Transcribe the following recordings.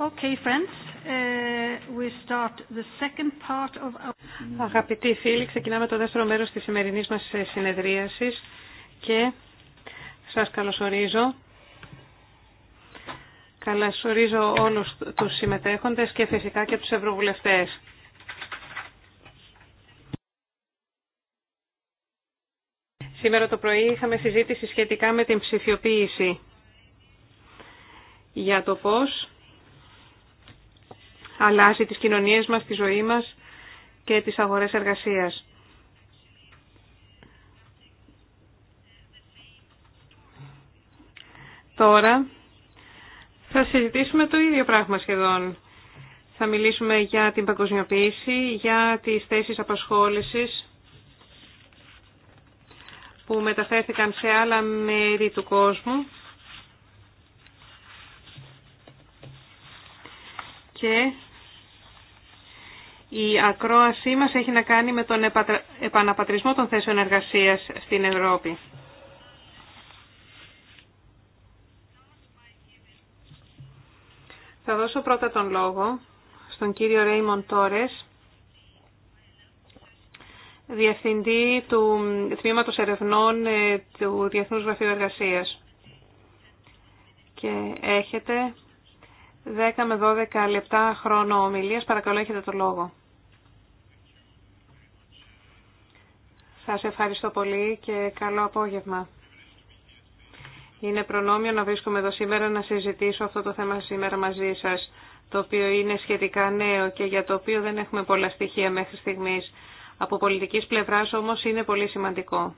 Okay, friends. Uh, we start the second part of our... Αγαπητοί φίλοι, ξεκινάμε το δεύτερο μέρος της σημερινής μας ε, συνεδρίασης και σας καλωσορίζω. Καλωσορίζω όλους τους συμμετέχοντες και φυσικά και τους ευρωβουλευτές. Σήμερα το πρωί είχαμε συζήτηση σχετικά με την ψηφιοποίηση για το πώς αλλάζει τις κοινωνίες μας, τη ζωή μας και τις αγορές εργασίας. Τώρα θα συζητήσουμε το ίδιο πράγμα σχεδόν. Θα μιλήσουμε για την παγκοσμιοποίηση, για τις θέσεις απασχόλησης που μεταφέρθηκαν σε άλλα μέρη του κόσμου και η ακρόασή μας έχει να κάνει με τον επαναπατρισμό των θέσεων εργασίας στην Ευρώπη. Θα δώσω πρώτα τον λόγο στον κύριο Ρέιμον Τόρες, Διευθυντή του Τμήματος Ερευνών ε, του Διεθνούς Γραφείου Εργασίας. Και έχετε 10 με 12 λεπτά χρόνο ομιλίας. Παρακαλώ έχετε το λόγο. Σας ευχαριστώ πολύ και καλό απόγευμα. Είναι προνόμιο να βρίσκομαι εδώ σήμερα να συζητήσω αυτό το θέμα σήμερα μαζί σας, το οποίο είναι σχετικά νέο και για το οποίο δεν έχουμε πολλά στοιχεία μέχρι στιγμής. Από πολιτικής πλευράς όμως είναι πολύ σημαντικό.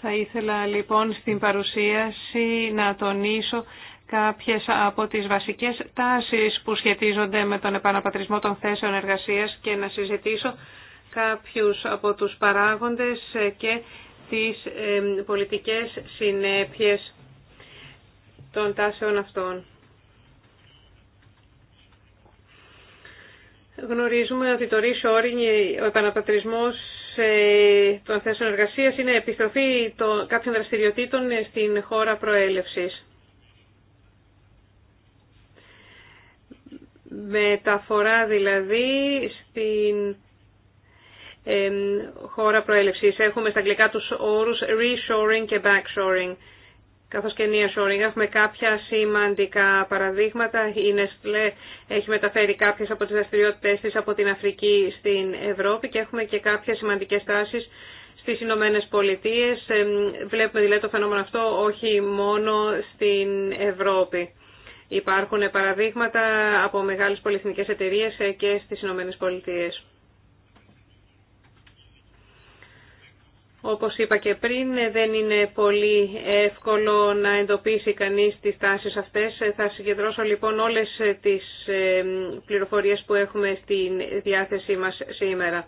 Θα ήθελα λοιπόν στην παρουσίαση να τονίσω κάποιες από τις βασικές τάσεις που σχετίζονται με τον επαναπατρισμό των θέσεων εργασίας και να συζητήσω κάποιους από τους παράγοντες και τις πολιτικές συνέπειες των τάσεων αυτών. Γνωρίζουμε ότι το reshoring, ο επαναπατρισμός ε, των θέσεων εργασίας είναι επιστροφή το κάποιων δραστηριοτήτων στην χώρα προέλευσης. Μεταφορά δηλαδή στην χώρα προέλευσης. Έχουμε στα αγγλικά τους όρους reshoring και backshoring, καθώς και nearshoring. Έχουμε κάποια σημαντικά παραδείγματα. Η Nestlé έχει μεταφέρει κάποιες από τις δραστηριότητε της από την Αφρική στην Ευρώπη και έχουμε και κάποιες σημαντικές τάσεις στις Ηνωμένε Πολιτείε. Βλέπουμε δηλαδή το φαινόμενο αυτό όχι μόνο στην Ευρώπη. Υπάρχουν παραδείγματα από μεγάλες πολυεθνικές εταιρείες και στις Ηνωμένε Πολιτείες. Όπως είπα και πριν, δεν είναι πολύ εύκολο να εντοπίσει κανείς τις τάσεις αυτές. Θα συγκεντρώσω λοιπόν όλες τις ε, πληροφορίες που έχουμε στη διάθεσή μας σήμερα.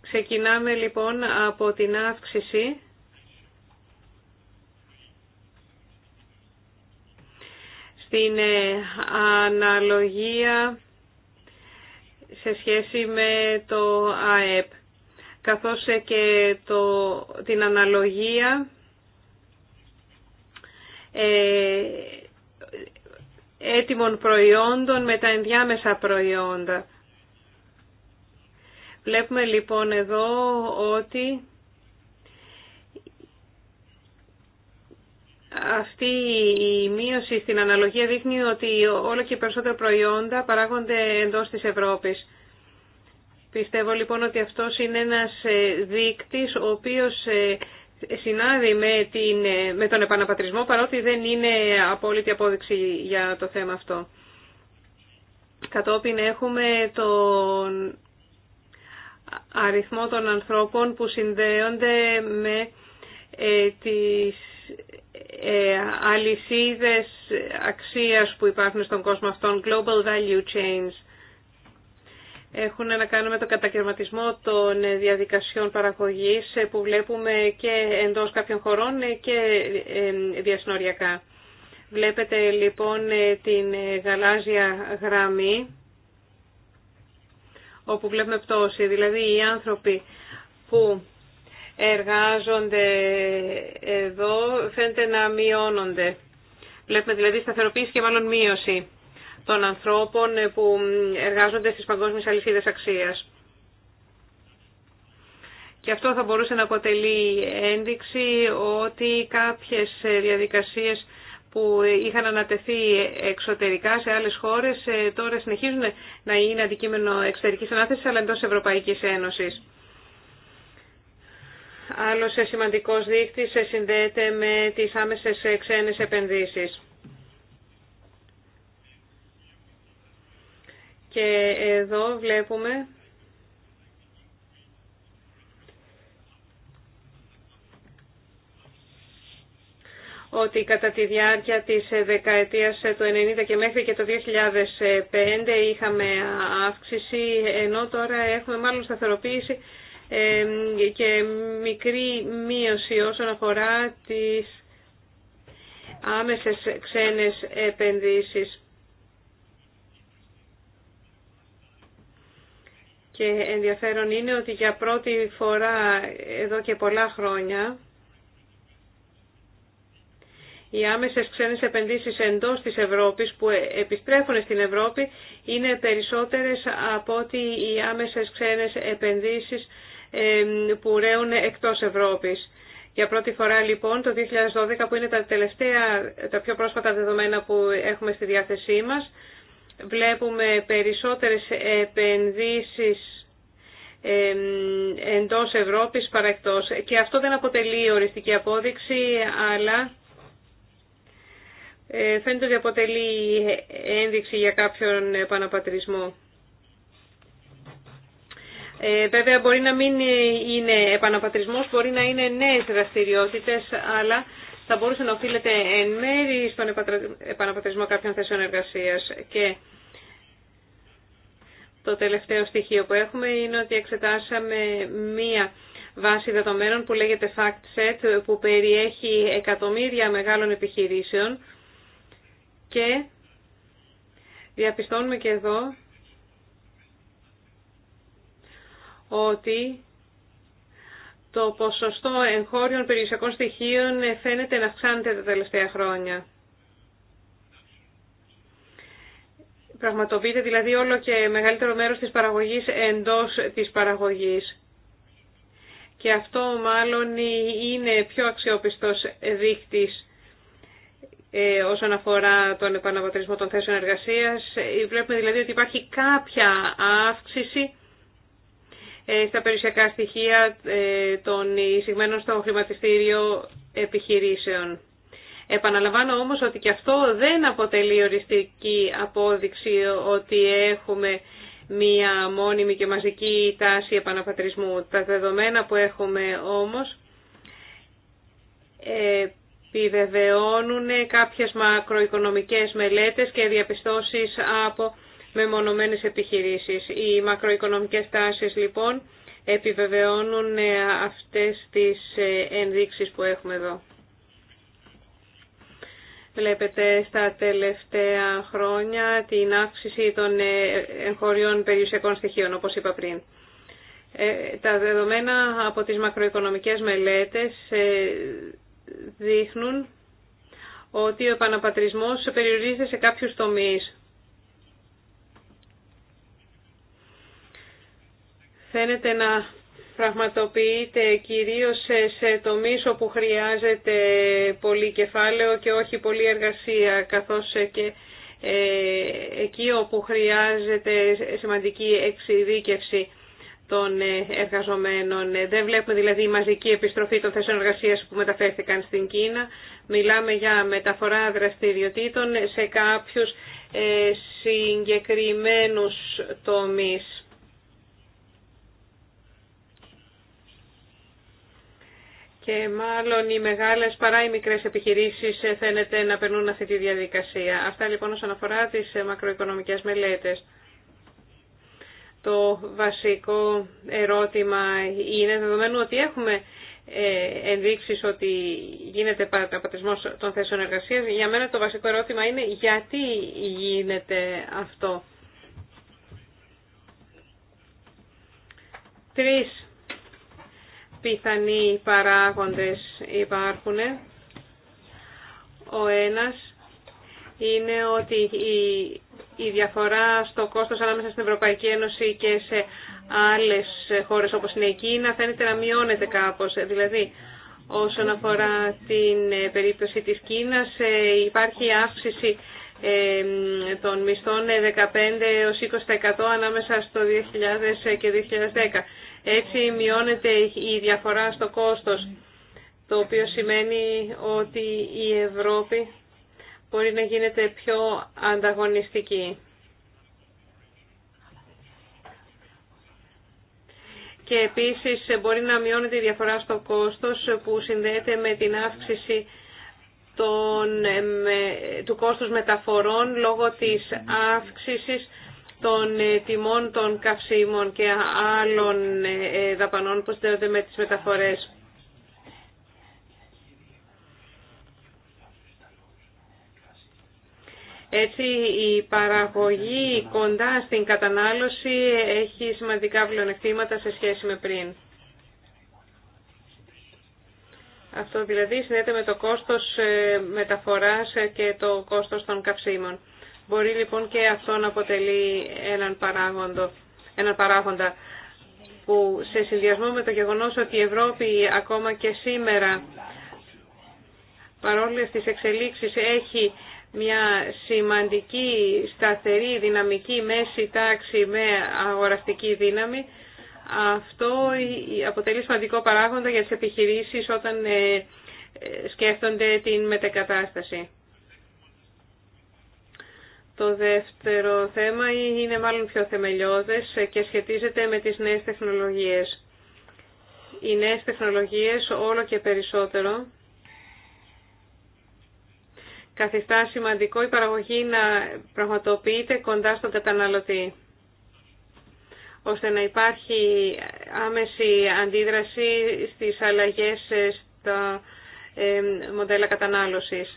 Ξεκινάμε λοιπόν από την αύξηση στην ε, αναλογία σε σχέση με το ΑΕΠ καθώς ε, και το, την αναλογία ε, έτοιμων προϊόντων με τα ενδιάμεσα προϊόντα. Βλέπουμε λοιπόν εδώ ότι αυτή η μείωση στην αναλογία δείχνει ότι όλο και περισσότερα προϊόντα παράγονται εντός της Ευρώπης. Πιστεύω λοιπόν ότι αυτός είναι ένας ε, δείκτης ο οποίος ε, συνάδει με, την, ε, με τον επαναπατρισμό παρότι δεν είναι απόλυτη απόδειξη για το θέμα αυτό. Κατόπιν έχουμε τον αριθμό των ανθρώπων που συνδέονται με τις αλυσίδες αξίας που υπάρχουν στον κόσμο αυτών, global value chains έχουν να κάνουν με τον κατακαιρματισμό των διαδικασιών παραγωγής ε, που βλέπουμε και εντός κάποιων χωρών ε, και ε, διασυνοριακά. Βλέπετε λοιπόν την γαλάζια γραμμή όπου βλέπουμε πτώση, δηλαδή οι άνθρωποι που εργάζονται εδώ φαίνεται να μειώνονται. Βλέπουμε δηλαδή σταθεροποίηση και μάλλον μείωση των ανθρώπων ε, που εργάζονται στις παγκόσμιες αλυσίδες αξίας. Και αυτό θα μπορούσε να αποτελεί ένδειξη ότι κάποιες ε, διαδικασίες που είχαν ανατεθεί εξωτερικά σε άλλες χώρες ε, τώρα συνεχίζουν να είναι αντικείμενο εξωτερικής ανάθεσης αλλά εντός Ευρωπαϊκής Ένωσης. Άλλος σημαντικός δείκτης συνδέεται με τις άμεσες ξένες επενδύσεις. Και εδώ βλέπουμε ότι κατά τη διάρκεια της δεκαετίας του 90 και μέχρι και το 2005 είχαμε αύξηση, ενώ τώρα έχουμε μάλλον σταθεροποίηση και μικρή μείωση όσον αφορά τις άμεσες ξένες επενδύσεις. Και ενδιαφέρον είναι ότι για πρώτη φορά εδώ και πολλά χρόνια οι άμεσες ξένες επενδύσεις εντός της Ευρώπης που επιστρέφουν στην Ευρώπη είναι περισσότερες από ότι οι άμεσες ξένες επενδύσεις που ρέουν εκτός Ευρώπης. Για πρώτη φορά λοιπόν το 2012 που είναι τα τελευταία, τα πιο πρόσφατα δεδομένα που έχουμε στη διάθεσή μας, Βλέπουμε περισσότερες επενδύσεις εντός Ευρώπης παρά Και αυτό δεν αποτελεί οριστική απόδειξη, αλλά ε, φαίνεται ότι αποτελεί ένδειξη για κάποιον επαναπατρισμό. Ε, βέβαια μπορεί να μην είναι επαναπατρισμός, μπορεί να είναι νέες δραστηριότητες, αλλά θα μπορούσε να οφείλεται εν μέρη στον επαναπατρισμό κάποιων θέσεων εργασία. Και το τελευταίο στοιχείο που έχουμε είναι ότι εξετάσαμε μία βάση δεδομένων που λέγεται FactSet που περιέχει εκατομμύρια μεγάλων επιχειρήσεων και διαπιστώνουμε και εδώ ότι το ποσοστό εγχώριων περιουσιακών στοιχείων φαίνεται να αυξάνεται τα τελευταία χρόνια. Πραγματοποιείται δηλαδή όλο και μεγαλύτερο μέρος της παραγωγής εντός της παραγωγής. Και αυτό μάλλον είναι πιο αξιόπιστος δείκτης ε, όσον αφορά τον επαναπατρισμό των θέσεων εργασίας. Ε, βλέπουμε δηλαδή ότι υπάρχει κάποια αύξηση ε, στα περιουσιακά στοιχεία ε, των εισηγμένων στο χρηματιστήριο επιχειρήσεων. Επαναλαμβάνω όμως ότι και αυτό δεν αποτελεί οριστική απόδειξη ότι έχουμε μία μόνιμη και μαζική τάση επαναπατρισμού. Τα δεδομένα που έχουμε όμως ε, επιβεβαιώνουν κάποιες μακροοικονομικές μελέτες και διαπιστώσεις από με μεμονωμένες επιχειρήσεις. Οι μακροοικονομικές τάσεις λοιπόν επιβεβαιώνουν ε, αυτές τις ε, ενδείξεις που έχουμε εδώ. Βλέπετε στα τελευταία χρόνια την αύξηση των ε, εγχωριών περιουσιακών στοιχείων, όπως είπα πριν. Τα δεδομένα από τις μακροοικονομικές μελέτες δείχνουν ότι ο επαναπατρισμός περιορίζεται σε κάποιους τομείς. φαίνεται να πραγματοποιείται κυρίως σε τομείς όπου χρειάζεται πολύ κεφάλαιο και όχι πολύ εργασία, καθώς και ε, εκεί όπου χρειάζεται σημαντική εξειδίκευση των ε, εργαζομένων. Δεν βλέπουμε δηλαδή η μαζική επιστροφή των θέσεων εργασίας που μεταφέρθηκαν στην Κίνα. Μιλάμε για μεταφορά δραστηριοτήτων σε κάποιους ε, συγκεκριμένους τομείς. και μάλλον οι μεγάλες παρά οι μικρές επιχειρήσεις ε, φαίνεται να περνούν αυτή τη διαδικασία. Αυτά λοιπόν όσον αφορά τις ε, μακροοικονομικές μελέτες. Το βασικό ερώτημα είναι δεδομένου ότι έχουμε ε, ενδείξεις ότι γίνεται παραταπατισμός των θέσεων εργασίας. Για μένα το βασικό ερώτημα είναι γιατί γίνεται αυτό. Τρεις πιθανοί παράγοντες υπάρχουν. Ο ένας είναι ότι η, διαφορά στο κόστος ανάμεσα στην Ευρωπαϊκή Ένωση και σε άλλες χώρες όπως είναι η Κίνα φαίνεται να μειώνεται κάπως. Δηλαδή, όσον αφορά την ε, περίπτωση της Κίνας, ε, υπάρχει αύξηση των μισθών 15 ε, έως 20% ανάμεσα στο 2000 και 2010. Έτσι μειώνεται η διαφορά στο κόστος, το οποίο σημαίνει ότι η Ευρώπη μπορεί να γίνεται πιο ανταγωνιστική. Και επίσης μπορεί να μειώνεται η διαφορά στο κόστος που συνδέεται με την αύξηση των, του κόστους μεταφορών λόγω της αύξησης των ε, τιμών των καυσίμων και άλλων ε, ε, δαπανών που συνδέονται με τις μεταφορές. Έτσι η παραγωγή κοντά στην κατανάλωση έχει σημαντικά πλεονεκτήματα σε σχέση με πριν. Αυτό δηλαδή συνδέεται με το κόστος μεταφοράς και το κόστος των καυσίμων. Μπορεί λοιπόν και αυτό να αποτελεί έναν, παράγοντο, έναν παράγοντα που σε συνδυασμό με το γεγονός ότι η Ευρώπη ακόμα και σήμερα παρόλε τις εξελίξεις έχει μια σημαντική σταθερή δυναμική μέση τάξη με αγοραστική δύναμη, αυτό αποτελεί σημαντικό παράγοντα για τις επιχειρήσεις όταν ε, ε, σκέφτονται την μετεκατάσταση. Το δεύτερο θέμα είναι μάλλον πιο θεμελιώδες και σχετίζεται με τις νέες τεχνολογίες. Οι νέες τεχνολογίες όλο και περισσότερο καθιστά σημαντικό η παραγωγή να πραγματοποιείται κοντά στον καταναλωτή ώστε να υπάρχει άμεση αντίδραση στις αλλαγές στα ε, μοντέλα κατανάλωσης.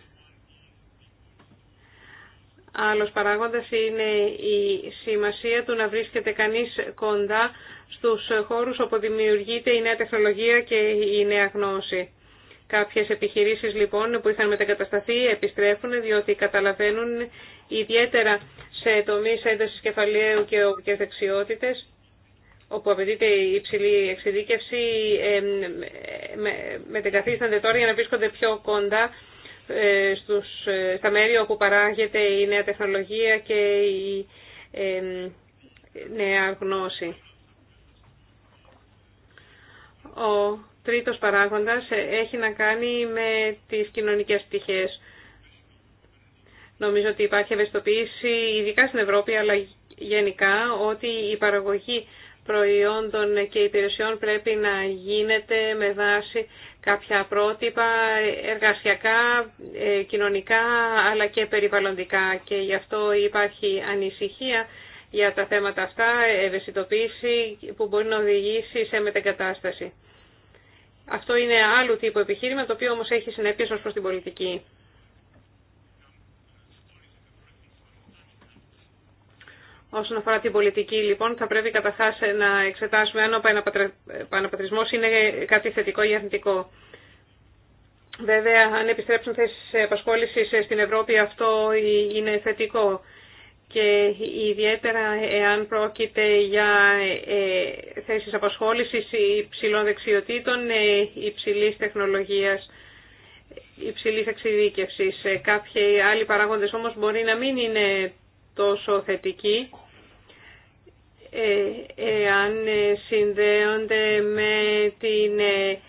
Άλλος παράγοντας είναι η σημασία του να βρίσκεται κανείς κοντά στους χώρους όπου δημιουργείται η νέα τεχνολογία και η νέα γνώση. Κάποιες επιχειρήσεις λοιπόν που είχαν μετακατασταθεί επιστρέφουν διότι καταλαβαίνουν ιδιαίτερα σε τομείς έντασης κεφαλαίου και οπικές δεξιότητες όπου απαιτείται υψηλή εξειδίκευση, ε, μετεγκαθίστανται τώρα για να βρίσκονται πιο κοντά ε, ε, στα μέρη όπου παράγεται η νέα τεχνολογία και η ε, νέα γνώση. Ο τρίτος παράγοντας έχει να κάνει με τις κοινωνικές πτυχές. Νομίζω ότι υπάρχει ευαισθητοποίηση, ειδικά στην Ευρώπη, αλλά γενικά, ότι η παραγωγή προϊόντων και υπηρεσιών πρέπει να γίνεται με βάση κάποια πρότυπα εργασιακά, ε, κοινωνικά αλλά και περιβαλλοντικά και γι' αυτό υπάρχει ανησυχία για τα θέματα αυτά, ευαισθητοποίηση που μπορεί να οδηγήσει σε μετεγκατάσταση. Αυτό είναι άλλου τύπου επιχείρημα, το οποίο όμως έχει συνέπειες ως προς την πολιτική. Όσον αφορά την πολιτική, λοιπόν, θα πρέπει καταρχά να εξετάσουμε αν ο παναπατρισμό είναι κάτι θετικό ή αρνητικό. Βέβαια, αν επιστρέψουν θέσει απασχόληση στην Ευρώπη, αυτό είναι θετικό. Και ιδιαίτερα εάν πρόκειται για ε, θέσει απασχόληση υψηλών δεξιοτήτων, ε, υψηλή τεχνολογία, υψηλής εξειδίκευσης. Ε, κάποιοι άλλοι παράγοντες όμως μπορεί να μην είναι τόσο θετική αν ε, συνδέονται με την ε,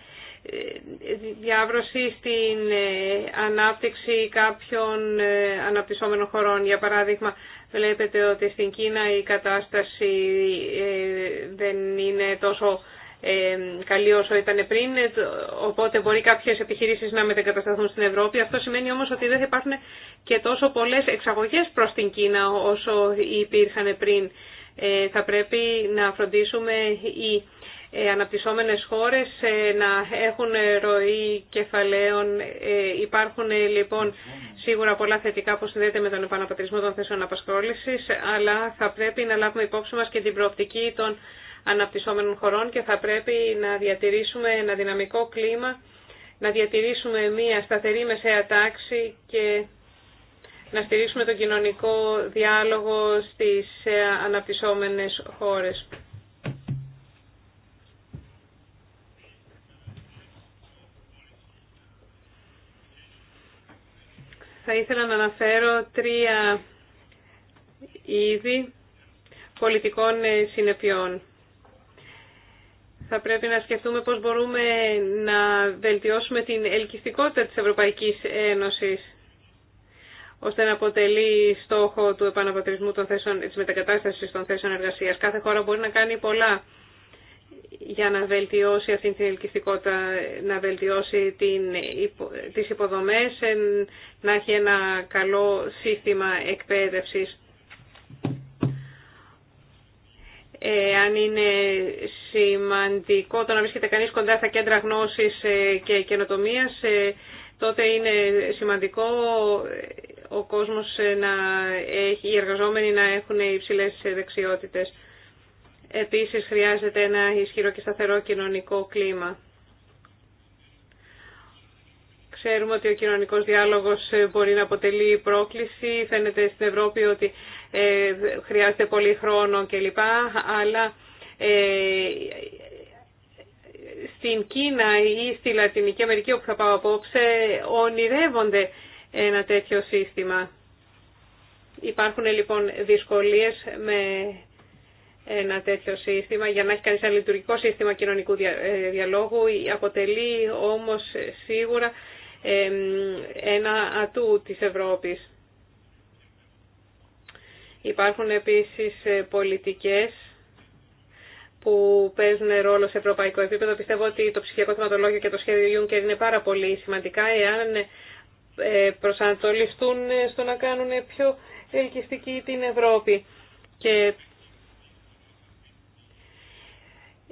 διάβρωση στην ε, ανάπτυξη κάποιων αναπτυσσόμενων χωρών. Για παράδειγμα, βλέπετε ότι στην Κίνα η κατάσταση δεν είναι τόσο καλή όσο ήταν πριν, οπότε μπορεί κάποιες επιχειρήσεις να μετεγκατασταθούν στην Ευρώπη. Αυτό σημαίνει όμως ότι δεν θα υπάρχουν και τόσο πολλές εξαγωγές προς την Κίνα όσο υπήρχαν πριν. Ε, θα πρέπει να φροντίσουμε οι ε, αναπτυσσόμενες χώρες ε, να έχουν ροή κεφαλαίων. Υπάρχουν λοιπόν σίγουρα πολλά θετικά που συνδέεται με τον επαναπατρισμό των θέσεων απασχόλησης, αλλά θα πρέπει να λάβουμε υπόψη μας και την προοπτική των αναπτυσσόμενων χωρών και θα πρέπει να διατηρήσουμε ένα δυναμικό κλίμα, να διατηρήσουμε μια σταθερή μεσαία τάξη και να στηρίξουμε τον κοινωνικό διάλογο στις ε, αναπτυσσόμενες χώρες. Θα ήθελα να αναφέρω τρία είδη πολιτικών συνεπειών θα πρέπει να σκεφτούμε πώς μπορούμε να βελτιώσουμε την ελκυστικότητα της Ευρωπαϊκής Ένωσης ώστε να αποτελεί στόχο του επαναπατρισμού των θέσεων, της μετακατάστασης των θέσεων εργασίας. Κάθε χώρα μπορεί να κάνει πολλά για να βελτιώσει αυτή την ελκυστικότητα, να βελτιώσει την, τις υποδομές, να έχει ένα καλό σύστημα εκπαίδευσης Ε, αν είναι σημαντικό το να βρίσκεται κανείς κοντά στα κέντρα γνώσης ε, και καινοτομίας, ε, τότε είναι σημαντικό ο κόσμος να έχει, οι εργαζόμενοι να έχουν υψηλές δεξιότητες. Επίσης χρειάζεται ένα ισχυρό και σταθερό κοινωνικό κλίμα. Ξέρουμε ότι ο κοινωνικός διάλογος ε, μπορεί να αποτελεί πρόκληση. Φαίνεται στην Ευρώπη ότι ε, χρειάζεται πολύ χρόνο κλπ. Αλλά ε, στην Κίνα ή στη Λατινική Αμερική όπου θα πάω απόψε ονειρεύονται ένα τέτοιο σύστημα. Υπάρχουν λοιπόν δυσκολίες με ένα τέτοιο σύστημα. Για να έχει κανείς ένα λειτουργικό σύστημα κοινωνικού διαλόγου αποτελεί όμως σίγουρα ένα ατού της Ευρώπης. Υπάρχουν επίσης ε, πολιτικές που παίζουν ρόλο σε ευρωπαϊκό επίπεδο. Πιστεύω ότι το ψυχιακό θεματολόγιο και το σχέδιο Juncker είναι πάρα πολύ σημαντικά εάν ε, προσανατολιστούν στο να κάνουν πιο ελκυστική την Ευρώπη. Και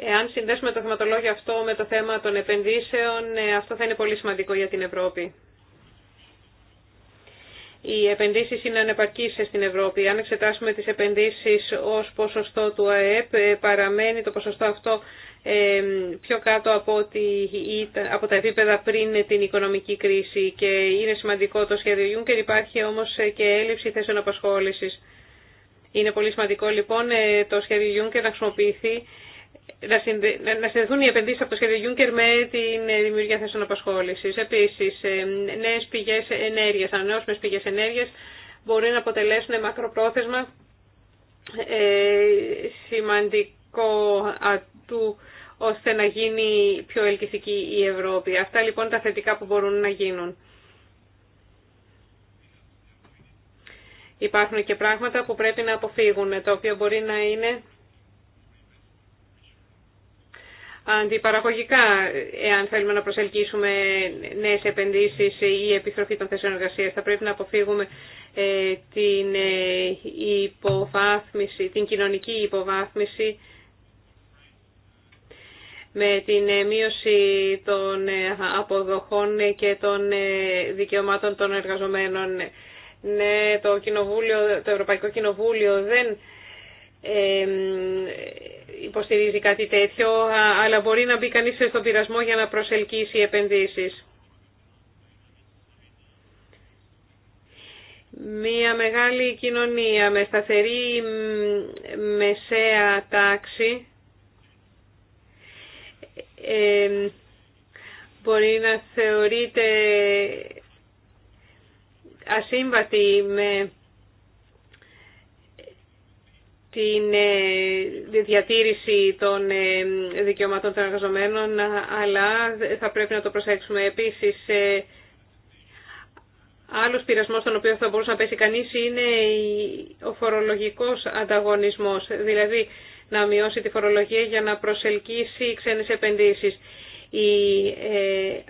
Εάν συνδέσουμε το θεματολόγιο αυτό με το θέμα των επενδύσεων, ε, αυτό θα είναι πολύ σημαντικό για την Ευρώπη. Οι επενδύσεις είναι ανεπαρκείς στην Ευρώπη. Αν εξετάσουμε τις επενδύσεις ως ποσοστό του ΑΕΠ, ε, παραμένει το ποσοστό αυτό ε, πιο κάτω από, από τα επίπεδα πριν την οικονομική κρίση και είναι σημαντικό το σχέδιο Juncker, υπάρχει όμως και έλλειψη θέσεων απασχόλησης. Είναι πολύ σημαντικό λοιπόν το σχέδιο Juncker να χρησιμοποιηθεί να συνδεθούν οι επενδύσει από το σχέδιο Juncker με την ε, δημιουργία θέσεων απασχόλησης. Επίσης, ε, νέε πηγέ ενέργειας, ανανεώσιμε πηγέ ενέργεια μπορεί να αποτελέσουν μακροπρόθεσμα ε, σημαντικό ατού ώστε να γίνει πιο ελκυστική η Ευρώπη. Αυτά λοιπόν τα θετικά που μπορούν να γίνουν. Υπάρχουν και πράγματα που πρέπει να αποφύγουν, τα οποία μπορεί να είναι αντιπαραγωγικά εάν θέλουμε να προσελκύσουμε νέες επενδύσεις ή επιστροφή των θέσεων εργασίας. Θα πρέπει να αποφύγουμε ε, την, ε, υποβάθμιση, την κοινωνική υποβάθμιση με την ε, μείωση των αποδοχών και των δικαιωμάτων των εργαζομένων. Ναι, το, το Ευρωπαϊκό Κοινοβούλιο δεν υποστηρίζει κάτι τέτοιο, αλλά μπορεί να μπει κανείς στον πειρασμό για να προσελκύσει επενδύσεις. Μία μεγάλη κοινωνία με σταθερή μεσαία τάξη μπορεί να θεωρείται ασύμβατη με την ε, διατήρηση των ε, δικαιωμάτων των εργαζομένων, αλλά θα πρέπει να το προσέξουμε. Επίσης, ε, άλλος πειρασμός στον οποίο θα μπορούσε να πέσει κανείς είναι ο φορολογικός ανταγωνισμός, δηλαδή να μειώσει τη φορολογία για να προσελκύσει ξένες επενδύσεις. Η, ε,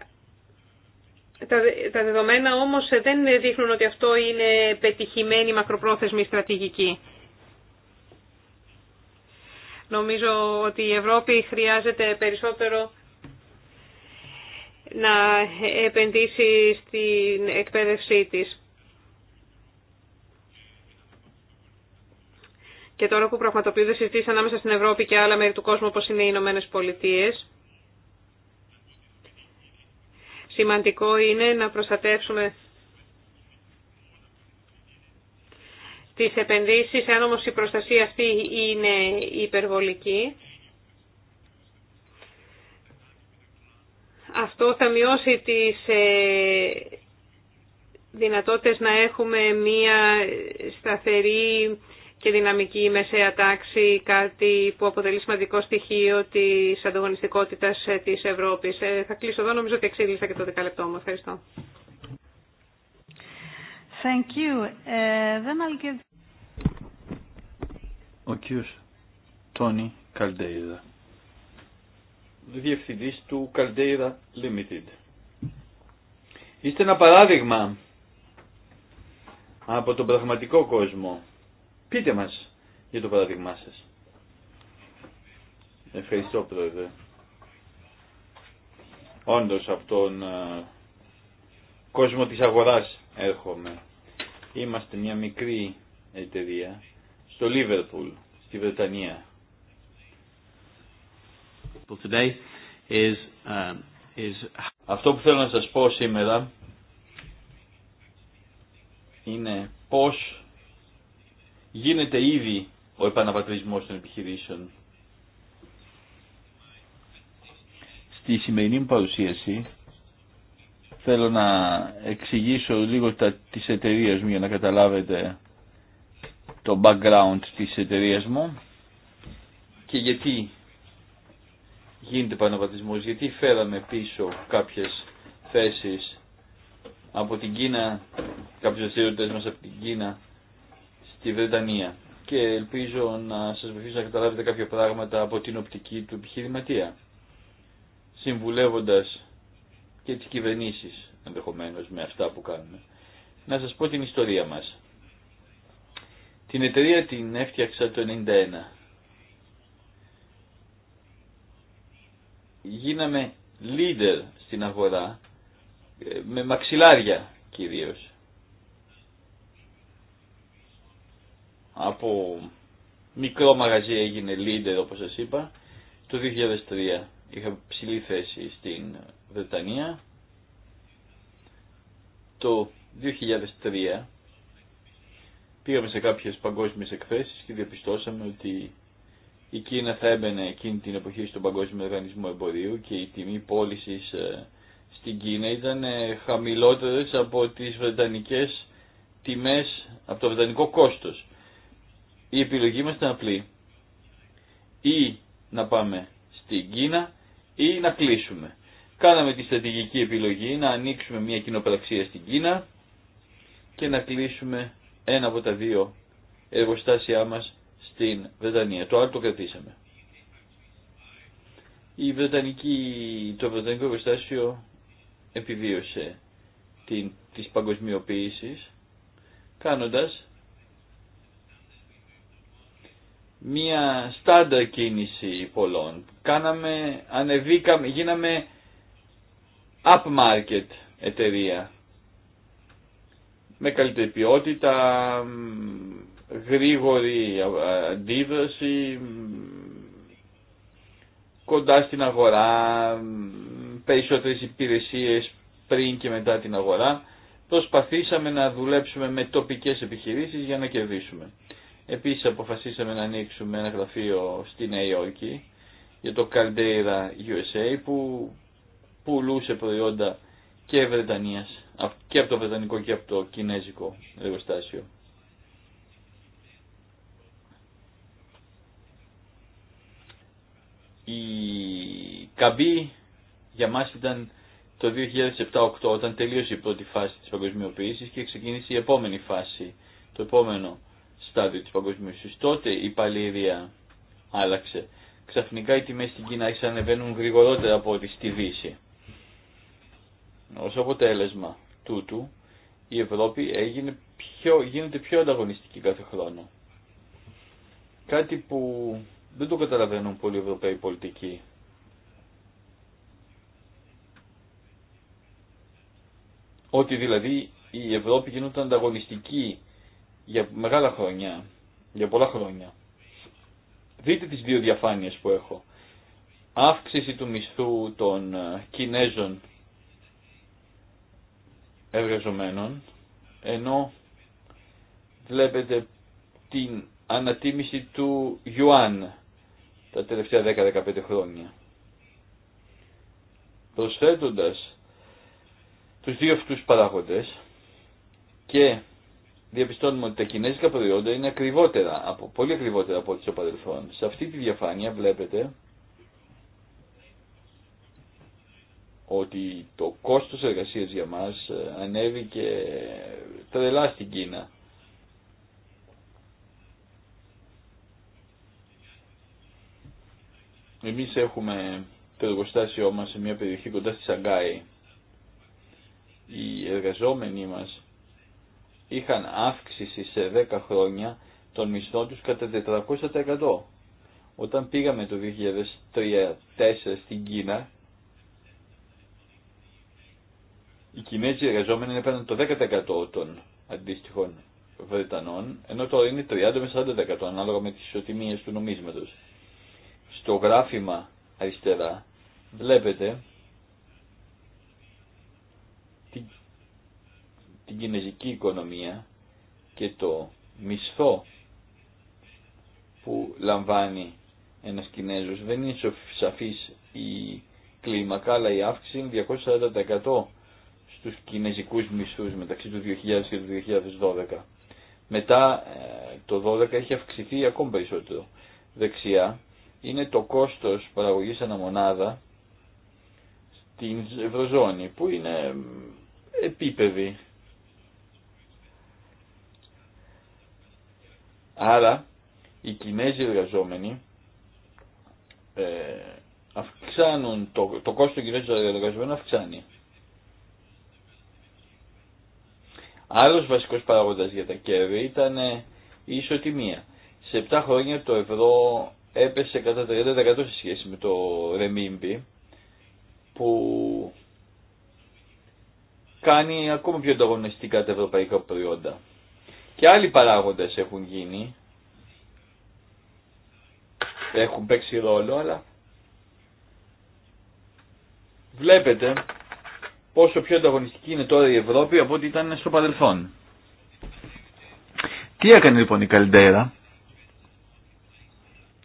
τα, τα δεδομένα όμως δεν δείχνουν ότι αυτό είναι πετυχημένη μακροπρόθεσμη στρατηγική. Νομίζω ότι η Ευρώπη χρειάζεται περισσότερο να επενδύσει στην εκπαίδευσή της. Και τώρα που πραγματοποιούνται συζητήσεις ανάμεσα στην Ευρώπη και άλλα μέρη του κόσμου όπως είναι οι Ηνωμένε Πολιτείε. Σημαντικό είναι να προστατεύσουμε τις επενδύσεις, αν όμως η προστασία αυτή είναι υπερβολική. Αυτό θα μειώσει τις ε, δυνατότητες να έχουμε μία σταθερή και δυναμική μεσαία τάξη, κάτι που αποτελεί σημαντικό στοιχείο της ανταγωνιστικότητας ε, της Ευρώπης. Ε, θα κλείσω εδώ, νομίζω ότι εξήγησα και το δεκαλεπτό μου. Ευχαριστώ. Thank you. Then I'll give ο κύριος Τόνι Καλντέιδα, διευθυντής του Καλντέιδα Limited. Είστε ένα παράδειγμα από τον πραγματικό κόσμο. Πείτε μας για το παράδειγμά σας. Ευχαριστώ πρόεδρε. Όντως από τον ε, κόσμο της αγοράς έρχομαι. Είμαστε μια μικρή εταιρεία στο Λίβερπουλ, στη Βρετανία. Um, Αυτό που θέλω να σας πω σήμερα είναι πώς γίνεται ήδη ο επαναπατρισμός των επιχειρήσεων. Στη σημερινή μου παρουσίαση θέλω να εξηγήσω λίγο τα, τις εταιρείες μου για να καταλάβετε το background της εταιρείας μου και γιατί γίνεται πανοπατισμός, γιατί φέραμε πίσω κάποιες θέσεις από την Κίνα, κάποιες δραστηριότητες μας από την Κίνα στη Βρετανία και ελπίζω να σας βοηθήσω να καταλάβετε κάποια πράγματα από την οπτική του επιχειρηματία συμβουλεύοντας και τις κυβερνήσεις ενδεχομένως με αυτά που κάνουμε. Να σας πω την ιστορία μας. Την εταιρεία την έφτιαξα το 1991. Γίναμε leader στην αγορά, ε, με μαξιλάρια κυρίως. Από μικρό μαγαζί έγινε leader όπως σας είπα. Το 2003 είχα ψηλή θέση στην Βρετανία. Το 2003 Πήγαμε σε κάποιες παγκόσμιες εκθέσεις και διαπιστώσαμε ότι η Κίνα θα έμπαινε εκείνη την εποχή στον Παγκόσμιο Οργανισμό Εμπορίου και η τιμή πώληση ε, στην Κίνα ήταν ε, χαμηλότερες από τις βρετανικές τιμές, από το βρετανικό κόστος. Η επιλογή μας ήταν απλή. Ή να πάμε στην Κίνα ή να κλείσουμε. Κάναμε τη στρατηγική επιλογή να ανοίξουμε μια κοινοπραξία στην Κίνα και να κλείσουμε ένα από τα δύο εργοστάσια μας στην Βρετανία. Το άλλο το κρατήσαμε. Η Βρετανική, το Βρετανικό εργοστάσιο επιβίωσε την, της παγκοσμιοποίησης κάνοντας μία στάνταρ κίνηση πολλών. Κάναμε, ανεβήκαμε, γίναμε upmarket εταιρεία με καλύτερη ποιότητα, γρήγορη ε, αντίδραση, κοντά στην αγορά, περισσότερες υπηρεσίες πριν και μετά την αγορά. Προσπαθήσαμε να δουλέψουμε με τοπικές επιχειρήσεις για να κερδίσουμε. Επίσης αποφασίσαμε να ανοίξουμε ένα γραφείο στη Νέα Υόρκη για το Caldera USA που πουλούσε προϊόντα και Βρετανίας και από το βρετανικό και από το κινέζικο εργοστάσιο. Η καμπή για μας ήταν το 2007-2008 όταν τελείωσε η πρώτη φάση της παγκοσμιοποίησης και ξεκίνησε η επόμενη φάση, το επόμενο στάδιο της παγκοσμιοποίησης. Τότε η παλήρια άλλαξε. Ξαφνικά οι τιμές στην Κίνα άρχισαν γρηγορότερα από ό,τι στη Δύση. Ως αποτέλεσμα τούτου η Ευρώπη έγινε πιο, γίνεται πιο ανταγωνιστική κάθε χρόνο. Κάτι που δεν το καταλαβαίνουν πολλοί Ευρωπαίοι πολιτικοί. Ότι δηλαδή η Ευρώπη γίνονται ανταγωνιστική για μεγάλα χρόνια, για πολλά χρόνια. Δείτε τις δύο διαφάνειες που έχω. Αύξηση του μισθού των ε, Κινέζων εργαζομένων, ενώ βλέπετε την ανατίμηση του Ιουάν τα τελευταία 10-15 χρόνια. Προσθέτοντας τους δύο αυτούς παράγοντες και διαπιστώνουμε ότι τα κινέζικα προϊόντα είναι ακριβότερα, από, πολύ ακριβότερα από ό,τι στο παρελθόν. Σε αυτή τη διαφάνεια βλέπετε ότι το κόστος εργασίας για μας ε, ανέβηκε τρελά στην Κίνα. Εμείς έχουμε το εργοστάσιό μας σε μια περιοχή κοντά στη Σαγκάη. Οι εργαζόμενοι μας είχαν αύξηση σε 10 χρόνια των μισθών τους κατά 400%. Όταν πήγαμε το 2003-2004 στην Κίνα, οι Κινέζοι εργαζόμενοι έπαιρναν το 10% των αντίστοιχων Βρετανών, ενώ τώρα είναι 30 με 40% ανάλογα με τις ισοτιμίες του νομίσματος. Στο γράφημα αριστερά βλέπετε την, κινέζικη οικονομία και το μισθό που λαμβάνει ένας Κινέζος. Δεν είναι σαφής η κλίμακα, αλλά η αύξηση είναι 240% στους κινέζικους μισθούς μεταξύ του 2000 και του 2012. Μετά ε, το 2012 έχει αυξηθεί ακόμη περισσότερο. Δεξιά είναι το κόστος παραγωγής αναμονάδα στην Ευρωζώνη που είναι επίπεδη. Άρα οι Κινέζοι εργαζόμενοι ε, αυξάνουν, το, το κόστος των Κινέζων εργαζομένων αυξάνει. Άλλος βασικός παράγοντας για τα κέρδη ήταν η ισοτιμία. Σε 7 χρόνια το ευρώ έπεσε κατά 30% σε σχέση με το ρεμίμπι που κάνει ακόμα πιο ανταγωνιστικά τα ευρωπαϊκά προϊόντα. Και άλλοι παράγοντες έχουν γίνει, έχουν παίξει ρόλο, αλλά βλέπετε πόσο πιο ανταγωνιστική είναι τώρα η Ευρώπη από ό,τι ήταν στο παρελθόν. Τι έκανε λοιπόν η Καλντέρα.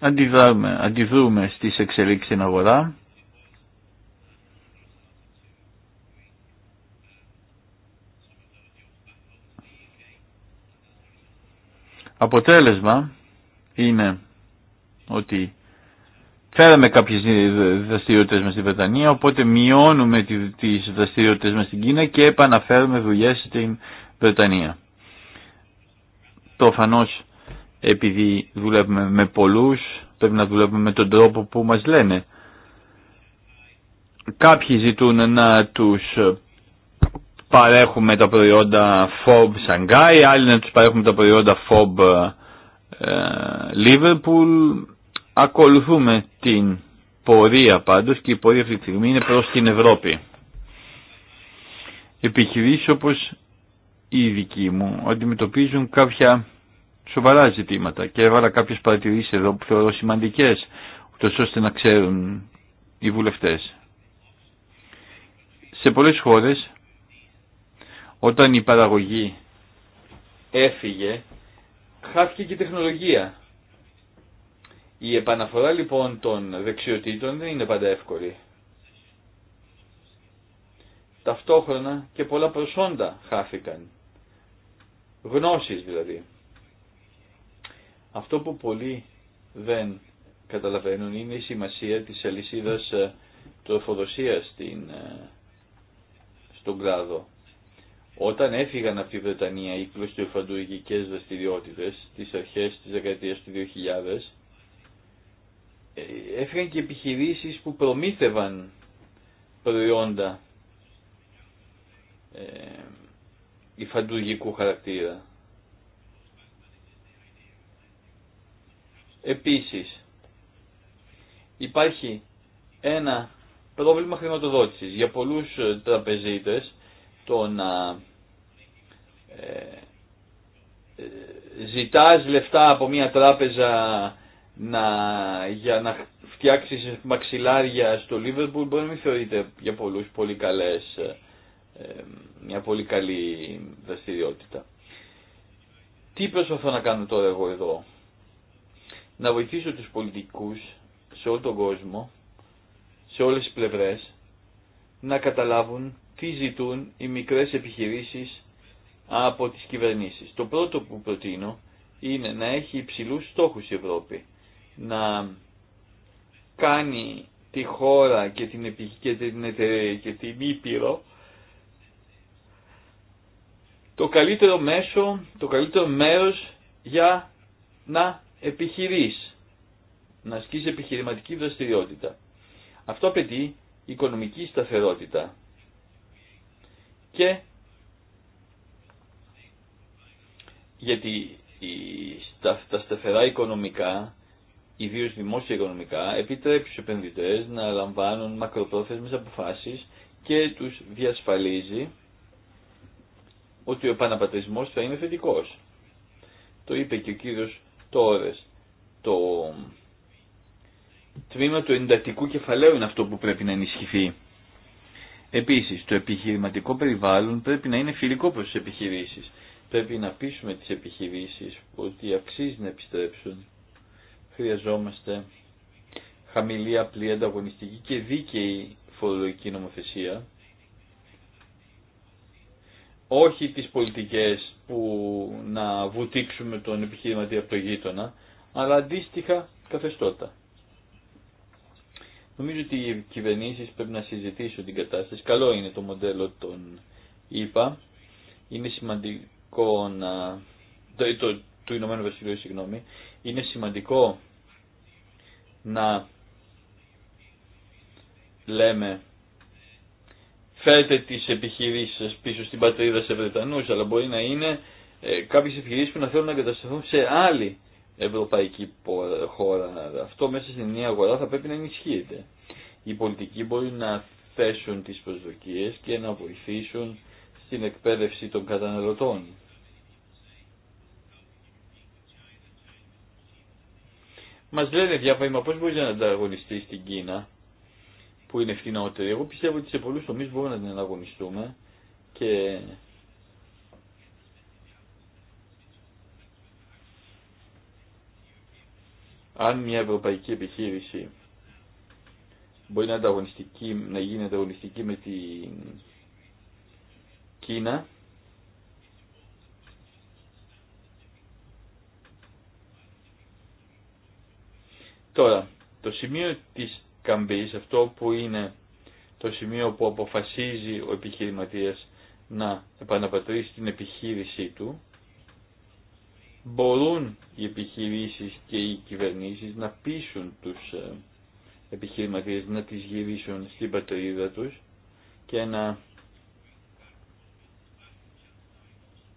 Αντιδρούμε, αντιδρούμε στις εξελίξεις στην αγορά. Αποτέλεσμα είναι ότι φέραμε κάποιες δραστηριότητες μας στην Βρετανία, οπότε μειώνουμε τις δραστηριότητες μας στην Κίνα και επαναφέρουμε δουλειές στην Βρετανία. Προφανώς επειδή δουλεύουμε με πολλούς, πρέπει να δουλεύουμε με τον τρόπο που μας λένε. Κάποιοι ζητούν να τους παρέχουμε τα προϊόντα FOB Σανγκάι, άλλοι να τους παρέχουμε τα προϊόντα FOB ε, Liverpool, Ακολουθούμε την πορεία πάντως και η πορεία αυτή τη στιγμή είναι προς την Ευρώπη. Επιχειρήσεις όπως οι δική μου αντιμετωπίζουν κάποια σοβαρά ζητήματα και έβαλα κάποιες παρατηρήσεις εδώ που θεωρώ σημαντικές ούτως ώστε να ξέρουν οι βουλευτές. Σε πολλές χώρες όταν η παραγωγή έφυγε χάθηκε και η τεχνολογία η επαναφορά λοιπόν των δεξιοτήτων δεν είναι πάντα εύκολη. Ταυτόχρονα και πολλά προσόντα χάθηκαν. Γνώσεις δηλαδή. Αυτό που πολλοί δεν καταλαβαίνουν είναι η σημασία της αλυσίδας ε, τροφοδοσίας στην, ε, στον κλάδο. Όταν έφυγαν από τη Βρετανία οι κλωστιοφαντουργικές δραστηριότητε τις αρχές της δεκαετίας του 2000, έφυγαν και επιχειρήσεις που προμήθευαν προϊόντα ε, υφαντουργικού χαρακτήρα. Επίσης, υπάρχει ένα πρόβλημα χρηματοδότησης. Για πολλούς ε, τραπεζίτες το να ε, ε, ζητάς λεφτά από μια τράπεζα να, για να φτιάξει μαξιλάρια στο Λίβερπουλ μπορεί να μην θεωρείται για πολλούς πολύ καλές, ε, ε, μια πολύ καλή δραστηριότητα. Τι προσπαθώ να κάνω τώρα εγώ εδώ. Να βοηθήσω τους πολιτικούς σε όλο τον κόσμο, σε όλες τις πλευρές, να καταλάβουν τι ζητούν οι μικρές επιχειρήσεις από τις κυβερνήσεις. Το πρώτο που προτείνω είναι να έχει υψηλούς στόχους η Ευρώπη να κάνει τη χώρα και την, την εταιρεία και την Ήπειρο το καλύτερο μέσο, το καλύτερο μέρος για να επιχειρείς, να ασκείς επιχειρηματική δραστηριότητα. Αυτό απαιτεί οικονομική σταθερότητα και γιατί τα σταθερά οικονομικά Ιδίω δημόσια οικονομικά, επιτρέπει στους επενδυτέ να λαμβάνουν μακροπρόθεσμες αποφάσεις και τους διασφαλίζει ότι ο επαναπατρισμό θα είναι θετικός. Το είπε και ο κύριο Τόρε Το τμήμα του εντατικού κεφαλαίου είναι αυτό που πρέπει να ενισχυθεί. Επίσης, το επιχειρηματικό περιβάλλον πρέπει να είναι φιλικό προς τις επιχειρήσεις. Πρέπει να πείσουμε τις επιχειρήσεις ότι αξίζει να επιστρέψουν χρειαζόμαστε χαμηλή, απλή, ανταγωνιστική και δίκαιη φορολογική νομοθεσία. Όχι τις πολιτικές που να βουτήξουμε τον επιχειρηματή από το γείτονα, αλλά αντίστοιχα καθεστώτα. Νομίζω ότι οι κυβερνήσεις πρέπει να συζητήσουν την κατάσταση. Καλό είναι το μοντέλο των ΙΠΑ. Είναι σημαντικό να... Το, το, του Ηνωμένου συγγνώμη. Είναι σημαντικό να λέμε φέρετε τις επιχειρήσεις σας πίσω στην πατρίδα σε Βρετανούς, αλλά μπορεί να είναι ε, κάποιες επιχειρήσεις που να θέλουν να εγκατασταθούν σε άλλη ευρωπαϊκή χώρα. Αυτό μέσα στην νέα αγορά θα πρέπει να ενισχύεται. Οι πολιτικοί μπορεί να θέσουν τις προσδοκίες και να βοηθήσουν στην εκπαίδευση των καταναλωτών. Μα λένε διάφορα, μα πώ μπορεί να ανταγωνιστεί στην Κίνα που είναι φθηνότερη. Εγώ πιστεύω ότι σε πολλού τομεί μπορούμε να την ανταγωνιστούμε και αν μια ευρωπαϊκή επιχείρηση μπορεί να, να γίνει ανταγωνιστική με την Κίνα, Τώρα, το σημείο της καμπής, αυτό που είναι το σημείο που αποφασίζει ο επιχειρηματίας να επαναπατρίσει την επιχείρησή του, μπορούν οι επιχειρήσεις και οι κυβερνήσεις να πείσουν τους ε, επιχειρηματίες να τις γυρίσουν στην πατρίδα τους και να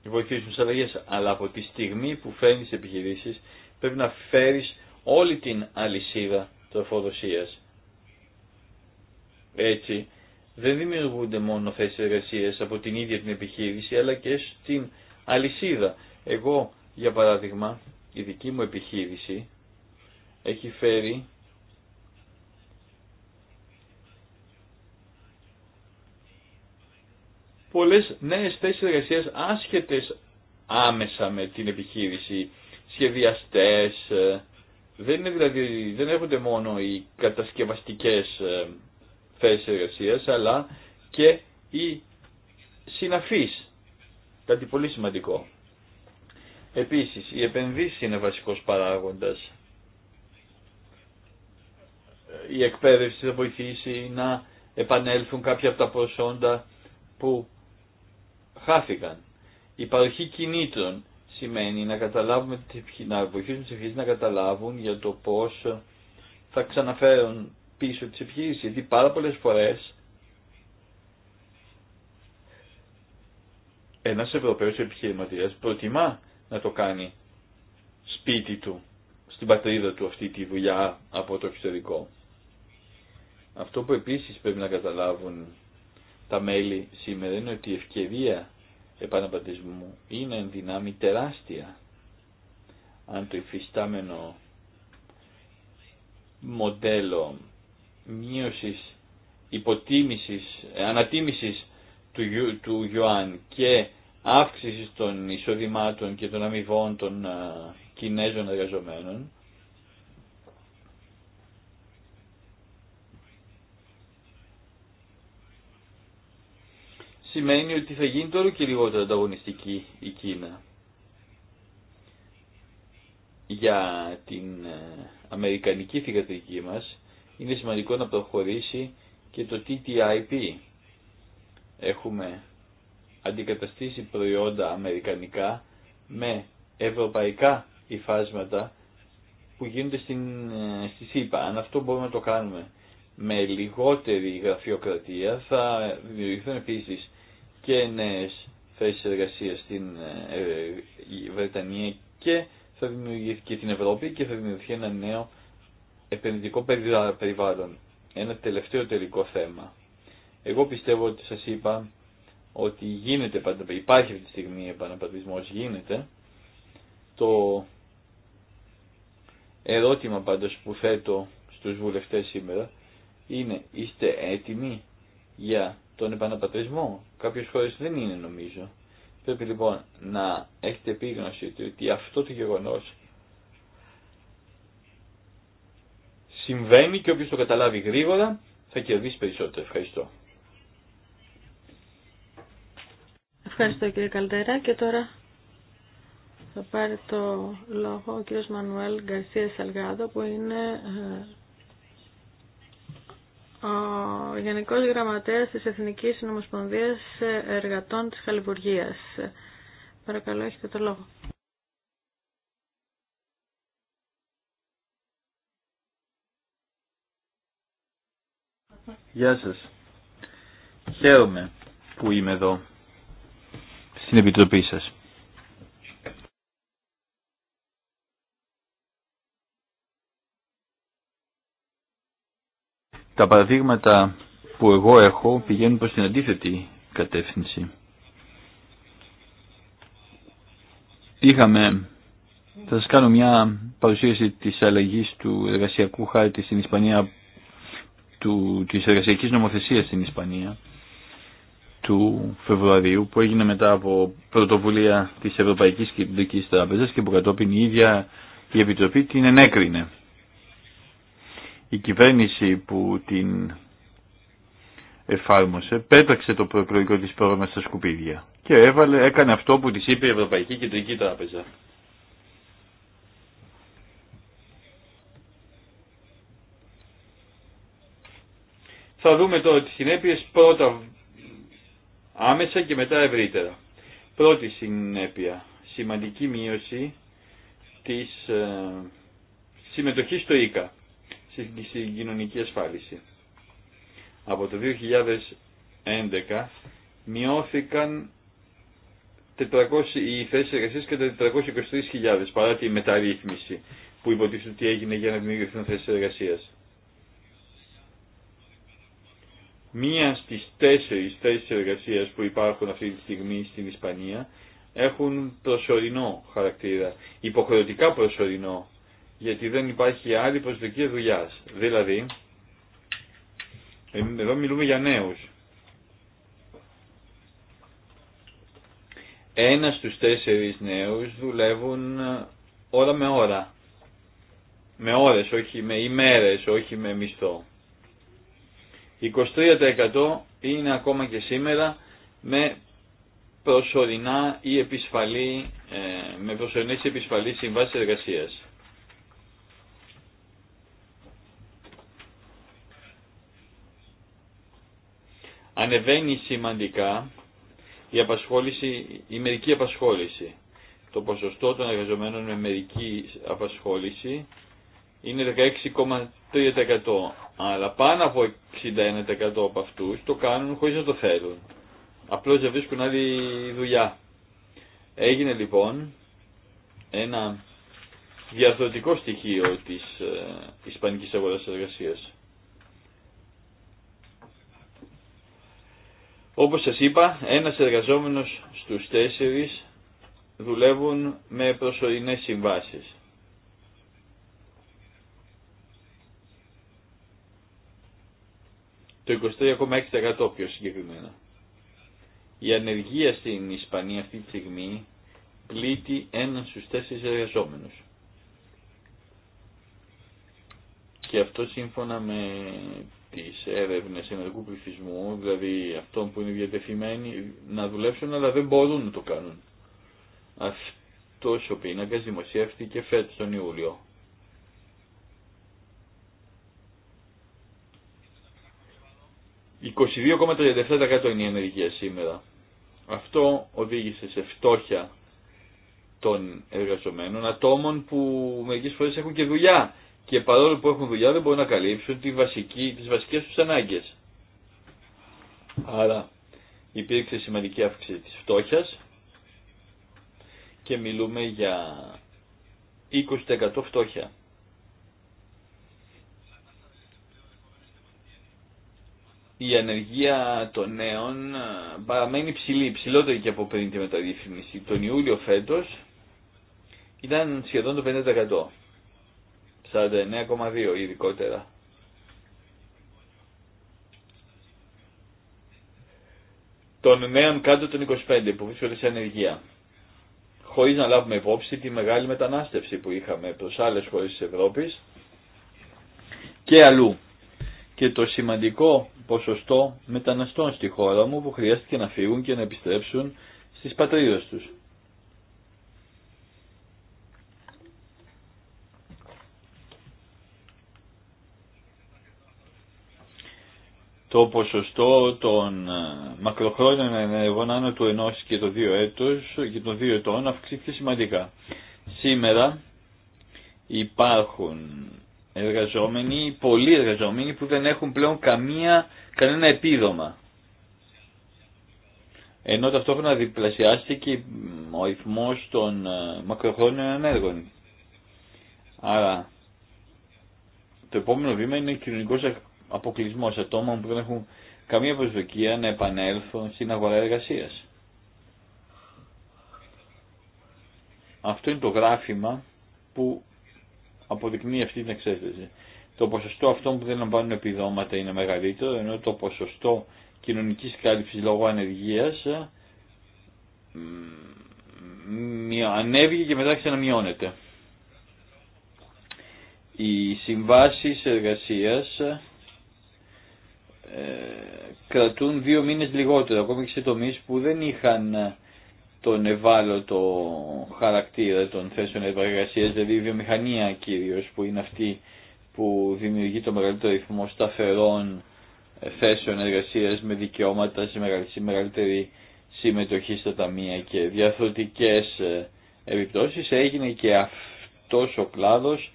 βοηθήσουν στις Αλλά από τη στιγμή που φέρνεις επιχειρήσεις πρέπει να φέρεις όλη την αλυσίδα τροφοδοσίας. Έτσι, δεν δημιουργούνται μόνο θέσεις εργασία από την ίδια την επιχείρηση, αλλά και στην αλυσίδα. Εγώ, για παράδειγμα, η δική μου επιχείρηση έχει φέρει πολλές νέες θέσεις εργασίας άσχετες άμεσα με την επιχείρηση, σχεδιαστές, ε, δεν, είναι δηλαδή, δεν μόνο οι κατασκευαστικές ε, θέσει εργασία, αλλά και οι συναφείς. Κάτι πολύ σημαντικό. Επίσης, οι επενδύση είναι βασικός παράγοντας. Η εκπαίδευση θα βοηθήσει να επανέλθουν κάποια από τα προσόντα που χάθηκαν. Η παροχή κινήτων σημαίνει να καταλάβουμε, να βοηθήσουμε τις να καταλάβουν για το πώς θα ξαναφέρουν πίσω τις επιχειρήσεις. Γιατί πάρα πολλές φορές ένας Ευρωπαίος επιχειρηματίας προτιμά να το κάνει σπίτι του, στην πατρίδα του αυτή τη δουλειά από το εξωτερικό. Αυτό που επίσης πρέπει να καταλάβουν τα μέλη σήμερα είναι ότι η ευκαιρία είναι εν δυνάμει τεράστια αν το υφιστάμενο μοντέλο μείωσης υποτίμησης, ε, ανατίμησης του, του και αύξησης των εισοδημάτων και των αμοιβών των ε, Κινέζων εργαζομένων σημαίνει ότι θα γίνει τώρα και λιγότερο ανταγωνιστική η Κίνα. Για την ε, αμερικανική θηγατρική μας είναι σημαντικό να προχωρήσει και το TTIP. Έχουμε αντικαταστήσει προϊόντα αμερικανικά με ευρωπαϊκά υφάσματα που γίνονται στην, ε, στη ΣΥΠΑ. Αν αυτό μπορούμε να το κάνουμε με λιγότερη γραφειοκρατία θα δημιουργηθούν επίσης και νέε θέσει εργασία στην ε, Βρετανία και θα δημιουργηθεί και την Ευρώπη και θα δημιουργηθεί ένα νέο επενδυτικό περιβάλλον. Ένα τελευταίο τελικό θέμα. Εγώ πιστεύω ότι σας είπα ότι γίνεται, υπάρχει αυτή τη στιγμή επαναπατρισμός, γίνεται. Το ερώτημα πάντως που θέτω στους βουλευτές σήμερα είναι είστε έτοιμοι για τον επαναπατρισμό. Κάποιε χώρες δεν είναι νομίζω. Πρέπει λοιπόν να έχετε επίγνωση ότι αυτό το γεγονό συμβαίνει και όποιος το καταλάβει γρήγορα θα κερδίσει περισσότερο. Ευχαριστώ. Ευχαριστώ κύριε Καλτέρα και τώρα θα πάρει το λόγο ο κύριος Μανουέλ Γκαρσία Σαλγάδο που είναι ε, ο Γενικός Γραμματέας της Εθνικής Νομοσπονδίας Εργατών της Χαλιβουργίας. Παρακαλώ, έχετε το λόγο. Γεια σας. Χαίρομαι που είμαι εδώ στην Επιτροπή σας. Τα παραδείγματα που εγώ έχω πηγαίνουν προς την αντίθετη κατεύθυνση. Είχαμε, θα σας κάνω μια παρουσίαση της αλλαγής του εργασιακού χάρτη στην Ισπανία, του, της εργασιακής νομοθεσίας στην Ισπανία του Φεβρουαρίου που έγινε μετά από πρωτοβουλία της Ευρωπαϊκής Κεντρικής Τράπεζας και που κατόπιν η ίδια η Επιτροπή την ενέκρινε η κυβέρνηση που την εφάρμοσε πέταξε το προεκλογικό της πρόγραμμα στα σκουπίδια και έβαλε, έκανε αυτό που της είπε η Ευρωπαϊκή Κεντρική Τράπεζα. Θα δούμε τώρα τις συνέπειες πρώτα άμεσα και μετά ευρύτερα. Πρώτη συνέπεια, σημαντική μείωση της ε, συμμετοχής στο ΊΚΑ στην κοινωνική ασφάλιση. Από το 2011 μειώθηκαν 400, οι θέσει εργασία κατά 423.000 παρά τη μεταρρύθμιση που υποτίθεται ότι έγινε για να δημιουργηθούν θέσει εργασία. Μία στι τέσσερι θέσει εργασία που υπάρχουν αυτή τη στιγμή στην Ισπανία έχουν προσωρινό χαρακτήρα, υποχρεωτικά προσωρινό γιατί δεν υπάρχει άλλη προσδοκία δουλειά. Δηλαδή, εδώ μιλούμε για νέου. Ένα στους τέσσερις νέους δουλεύουν ε, ώρα με ώρα. Με ώρες, όχι με ημέρες, όχι με μισθό. 23% είναι ακόμα και σήμερα με προσωρινά ή επισφαλή, ε, με προσωρινές επισφαλείς συμβάσεις εργασίας. ανεβαίνει σημαντικά η, απασχόληση, η μερική απασχόληση. Το ποσοστό των εργαζομένων με μερική απασχόληση είναι 16,3%. Αλλά πάνω από 61% από αυτούς το κάνουν χωρίς να το θέλουν. Απλώς δεν βρίσκουν άλλη δουλειά. Έγινε λοιπόν ένα διαρθρωτικό στοιχείο της ε, ισπανικής αγοράς εργασίας. Όπως σας είπα, ένας εργαζόμενος στους τέσσερις δουλεύουν με προσωρινές συμβάσεις. Το 23,6% πιο συγκεκριμένα. Η ανεργία στην Ισπανία αυτή τη στιγμή πλήττει έναν στους τέσσερις εργαζόμενους. Και αυτό σύμφωνα με τις έρευνες ενεργού πληθυσμού, δηλαδή αυτών που είναι διατεθειμένοι να δουλέψουν αλλά δεν μπορούν να το κάνουν. Αυτό ο πίνακας δημοσιεύτηκε φέτος τον Ιούλιο. ...22,37% είναι η ενεργεία σήμερα. Αυτό οδήγησε σε φτώχεια των εργαζομένων, ατόμων που μερικέ φορέ έχουν και δουλειά και παρόλο που έχουν δουλειά δεν μπορούν να καλύψουν τη βασική, τις βασικές τους ανάγκες. Άρα υπήρξε σημαντική αύξηση της φτώχειας και μιλούμε για 20% φτώχεια. η ανεργία των νέων ε, παραμένει ψηλή, ψηλότερη και από πριν τη μεταρρύθμιση. Τον Ιούλιο φέτος ήταν σχεδόν το 50%. 49,2 ειδικότερα. Των νέων κάτω των 25 που βρίσκονται σε ανεργία. Χωρίς να λάβουμε υπόψη τη μεγάλη μετανάστευση που είχαμε προς άλλες χώρες της Ευρώπης και αλλού. Και το σημαντικό ποσοστό μεταναστών στη χώρα μου που χρειάστηκε να φύγουν και να επιστρέψουν στις πατρίδες τους. το ποσοστό των ε, μακροχρόνιων ενεργών άνω του 1 και των 2 έτος και των 2 ετών αυξήθηκε σημαντικά. Σήμερα υπάρχουν εργαζόμενοι, πολλοί εργαζόμενοι που δεν έχουν πλέον καμία, κανένα επίδομα. Ενώ ταυτόχρονα διπλασιάστηκε ο αριθμό των ε, μακροχρόνιων ενέργων. Άρα το επόμενο βήμα είναι ο κοινωνικός Αποκλεισμό ατόμων που δεν έχουν καμία προσδοκία να επανέλθουν στην αγορά εργασία. Αυτό είναι το γράφημα που αποδεικνύει αυτή την εξέταση. Το ποσοστό αυτών που δεν λαμβάνουν επιδόματα είναι μεγαλύτερο, ενώ το ποσοστό κοινωνικής κάλυψης λόγω ανεργίας ε, ανέβηκε και μετά ξαναμειώνεται. Οι συμβάσεις εργασίας ε, κρατούν δύο μήνες λιγότερο, ακόμη και σε τομείς που δεν είχαν ε, τον ευάλωτο χαρακτήρα των θέσεων εργασίας, δηλαδή η βιομηχανία κυρίως που είναι αυτή που δημιουργεί το μεγαλύτερο ρυθμό σταθερών ε, θέσεων εργασίας με δικαιώματα σε μεγαλύτερη συμμετοχή στα ταμεία και διαθροτικές επιπτώσεις έγινε και αυτός ο κλάδος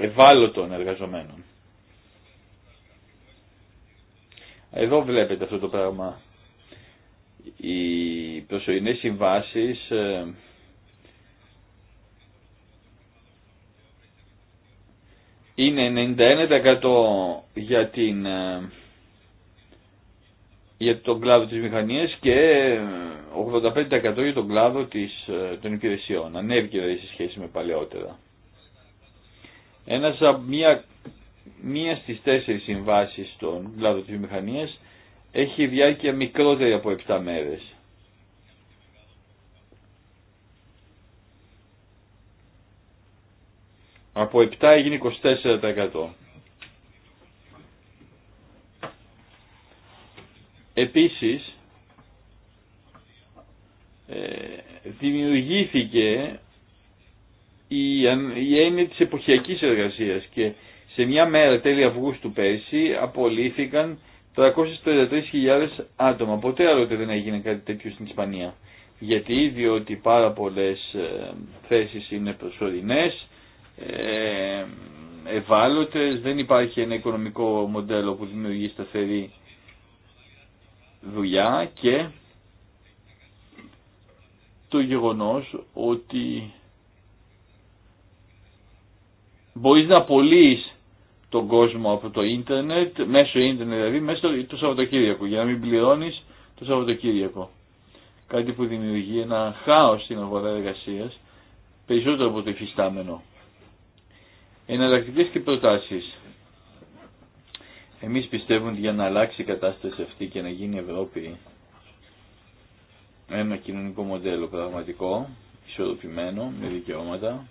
ευάλωτων εργαζομένων. Εδώ βλέπετε αυτό το πράγμα. Οι προσωρινές συμβάσεις ε, είναι 91% για, την, ε, για τον κλάδο της μηχανίας και 85% για τον κλάδο της, ε, των υπηρεσιών. Ανέβηκε δηλαδή σε σχέση με παλαιότερα. Ένας, μία, μία στις τέσσερις συμβάσεις των κλάδο έχει διάρκεια μικρότερη από 7 μέρες. Από 7 έγινε 24%. Επίσης, ε, δημιουργήθηκε η, η έννοια της εποχιακής εργασίας και σε μια μέρα τέλη Αυγούστου πέρσι απολύθηκαν 333.000 άτομα. Ποτέ άλλοτε δεν έγινε κάτι τέτοιο στην Ισπανία. Γιατί, διότι πάρα πολλές ε, θέσεις είναι προσωρινές, ε, ευάλωτες, δεν υπάρχει ένα οικονομικό μοντέλο που δημιουργεί σταθερή δουλειά και το γεγονός ότι μπορείς να απολύεις τον κόσμο από το ίντερνετ, μέσω ίντερνετ δηλαδή, μέσω το Σαββατοκύριακο, για να μην πληρώνεις το Σαββατοκύριακο. Κάτι που δημιουργεί ένα χάος στην αγορά εργασία, περισσότερο από το υφιστάμενο. Εναλλακτικέ και προτάσεις. Εμείς πιστεύουμε ότι για να αλλάξει η κατάσταση αυτή και να γίνει η Ευρώπη ένα κοινωνικό μοντέλο πραγματικό, ισορροπημένο, με δικαιώματα,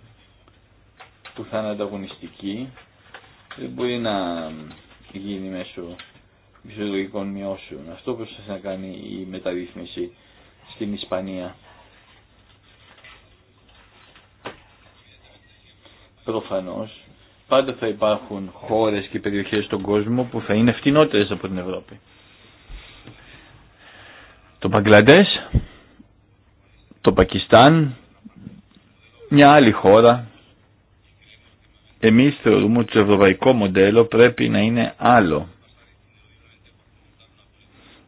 που θα είναι ανταγωνιστική δεν μπορεί να γίνει μέσω φυσιολογικών μειώσεων. Αυτό που σας να κάνει η μεταρρύθμιση στην Ισπανία. Προφανώς πάντα θα υπάρχουν χώρες και περιοχές στον κόσμο που θα είναι φτηνότερες από την Ευρώπη. Το Παγκλαντές, το Πακιστάν, μια άλλη χώρα εμείς θεωρούμε ότι το ευρωπαϊκό μοντέλο πρέπει να είναι άλλο.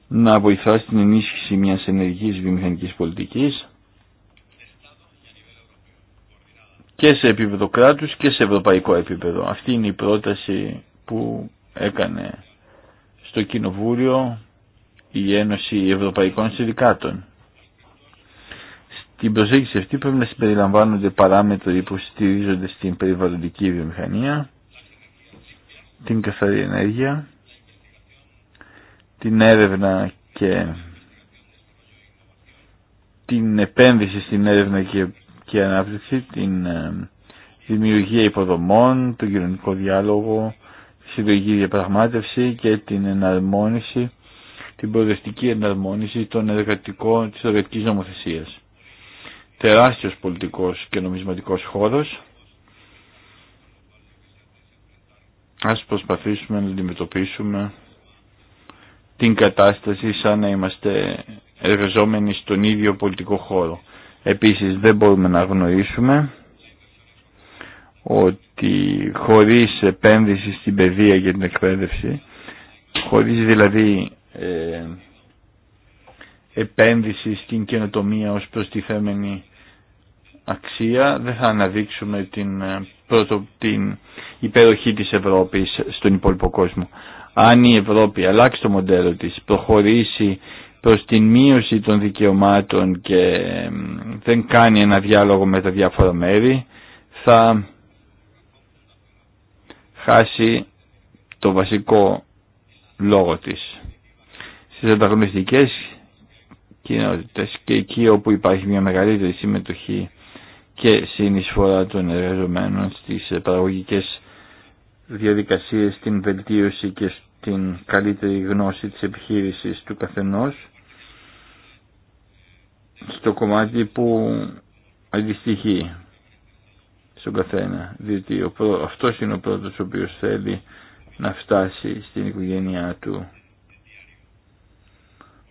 Να βοηθά στην ενίσχυση μιας ενεργής βιομηχανικής πολιτικής και σε επίπεδο κράτους και σε ευρωπαϊκό επίπεδο. Αυτή είναι η πρόταση που έκανε στο Κοινοβούλιο η Ένωση Ευρωπαϊκών Συνδικάτων την προσέγγιση αυτή πρέπει να συμπεριλαμβάνονται παράμετροι που στηρίζονται στην περιβαλλοντική βιομηχανία, την καθαρή ενέργεια, την έρευνα και την επένδυση στην έρευνα και, και ανάπτυξη, την ε, δημιουργία υποδομών, τον κοινωνικό διάλογο, τη συλλογική διαπραγμάτευση και την εναρμόνιση, την προοδευτική εναρμόνιση των εργατικών, της εργατικής νομοθεσίας τεράστιος πολιτικός και νομισματικός χώρος. Ας προσπαθήσουμε να αντιμετωπίσουμε την κατάσταση σαν να είμαστε εργαζόμενοι στον ίδιο πολιτικό χώρο. Επίσης δεν μπορούμε να γνωρίσουμε ότι χωρίς επένδυση στην παιδεία και την εκπαίδευση, χωρίς δηλαδή ε, επένδυση στην καινοτομία ως προστιθέμενη αξία, δεν θα αναδείξουμε την, ε, πρώτο, την υπεροχή της Ευρώπης στον υπόλοιπο κόσμο. Αν η Ευρώπη αλλάξει το μοντέλο της, προχωρήσει προς την μείωση των δικαιωμάτων και ε, δεν κάνει ένα διάλογο με τα διάφορα μέρη, θα χάσει το βασικό λόγο της. Στις ανταγωνιστικές κοινότητες και εκεί όπου υπάρχει μια μεγαλύτερη συμμετοχή και συνεισφορά των εργαζομένων στις ε, παραγωγικές διαδικασίες, στην βελτίωση και στην καλύτερη γνώση της επιχείρησης του καθενός στο κομμάτι που αντιστοιχεί στον καθένα διότι αυτός είναι ο πρώτος ο οποίος θέλει να φτάσει στην οικογένειά του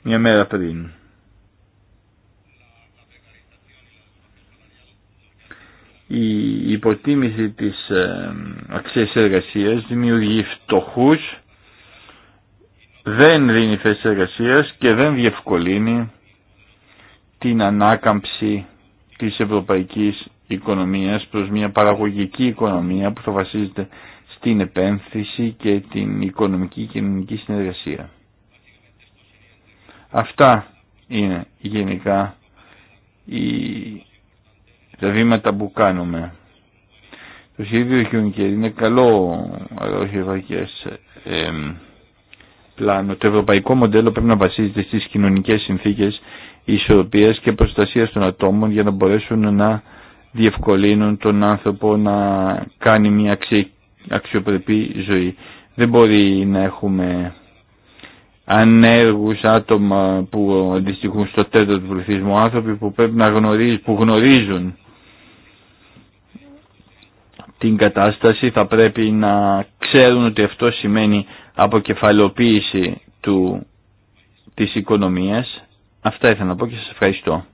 μια μέρα πριν Η υποτίμηση της ε, αξίας εργασίας δημιουργεί φτωχούς, δεν δίνει θέση εργασίας και δεν διευκολύνει την ανάκαμψη της ευρωπαϊκής οικονομίας προς μια παραγωγική οικονομία που θα βασίζεται στην επένθυση και την οικονομική και κοινωνική συνεργασία. Αυτά είναι γενικά οι Δηλαδή τα βήματα που κάνουμε. Το σχέδιο Χιούνκερ είναι καλό αρχιεραρχικές ε, πλάνο. Το ευρωπαϊκό μοντέλο πρέπει να βασίζεται στις κοινωνικές συνθήκες ισορροπίας και προστασίας των ατόμων για να μπορέσουν να διευκολύνουν τον άνθρωπο να κάνει μια αξιοπρεπή ζωή. Δεν μπορεί να έχουμε ανέργους άτομα που αντιστοιχούν στο τέταρτο του πληθυσμού, άνθρωποι που πρέπει να που γνωρίζουν την κατάσταση θα πρέπει να ξέρουν ότι αυτό σημαίνει αποκεφαλοποίηση του, της οικονομίας. Αυτά ήθελα να πω και σας ευχαριστώ.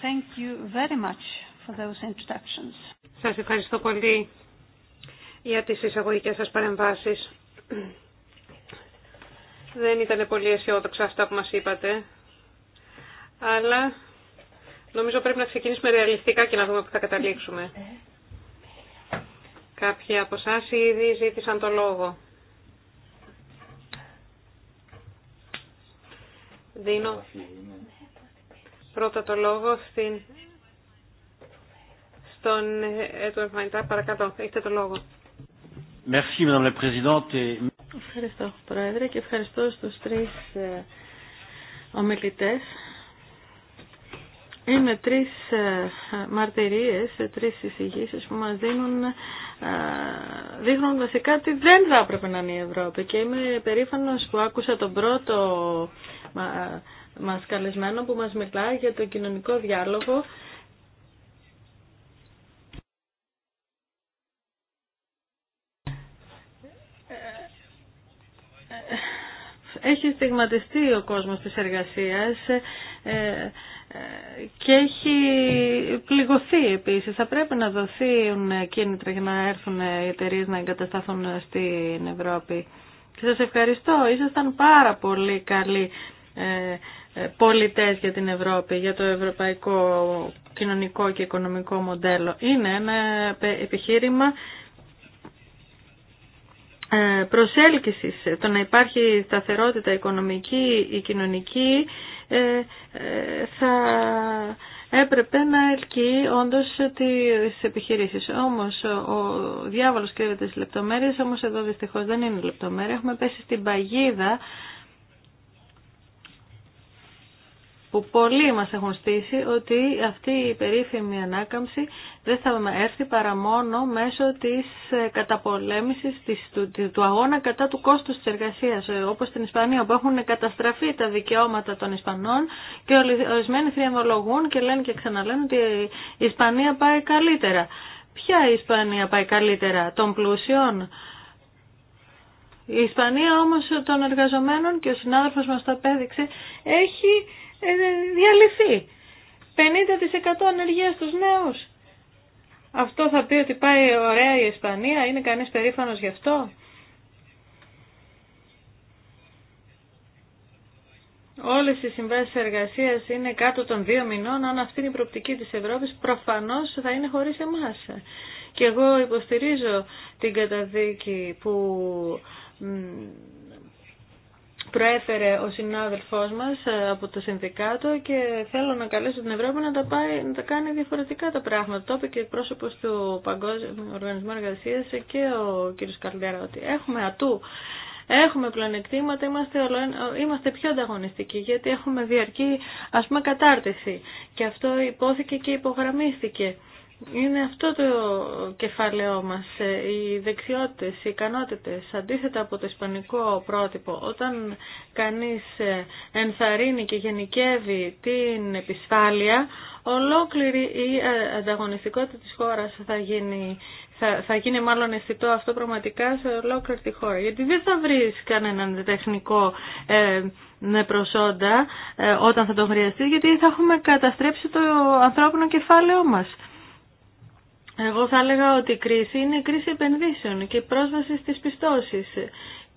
Thank Σας ευχαριστώ πολύ για τις εισαγωγικές σας παρεμβάσεις. Δεν ήταν πολύ αισιόδοξα αυτά που μας είπατε, αλλά Νομίζω πρέπει να ξεκινήσουμε ρεαλιστικά και να δούμε που θα καταλήξουμε. Κάποιοι από εσά ήδη ζήτησαν το λόγο. Δίνω πρώτα το λόγο στην... στον Έτου Παρακαλώ, έχετε το λόγο. Ευχαριστώ, Πρόεδρε, και ευχαριστώ στους τρεις ε, ομιλητές είναι τρεις ε, μαρτυρίες, ε, τρεις εισηγήσεις που μας δίνουν, ε, δείχνουν βασικά ότι δεν θα έπρεπε να είναι η Ευρώπη. Και είμαι περήφανος που άκουσα τον πρώτο μας καλεσμένο που μας μιλά για το κοινωνικό διάλογο έχει στιγματιστεί ο κόσμος της εργασίας και έχει πληγωθεί επίσης. Θα πρέπει να δοθούν κίνητρα για να έρθουν οι εταιρείε να εγκατασταθούν στην Ευρώπη. Και σας ευχαριστώ. Ήσασταν πάρα πολύ καλοί ε, ε, πολιτές για την Ευρώπη, για το ευρωπαϊκό κοινωνικό και οικονομικό μοντέλο. Είναι ένα επιχείρημα ε, προσέλκυσης, ε, το να υπάρχει σταθερότητα οικονομική ή κοινωνική ε, θα έπρεπε να ελκύει όντως τις επιχειρήσεις. Όμως ο διάβολος κρύβεται στις λεπτομέρειες, όμως εδώ δυστυχώς δεν είναι λεπτομέρεια. Έχουμε πέσει στην παγίδα που πολλοί μας έχουν στήσει ότι αυτή η περίφημη ανάκαμψη δεν θα έρθει παρά μόνο μέσω της ε, καταπολέμησης της, του, αγώνα κατά του κόστους της εργασίας, ε, όπως στην Ισπανία που έχουν καταστραφεί τα δικαιώματα των Ισπανών και ορισμένοι θριαμβολογούν και λένε και ξαναλένε ότι η Ισπανία πάει καλύτερα. Ποια η Ισπανία πάει καλύτερα, των πλούσιων, η Ισπανία όμως των εργαζομένων και ο συνάδελφος μας το απέδειξε έχει ε, διαλυθεί. 50% ανεργία στους νέους. Αυτό θα πει ότι πάει ωραία η Ισπανία, είναι κανείς περήφανος γι' αυτό. Όλες οι συμβάσεις εργασίας είναι κάτω των δύο μηνών, αν αυτή είναι η προπτική της Ευρώπης, προφανώς θα είναι χωρίς εμάς. Και εγώ υποστηρίζω την καταδίκη που προέφερε ο συνάδελφός μας ε, από το συνδικάτο και θέλω να καλέσω την Ευρώπη να τα, πάει, να τα κάνει διαφορετικά τα πράγματα. Το είπε και πρόσωπος του Παγκόσμιου Οργανισμού Εργασίας και ο κ. Καλδέρα ότι έχουμε ατού έχουμε πλανεκτήματα, είμαστε, είμαστε πιο ανταγωνιστικοί γιατί έχουμε διαρκή ας πούμε κατάρτιση και αυτό υπόθηκε και υπογραμμίστηκε. Είναι αυτό το κεφάλαιό μας, ε, οι δεξιότητες, οι ικανότητες, αντίθετα από το ισπανικό πρότυπο, όταν κανείς ε, ενθαρρύνει και γενικεύει την επισφάλεια, ολόκληρη η ε, ανταγωνιστικότητα της χώρας θα γίνει, θα, θα γίνει μάλλον αισθητό αυτό πραγματικά σε ολόκληρη τη χώρα. Γιατί δεν θα βρεις κανέναν τεχνικό ε, προσόντα όταν θα το χρειαστεί, γιατί θα έχουμε καταστρέψει το ανθρώπινο κεφάλαιό μας. Εγώ θα έλεγα ότι η κρίση είναι κρίση επενδύσεων και πρόσβαση στις πιστώσεις.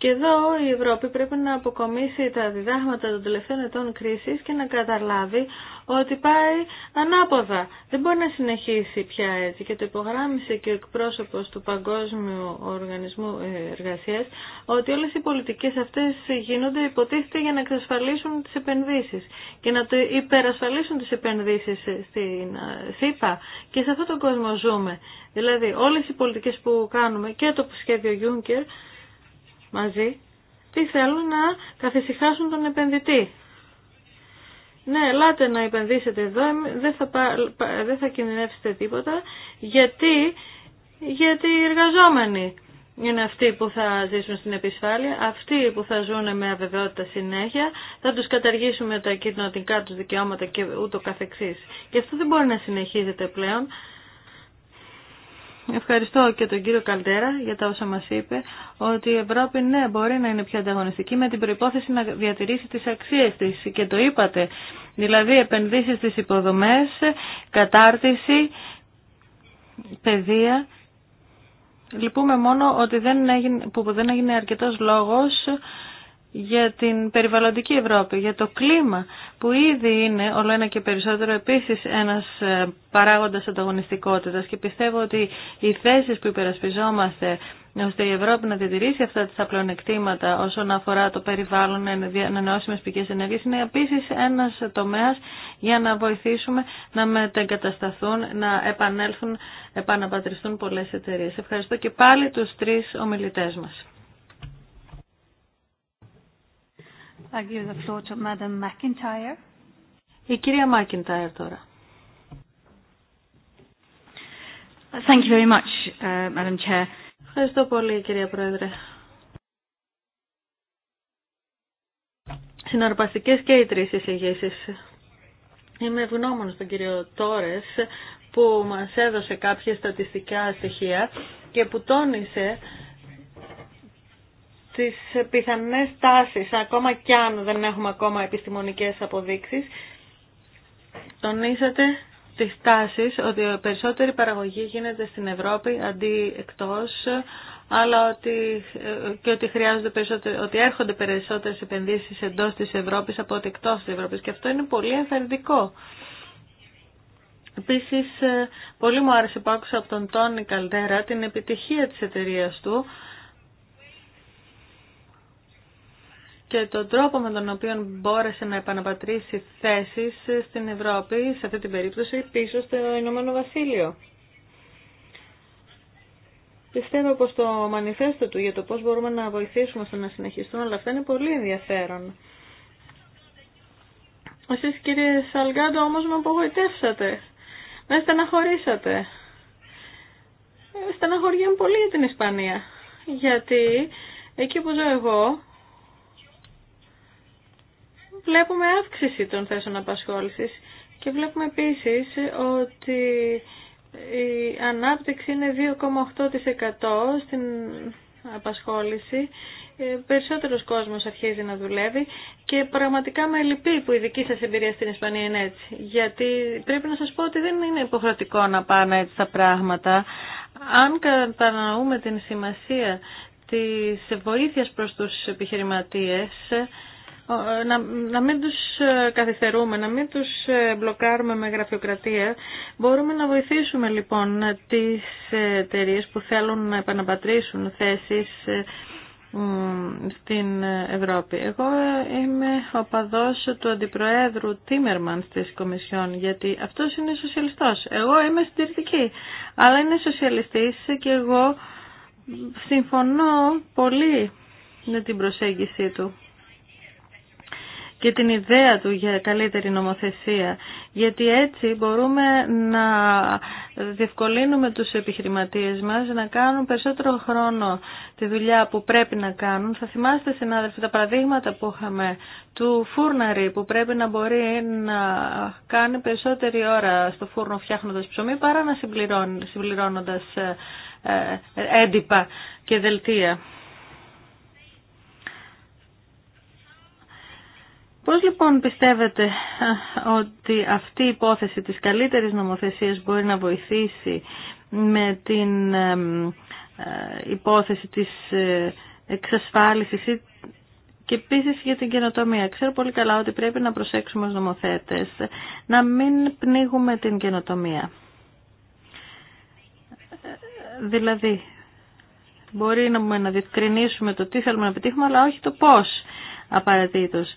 Και εδώ η Ευρώπη πρέπει να αποκομίσει τα διδάγματα των τελευταίων ετών κρίση και να καταλάβει ότι πάει ανάποδα. Δεν μπορεί να συνεχίσει πια έτσι και το υπογράμμισε και ο εκπρόσωπο του Παγκόσμιου Οργανισμού ε, εργασία ότι όλε οι πολιτικέ αυτές γίνονται υποτίθεται για να εξασφαλίσουν τι επενδύσει και να το υπερασφαλίσουν τι επενδύσει στην ε, ΣΥΠΑ και σε αυτόν τον κόσμο ζούμε. Δηλαδή όλε οι πολιτικέ που κάνουμε και το σχέδιο Juncker μαζί, τι θέλουν να καθησυχάσουν τον επενδυτή. Ναι, ελάτε να επενδύσετε εδώ, δεν θα, δεν θα κινδυνεύσετε τίποτα, γιατί, γιατί οι εργαζόμενοι είναι αυτοί που θα ζήσουν στην επισφάλεια, αυτοί που θα ζουν με αβεβαιότητα συνέχεια, θα τους καταργήσουμε τα κοινωνικά τους δικαιώματα και ούτω καθεξής. Και αυτό δεν μπορεί να συνεχίζεται πλέον. Ευχαριστώ και τον κύριο Καλτέρα για τα όσα μας είπε ότι η Ευρώπη ναι μπορεί να είναι πιο ανταγωνιστική με την προϋπόθεση να διατηρήσει τις αξίες της και το είπατε δηλαδή επενδύσεις στις υποδομές, κατάρτιση, παιδεία Λυπούμε μόνο ότι δεν έγινε, που δεν έγινε αρκετός λόγος για την περιβαλλοντική Ευρώπη, για το κλίμα που ήδη είναι όλο ένα και περισσότερο επίσης ένας ε, παράγοντας ανταγωνιστικότητας και πιστεύω ότι οι θέσεις που υπερασπιζόμαστε ώστε η Ευρώπη να διατηρήσει αυτά τα πλεονεκτήματα όσον αφορά το περιβάλλον, ανανεώσιμε πηγές ενέργεια, είναι επίση ένας τομέας για να βοηθήσουμε να μετεγκατασταθούν, να επανέλθουν, επαναπατριστούν πολλές εταιρείε. Ευχαριστώ και πάλι τους τρεις ομιλητές μας. I give the floor to Madam McIntyre. Η κυρία Μάκιντάιρ τώρα. Thank you very much, uh, Madam Chair. Ευχαριστώ πολύ, κυρία Πρόεδρε. Συναρπαστικές και οι τρει εισηγήσεις. Είμαι ευγνώμων στον κύριο Τόρε που μας έδωσε κάποια στατιστικά στοιχεία και που τόνισε τις πιθανές τάσεις, ακόμα κι αν δεν έχουμε ακόμα επιστημονικές αποδείξεις, τονίσατε τις τάσεις ότι η περισσότερη παραγωγή γίνεται στην Ευρώπη αντί εκτός, αλλά ότι, και ότι, χρειάζονται περισσότερο, ότι έρχονται περισσότερες επενδύσεις εντός της Ευρώπης από ότι εκτός της Ευρώπης. Και αυτό είναι πολύ ενθαρρυντικό. Επίσης, ε, πολύ μου άρεσε που άκουσα από τον Τόνι Καλτέρα την επιτυχία της εταιρείας του, και τον τρόπο με τον οποίο μπόρεσε να επαναπατρίσει θέσεις στην Ευρώπη, σε αυτή την περίπτωση, πίσω στο Ηνωμένο Βασίλειο. Πιστεύω πως το μανιφέστο του για το πώς μπορούμε να βοηθήσουμε στο να συνεχιστούν όλα αυτά είναι πολύ ενδιαφέρον. Εσείς κύριε Σαλγκάντο όμως με απογοητεύσατε. Με στεναχωρήσατε. Στεναχωριέμαι πολύ για την Ισπανία. Γιατί εκεί που ζω εγώ, βλέπουμε αύξηση των θέσεων απασχόλησης και βλέπουμε επίσης ότι η ανάπτυξη είναι 2,8% στην απασχόληση. Ε, περισσότερος κόσμος αρχίζει να δουλεύει και πραγματικά με λυπεί που η δική σας εμπειρία στην Ισπανία είναι έτσι. Γιατί πρέπει να σας πω ότι δεν είναι υποχρεωτικό να πάνε έτσι τα πράγματα. Αν κατανοούμε την σημασία της βοήθειας προς τους επιχειρηματίες, ε, να, μην τους ε, καθυστερούμε, να μην τους ε, μπλοκάρουμε με γραφειοκρατία. Μπορούμε να βοηθήσουμε λοιπόν τις εταιρείε που θέλουν να επαναπατρίσουν θέσεις στην Ευρώπη. Εγώ είμαι οπαδός του Αντιπροέδρου Τίμερμαν της Κομισιόν, γιατί αυτός είναι σοσιαλιστός. Εγώ είμαι συντηρητική, αλλά είναι σοσιαλιστής και εγώ συμφωνώ πολύ με την προσέγγιση του και την ιδέα του για καλύτερη νομοθεσία. Γιατί έτσι μπορούμε να διευκολύνουμε τους επιχειρηματίες μας να κάνουν περισσότερο χρόνο τη δουλειά που πρέπει να κάνουν. Θα θυμάστε συνάδελφοι τα παραδείγματα που είχαμε του φούρναρη που πρέπει να μπορεί να κάνει περισσότερη ώρα στο φούρνο φτιάχνοντας ψωμί παρά να συμπληρώνοντας ε, ε, έντυπα και δελτία. Πώς λοιπόν πιστεύετε ότι αυτή η υπόθεση της καλύτερης νομοθεσίας μπορεί να βοηθήσει με την ε, υπόθεση της ε, εξασφάλισης και επίση για την καινοτομία. Ξέρω πολύ καλά ότι πρέπει να προσέξουμε ως νομοθέτες να μην πνίγουμε την καινοτομία. Δηλαδή, μπορεί να, να διευκρινίσουμε το τι θέλουμε να πετύχουμε, αλλά όχι το πώς απαραίτητος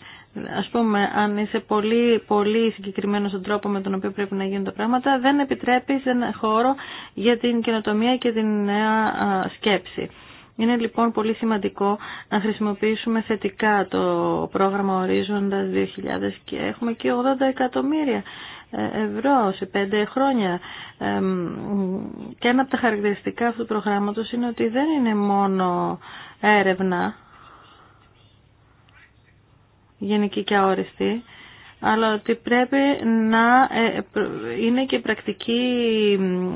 ας πούμε, αν είσαι πολύ, πολύ συγκεκριμένο στον τρόπο με τον οποίο πρέπει να γίνουν τα πράγματα, δεν επιτρέπει ένα χώρο για την καινοτομία και την νέα σκέψη. Είναι λοιπόν πολύ σημαντικό να χρησιμοποιήσουμε θετικά το πρόγραμμα Ορίζοντας 2000 και έχουμε και 80 εκατομμύρια ε, ευρώ σε πέντε χρόνια. Και ένα από τα χαρακτηριστικά αυτού του προγράμματος είναι ότι δεν είναι μόνο έρευνα, γενική και αόριστη, αλλά ότι πρέπει να ε, είναι και πρακτική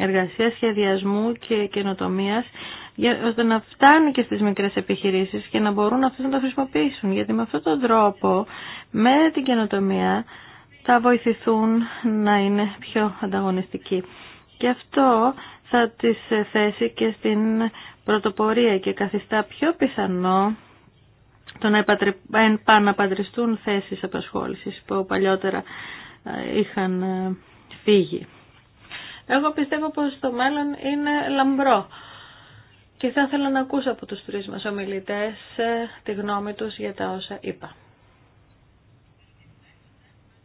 εργασία σχεδιασμού και καινοτομία ώστε να φτάνει και στις μικρές επιχειρήσεις και να μπορούν αυτές να το χρησιμοποιήσουν. Γιατί με αυτόν τον τρόπο, με την καινοτομία, θα βοηθηθούν να είναι πιο ανταγωνιστικοί. Και αυτό θα τις θέσει και στην πρωτοπορία και καθιστά πιο πιθανό το να επαναπατριστούν θέσεις απασχόλησης που παλιότερα ε, είχαν ε, φύγει. Εγώ πιστεύω πως το μέλλον είναι λαμπρό και θα ήθελα να ακούσω από τους τρεις μας ομιλητές ε, τη γνώμη τους για τα όσα είπα.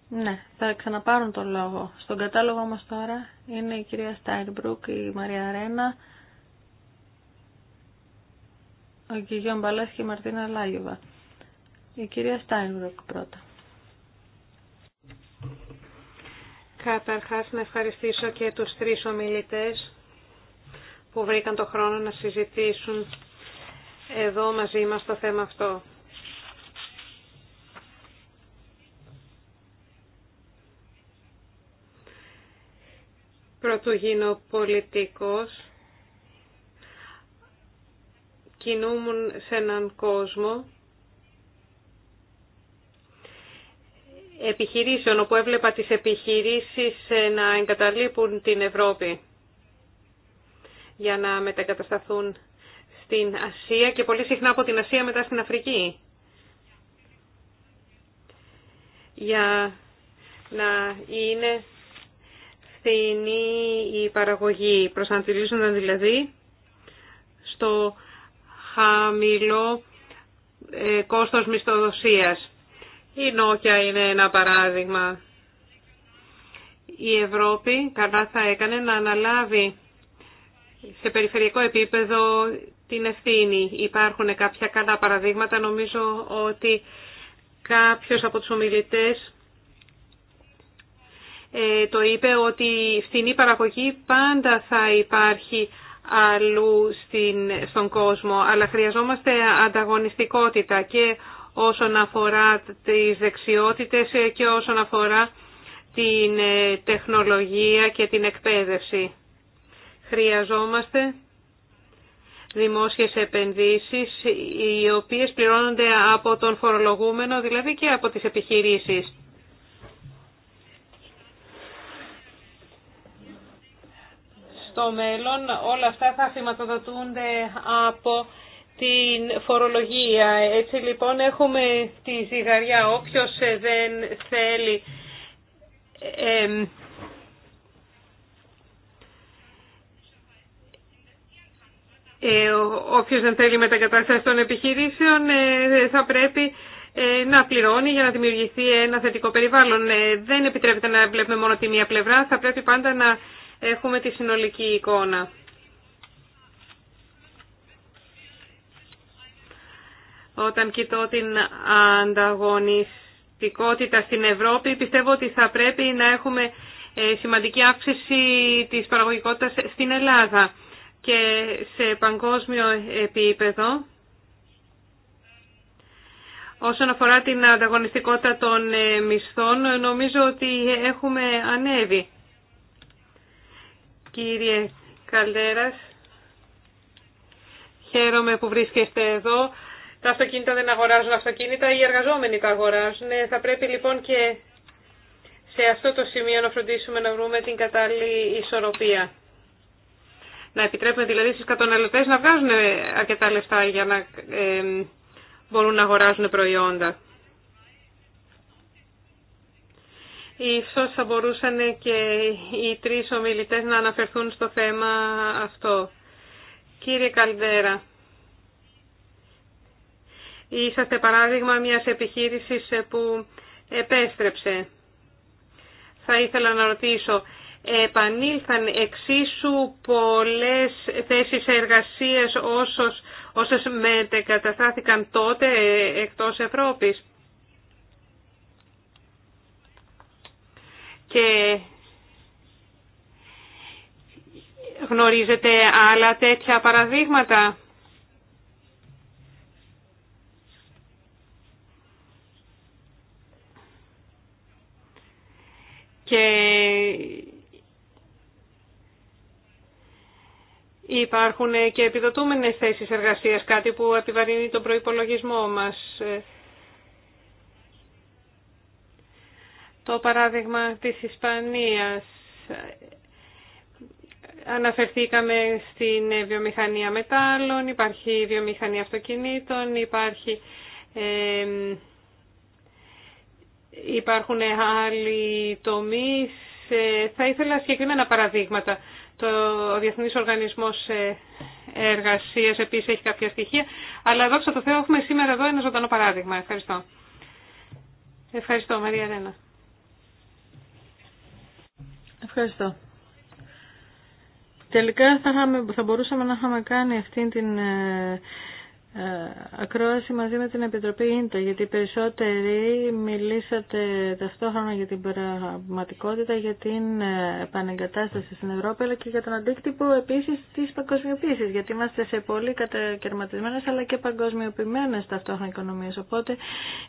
Ναι, θα ξαναπάρουν τον λόγο. Στον κατάλογο μας τώρα είναι η κυρία και η Μαρία Ρένα, ο κ. Μπαλάς και η Μαρτίνα Λάγιουβα. Η κυρία Στάινμπροκ πρώτα. Καταρχάς να ευχαριστήσω και τους τρεις ομιλητές που βρήκαν το χρόνο να συζητήσουν εδώ μαζί μας το θέμα αυτό. Πρωτού πολιτικός, κινούμουν σε έναν κόσμο επιχειρήσεων, όπου έβλεπα τις επιχειρήσεις να εγκαταλείπουν την Ευρώπη για να μετακατασταθούν στην Ασία και πολύ συχνά από την Ασία μετά στην Αφρική. Για να είναι φθηνή η παραγωγή. Προσανατολίζονταν δηλαδή στο χαμηλό ε, κόστος μισθοδοσίας. Η Νόκια είναι ένα παράδειγμα. Η Ευρώπη καλά θα έκανε να αναλάβει σε περιφερειακό επίπεδο την ευθύνη. Υπάρχουν κάποια καλά παραδείγματα. Νομίζω ότι κάποιος από τους ομιλητές ε, το είπε ότι φθηνή παραγωγή πάντα θα υπάρχει αλλού στην, στον κόσμο, αλλά χρειαζόμαστε ανταγωνιστικότητα και όσον αφορά τις δεξιότητες και όσον αφορά την ε, τεχνολογία και την εκπαίδευση. Χρειαζόμαστε δημόσιες επενδύσεις οι οποίες πληρώνονται από τον φορολογούμενο, δηλαδή και από τις επιχειρήσεις. το μέλλον. Όλα αυτά θα χρηματοδοτούνται από την φορολογία. Έτσι λοιπόν έχουμε τη ζυγαριά. Όποιος ε, δεν θέλει ε, όποιος δεν θέλει μετακατάσταση των επιχειρήσεων ε, θα πρέπει ε, να πληρώνει για να δημιουργηθεί ένα θετικό περιβάλλον. δεν επιτρέπεται να βλέπουμε μόνο τη μία πλευρά, θα πρέπει πάντα να έχουμε τη συνολική εικόνα. Όταν κοιτώ την ανταγωνιστικότητα στην Ευρώπη, πιστεύω ότι θα πρέπει να έχουμε ε, σημαντική αύξηση της παραγωγικότητας στην Ελλάδα και σε παγκόσμιο επίπεδο. Όσον αφορά την ανταγωνιστικότητα των ε, μισθών, νομίζω ότι έχουμε ανέβει. Κύριε Καλτέρας, χαίρομαι που βρίσκεστε εδώ. Τα αυτοκίνητα δεν αγοράζουν αυτοκίνητα, οι εργαζόμενοι τα αγοράζουν. Ε, θα πρέπει λοιπόν και σε αυτό το σημείο να φροντίσουμε να βρούμε την κατάλληλη ισορροπία. Να επιτρέπουμε δηλαδή στους καταναλωτές να βγάζουν αρκετά λεφτά για να ε, μπορούν να αγοράζουν προϊόντα. Ίσως θα μπορούσαν και οι τρεις ομιλητές να αναφερθούν στο θέμα αυτό. Κύριε Καλδέρα, είσαστε παράδειγμα μιας επιχείρησης που επέστρεψε. Θα ήθελα να ρωτήσω, επανήλθαν εξίσου πολλές θέσεις εργασίας όσες μετεκαταστάθηκαν τότε εκτός Ευρώπης. και γνωρίζετε άλλα τέτοια παραδείγματα. Και υπάρχουν και επιδοτούμενες θέσεις εργασίας, κάτι που επιβαρύνει τον προϋπολογισμό μας. το παράδειγμα της Ισπανίας. Αναφερθήκαμε στην βιομηχανία μετάλλων, υπάρχει η βιομηχανία αυτοκινήτων, υπάρχει, ε, υπάρχουν άλλοι τομείς. Ε, θα ήθελα συγκεκριμένα παραδείγματα. Το, ο Διεθνής Οργανισμός ε, Εργασίας επίσης έχει κάποια στοιχεία, αλλά δόξα τω Θεώ έχουμε σήμερα εδώ ένα ζωντανό παράδειγμα. Ευχαριστώ. Ευχαριστώ Μαρία Ρένα. Ευχαριστώ. Τελικά θα, θα μπορούσαμε να είχαμε κάνει αυτή την ε, ε, ακρόαση μαζί με την Επιτροπή Ίντα, γιατί περισσότεροι μιλήσατε ταυτόχρονα για την πραγματικότητα, για την ε, επανεγκατάσταση στην Ευρώπη, αλλά και για τον αντίκτυπο επίσης της παγκοσμιοποίησης, γιατί είμαστε σε πολύ κατακαιρματισμένες αλλά και παγκοσμιοποιημένες ταυτόχρονα οικονομίες, οπότε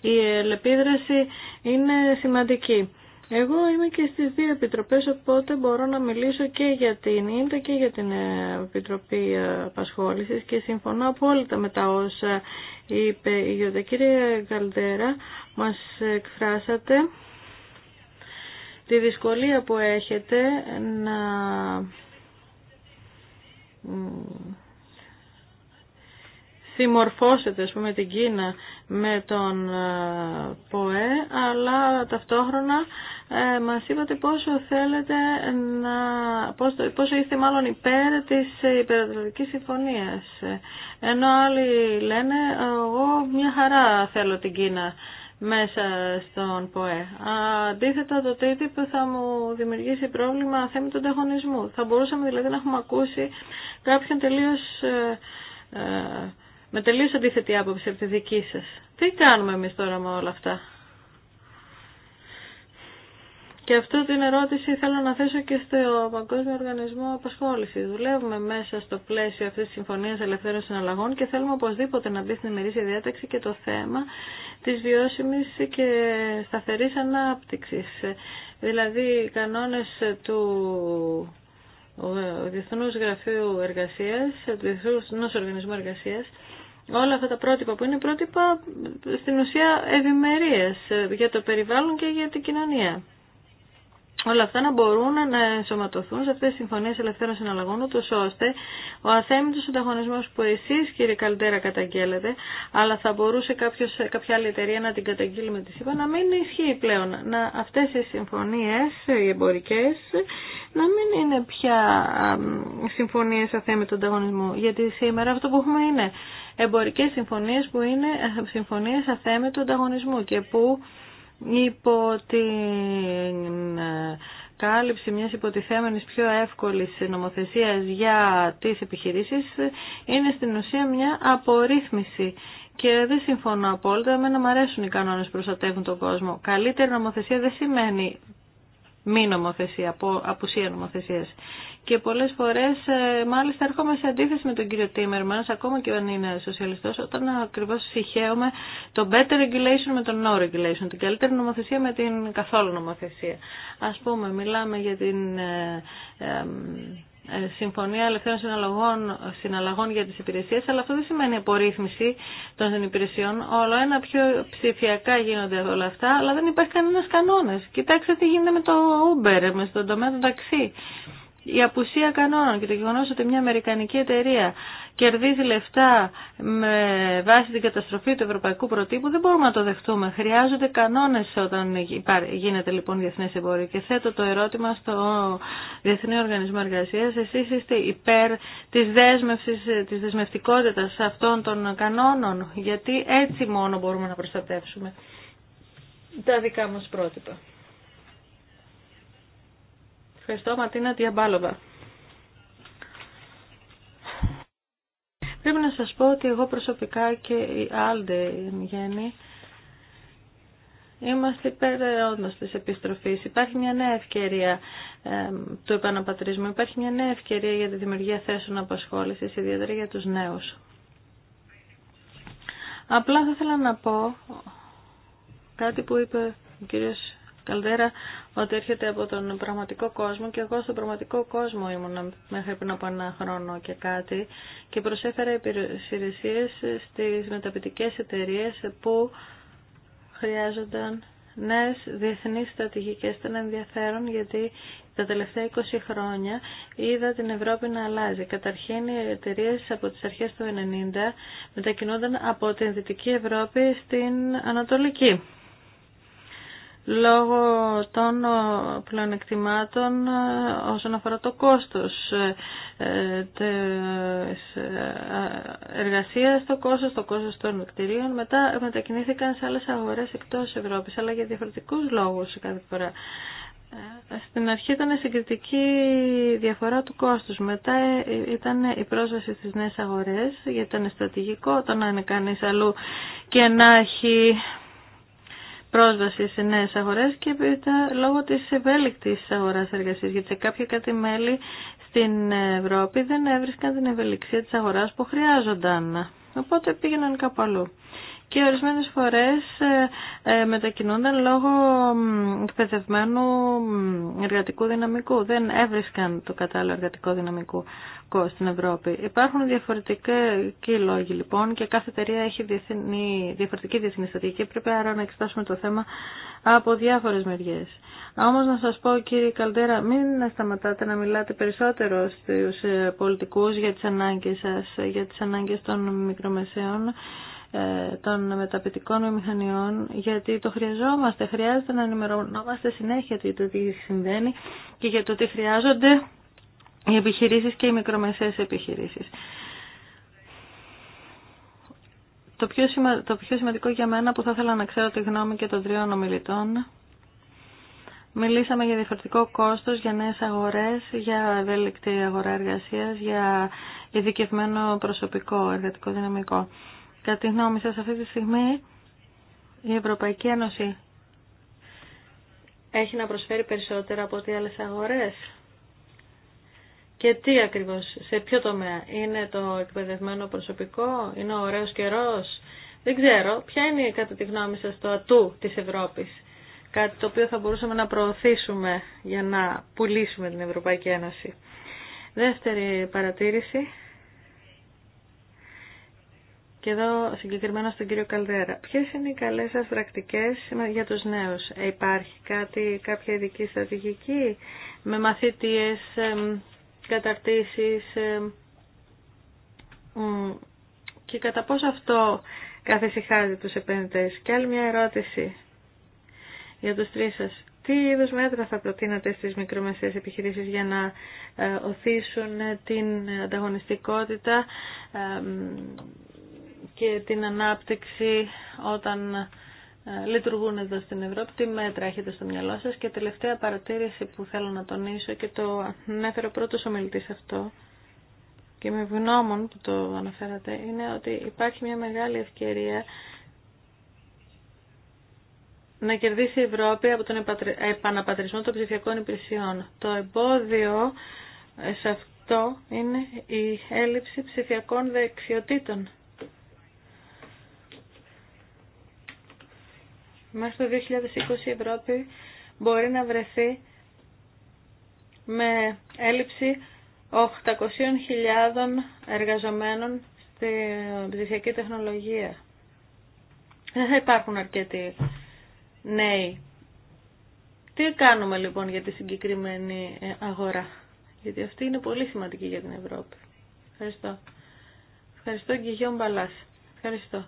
η ελεπίδραση είναι σημαντική. Εγώ είμαι και στις δύο επιτροπές, οπότε μπορώ να μιλήσω και για την ΙΝΤΑ και για την ε, Επιτροπή ε, Απασχόλησης και συμφωνώ απόλυτα με τα όσα είπε η Γιώτα. Κύριε μας εκφράσατε τη δυσκολία που έχετε να συμμορφώσετε ας πούμε την Κίνα με τον ε, ΠΟΕ αλλά ταυτόχρονα ε, μας είπατε πόσο θέλετε να, πόσο, πόσο είστε μάλλον υπέρ της υπερατλαντικής συμφωνίας ενώ άλλοι λένε εγώ μια χαρά θέλω την Κίνα μέσα στον ΠΟΕ. Αντίθετα, το που θα μου δημιουργήσει πρόβλημα θέμη του ανταγωνισμού. Θα μπορούσαμε δηλαδή να έχουμε ακούσει κάποιον τελείως ε, ε με τελείως αντίθετη άποψη από τη δική σας. Τι κάνουμε εμείς τώρα με όλα αυτά. Και αυτό την ερώτηση θέλω να θέσω και στο Παγκόσμιο Οργανισμό Απασχόληση. Δουλεύουμε μέσα στο πλαίσιο αυτή τη Συμφωνία Ελευθέρων Συναλλαγών και θέλουμε οπωσδήποτε να μπει στην ημερήσια διάταξη και το θέμα τη βιώσιμη και σταθερή ανάπτυξη. Δηλαδή, οι κανόνε του Διεθνού Γραφείου Εργασία, του Διεθνού Οργανισμού Εργασία, όλα αυτά τα πρότυπα που είναι πρότυπα στην ουσία ευημερίες ε, για το περιβάλλον και για την κοινωνία όλα αυτά να μπορούν να ενσωματωθούν σε αυτές τις συμφωνίες ελευθέρων συναλλαγών, ούτως ώστε ο αθέμητος ανταγωνισμός που εσείς κύριε Καλτέρα καταγγέλλετε, αλλά θα μπορούσε κάποιος, κάποια άλλη εταιρεία να την καταγγείλει με τη ΣΥΠΑ, να μην ισχύει πλέον. Να, αυτές οι συμφωνίες, οι εμπορικές, να μην είναι πια συμφωνίες αθέμητου ανταγωνισμού. Γιατί σήμερα αυτό που έχουμε είναι εμπορικές συμφωνίες που είναι συμφωνίες αθέμητου ανταγωνισμού και που υπό την ε, κάλυψη μιας υποτιθέμενης πιο εύκολης νομοθεσίας για τις επιχειρήσεις είναι στην ουσία μια απορρίθμιση και δεν συμφωνώ απόλυτα, εμένα μου αρέσουν οι κανόνες που προστατεύουν τον κόσμο. Καλύτερη νομοθεσία δεν σημαίνει μη νομοθεσία, απουσία νομοθεσίας και πολλές φορές ε, μάλιστα έρχομαι σε αντίθεση με τον κύριο Τίμερμανς, ακόμα και αν είναι σοσιαλιστός, όταν ακριβώς συχαίωμε το better regulation με το no regulation, την καλύτερη νομοθεσία με την καθόλου νομοθεσία. Ας πούμε, μιλάμε για την... Ε, ε, συμφωνία Ελευθέρων συναλλαγών, συναλλαγών για τις υπηρεσίες, αλλά αυτό δεν σημαίνει απορρίθμιση των υπηρεσιών. Όλο ένα πιο ψηφιακά γίνονται όλα αυτά, αλλά δεν υπάρχει κανένας κανόνας. Κοιτάξτε τι γίνεται με το Uber, με στον τομέα του ταξί η απουσία κανόνων και το γεγονό ότι μια Αμερικανική εταιρεία κερδίζει λεφτά με βάση την καταστροφή του ευρωπαϊκού προτύπου δεν μπορούμε να το δεχτούμε. Χρειάζονται κανόνε όταν γίνεται λοιπόν διεθνέ εμπόριο. Και θέτω το ερώτημα στο Διεθνή Οργανισμό Εργασία. Εσείς είστε υπέρ τη δέσμευση, τη δεσμευτικότητα αυτών των κανόνων γιατί έτσι μόνο μπορούμε να προστατεύσουμε τα δικά μας πρότυπα. Ευχαριστώ, Ματίνα Διαμπάλοβα. Πρέπει να σας πω ότι εγώ προσωπικά και η Άλντε Γέννη είμαστε υπέρ όντως της επιστροφής. Υπάρχει μια νέα ευκαιρία του επαναπατρισμού, υπάρχει μια νέα ευκαιρία για τη δημιουργία θέσεων απασχόλησης, ιδιαίτερα για τους νέους. Απλά θα ήθελα να πω κάτι που είπε ο κύριος Καλδέρα ότι έρχεται από τον πραγματικό κόσμο και εγώ στον πραγματικό κόσμο ήμουν μέχρι πριν από ένα χρόνο και κάτι και προσέφερα υπηρεσίε στις μεταπητικές εταιρείε που χρειάζονταν νέες διεθνείς στρατηγικές ήταν ενδιαφέρον γιατί τα τελευταία 20 χρόνια είδα την Ευρώπη να αλλάζει. Καταρχήν οι εταιρείε από τις αρχές του 1990 μετακινούνταν από την Δυτική Ευρώπη στην Ανατολική λόγω των ε, πλεονεκτημάτων ε, όσον αφορά το κόστος ε, της εργασίας, το κόστος, το κόστος των κτηρίων. Μετά μετακινήθηκαν σε άλλες αγορές εκτός Ευρώπης, αλλά για διαφορετικούς λόγους κάθε φορά. Στην αρχή ήταν συγκριτική διαφορά του κόστους, μετά ήταν η πρόσβαση στις νέες αγορές, γιατί ήταν στρατηγικό το να είναι κανείς αλλού και να έχει πρόσβαση σε νέε αγορές και λόγω της ευέλικτη αγορά εργασία, γιατί σε κάποια κάτι μέλη στην Ευρώπη δεν έβρισκαν την ευελιξία της αγοράς που χρειάζονταν. Οπότε πήγαιναν κάπου αλλού και ορισμένες φορές ε, ε, μετακινούνταν λόγω εκπαιδευμένου εργατικού δυναμικού. Δεν έβρισκαν το κατάλληλο εργατικό δυναμικό στην Ευρώπη. Υπάρχουν διαφορετικοί ε, λόγοι λοιπόν και κάθε εταιρεία έχει διεθνή, διαφορετική διεθνή στρατηγική. Πρέπει άρα να εξετάσουμε το θέμα από διάφορες μεριές. Όμω να σας πω κύριε Καλτέρα, μην σταματάτε να μιλάτε περισσότερο στους πολιτικούς για τις ανάγκες σας, για τις ανάγκες των μικρομεσαίων ε, των μεταπητικών μηχανιών γιατί το χρειαζόμαστε, χρειάζεται να ενημερωνόμαστε συνέχεια για το τι συμβαίνει και για το τι χρειάζονται οι επιχειρήσεις και οι μικρομεσαίες επιχειρήσεις. Το πιο, σημα... το πιο σημαντικό για μένα που θα ήθελα να ξέρω τη γνώμη και των τριών ομιλητών Μιλήσαμε για διαφορετικό κόστος, για νέες αγορές, για ευέλικτη αγορά εργασίας, για ειδικευμένο προσωπικό εργατικό δυναμικό. Κατά τη γνώμη σας αυτή τη στιγμή η Ευρωπαϊκή Ένωση έχει να προσφέρει περισσότερα από ό,τι άλλες αγορές. Και τι ακριβώς, σε ποιο τομέα, είναι το εκπαιδευμένο προσωπικό, είναι ο ωραίος καιρός, δεν ξέρω. Ποια είναι κατά τη γνώμη σας το ατού της Ευρώπης, κάτι το οποίο θα μπορούσαμε να προωθήσουμε για να πουλήσουμε την Ευρωπαϊκή Ένωση. Δεύτερη παρατήρηση, και εδώ συγκεκριμένα στον κύριο Καλδέρα. ποιε είναι οι καλέ σα πρακτικέ για τους νέους. Ε, υπάρχει κάτι, κάποια ειδική στρατηγική με μαθήτιες, καταρτήσεις και κατά πόσο αυτό καθησυχάζει του επενδυτές. Και άλλη μια ερώτηση για τους τρει σα. Τι είδους μέτρα θα προτείνατε στις μικρομεσαίες επιχειρήσεις για να ε, οθήσουν την ανταγωνιστικότητα και την ανάπτυξη όταν ε, λειτουργούν εδώ στην Ευρώπη. Τι μέτρα έχετε στο μυαλό σας και τελευταία παρατήρηση που θέλω να τονίσω και το ανέφερε ο πρώτος ομιλητής αυτό και με ευγνώμων που το αναφέρατε είναι ότι υπάρχει μια μεγάλη ευκαιρία να κερδίσει η Ευρώπη από τον επαναπατρισμό των ψηφιακών υπηρεσιών. Το εμπόδιο σε αυτό είναι η έλλειψη ψηφιακών δεξιοτήτων. Μέχρι το 2020 η Ευρώπη μπορεί να βρεθεί με έλλειψη 800.000 εργαζομένων στη ψηφιακή τεχνολογία. Δεν θα υπάρχουν αρκετοί νέοι. Τι κάνουμε λοιπόν για τη συγκεκριμένη ε, αγορά. Γιατί αυτή είναι πολύ σημαντική για την Ευρώπη. Ευχαριστώ. Ευχαριστώ και Γιώργο Μπαλάς. Ευχαριστώ.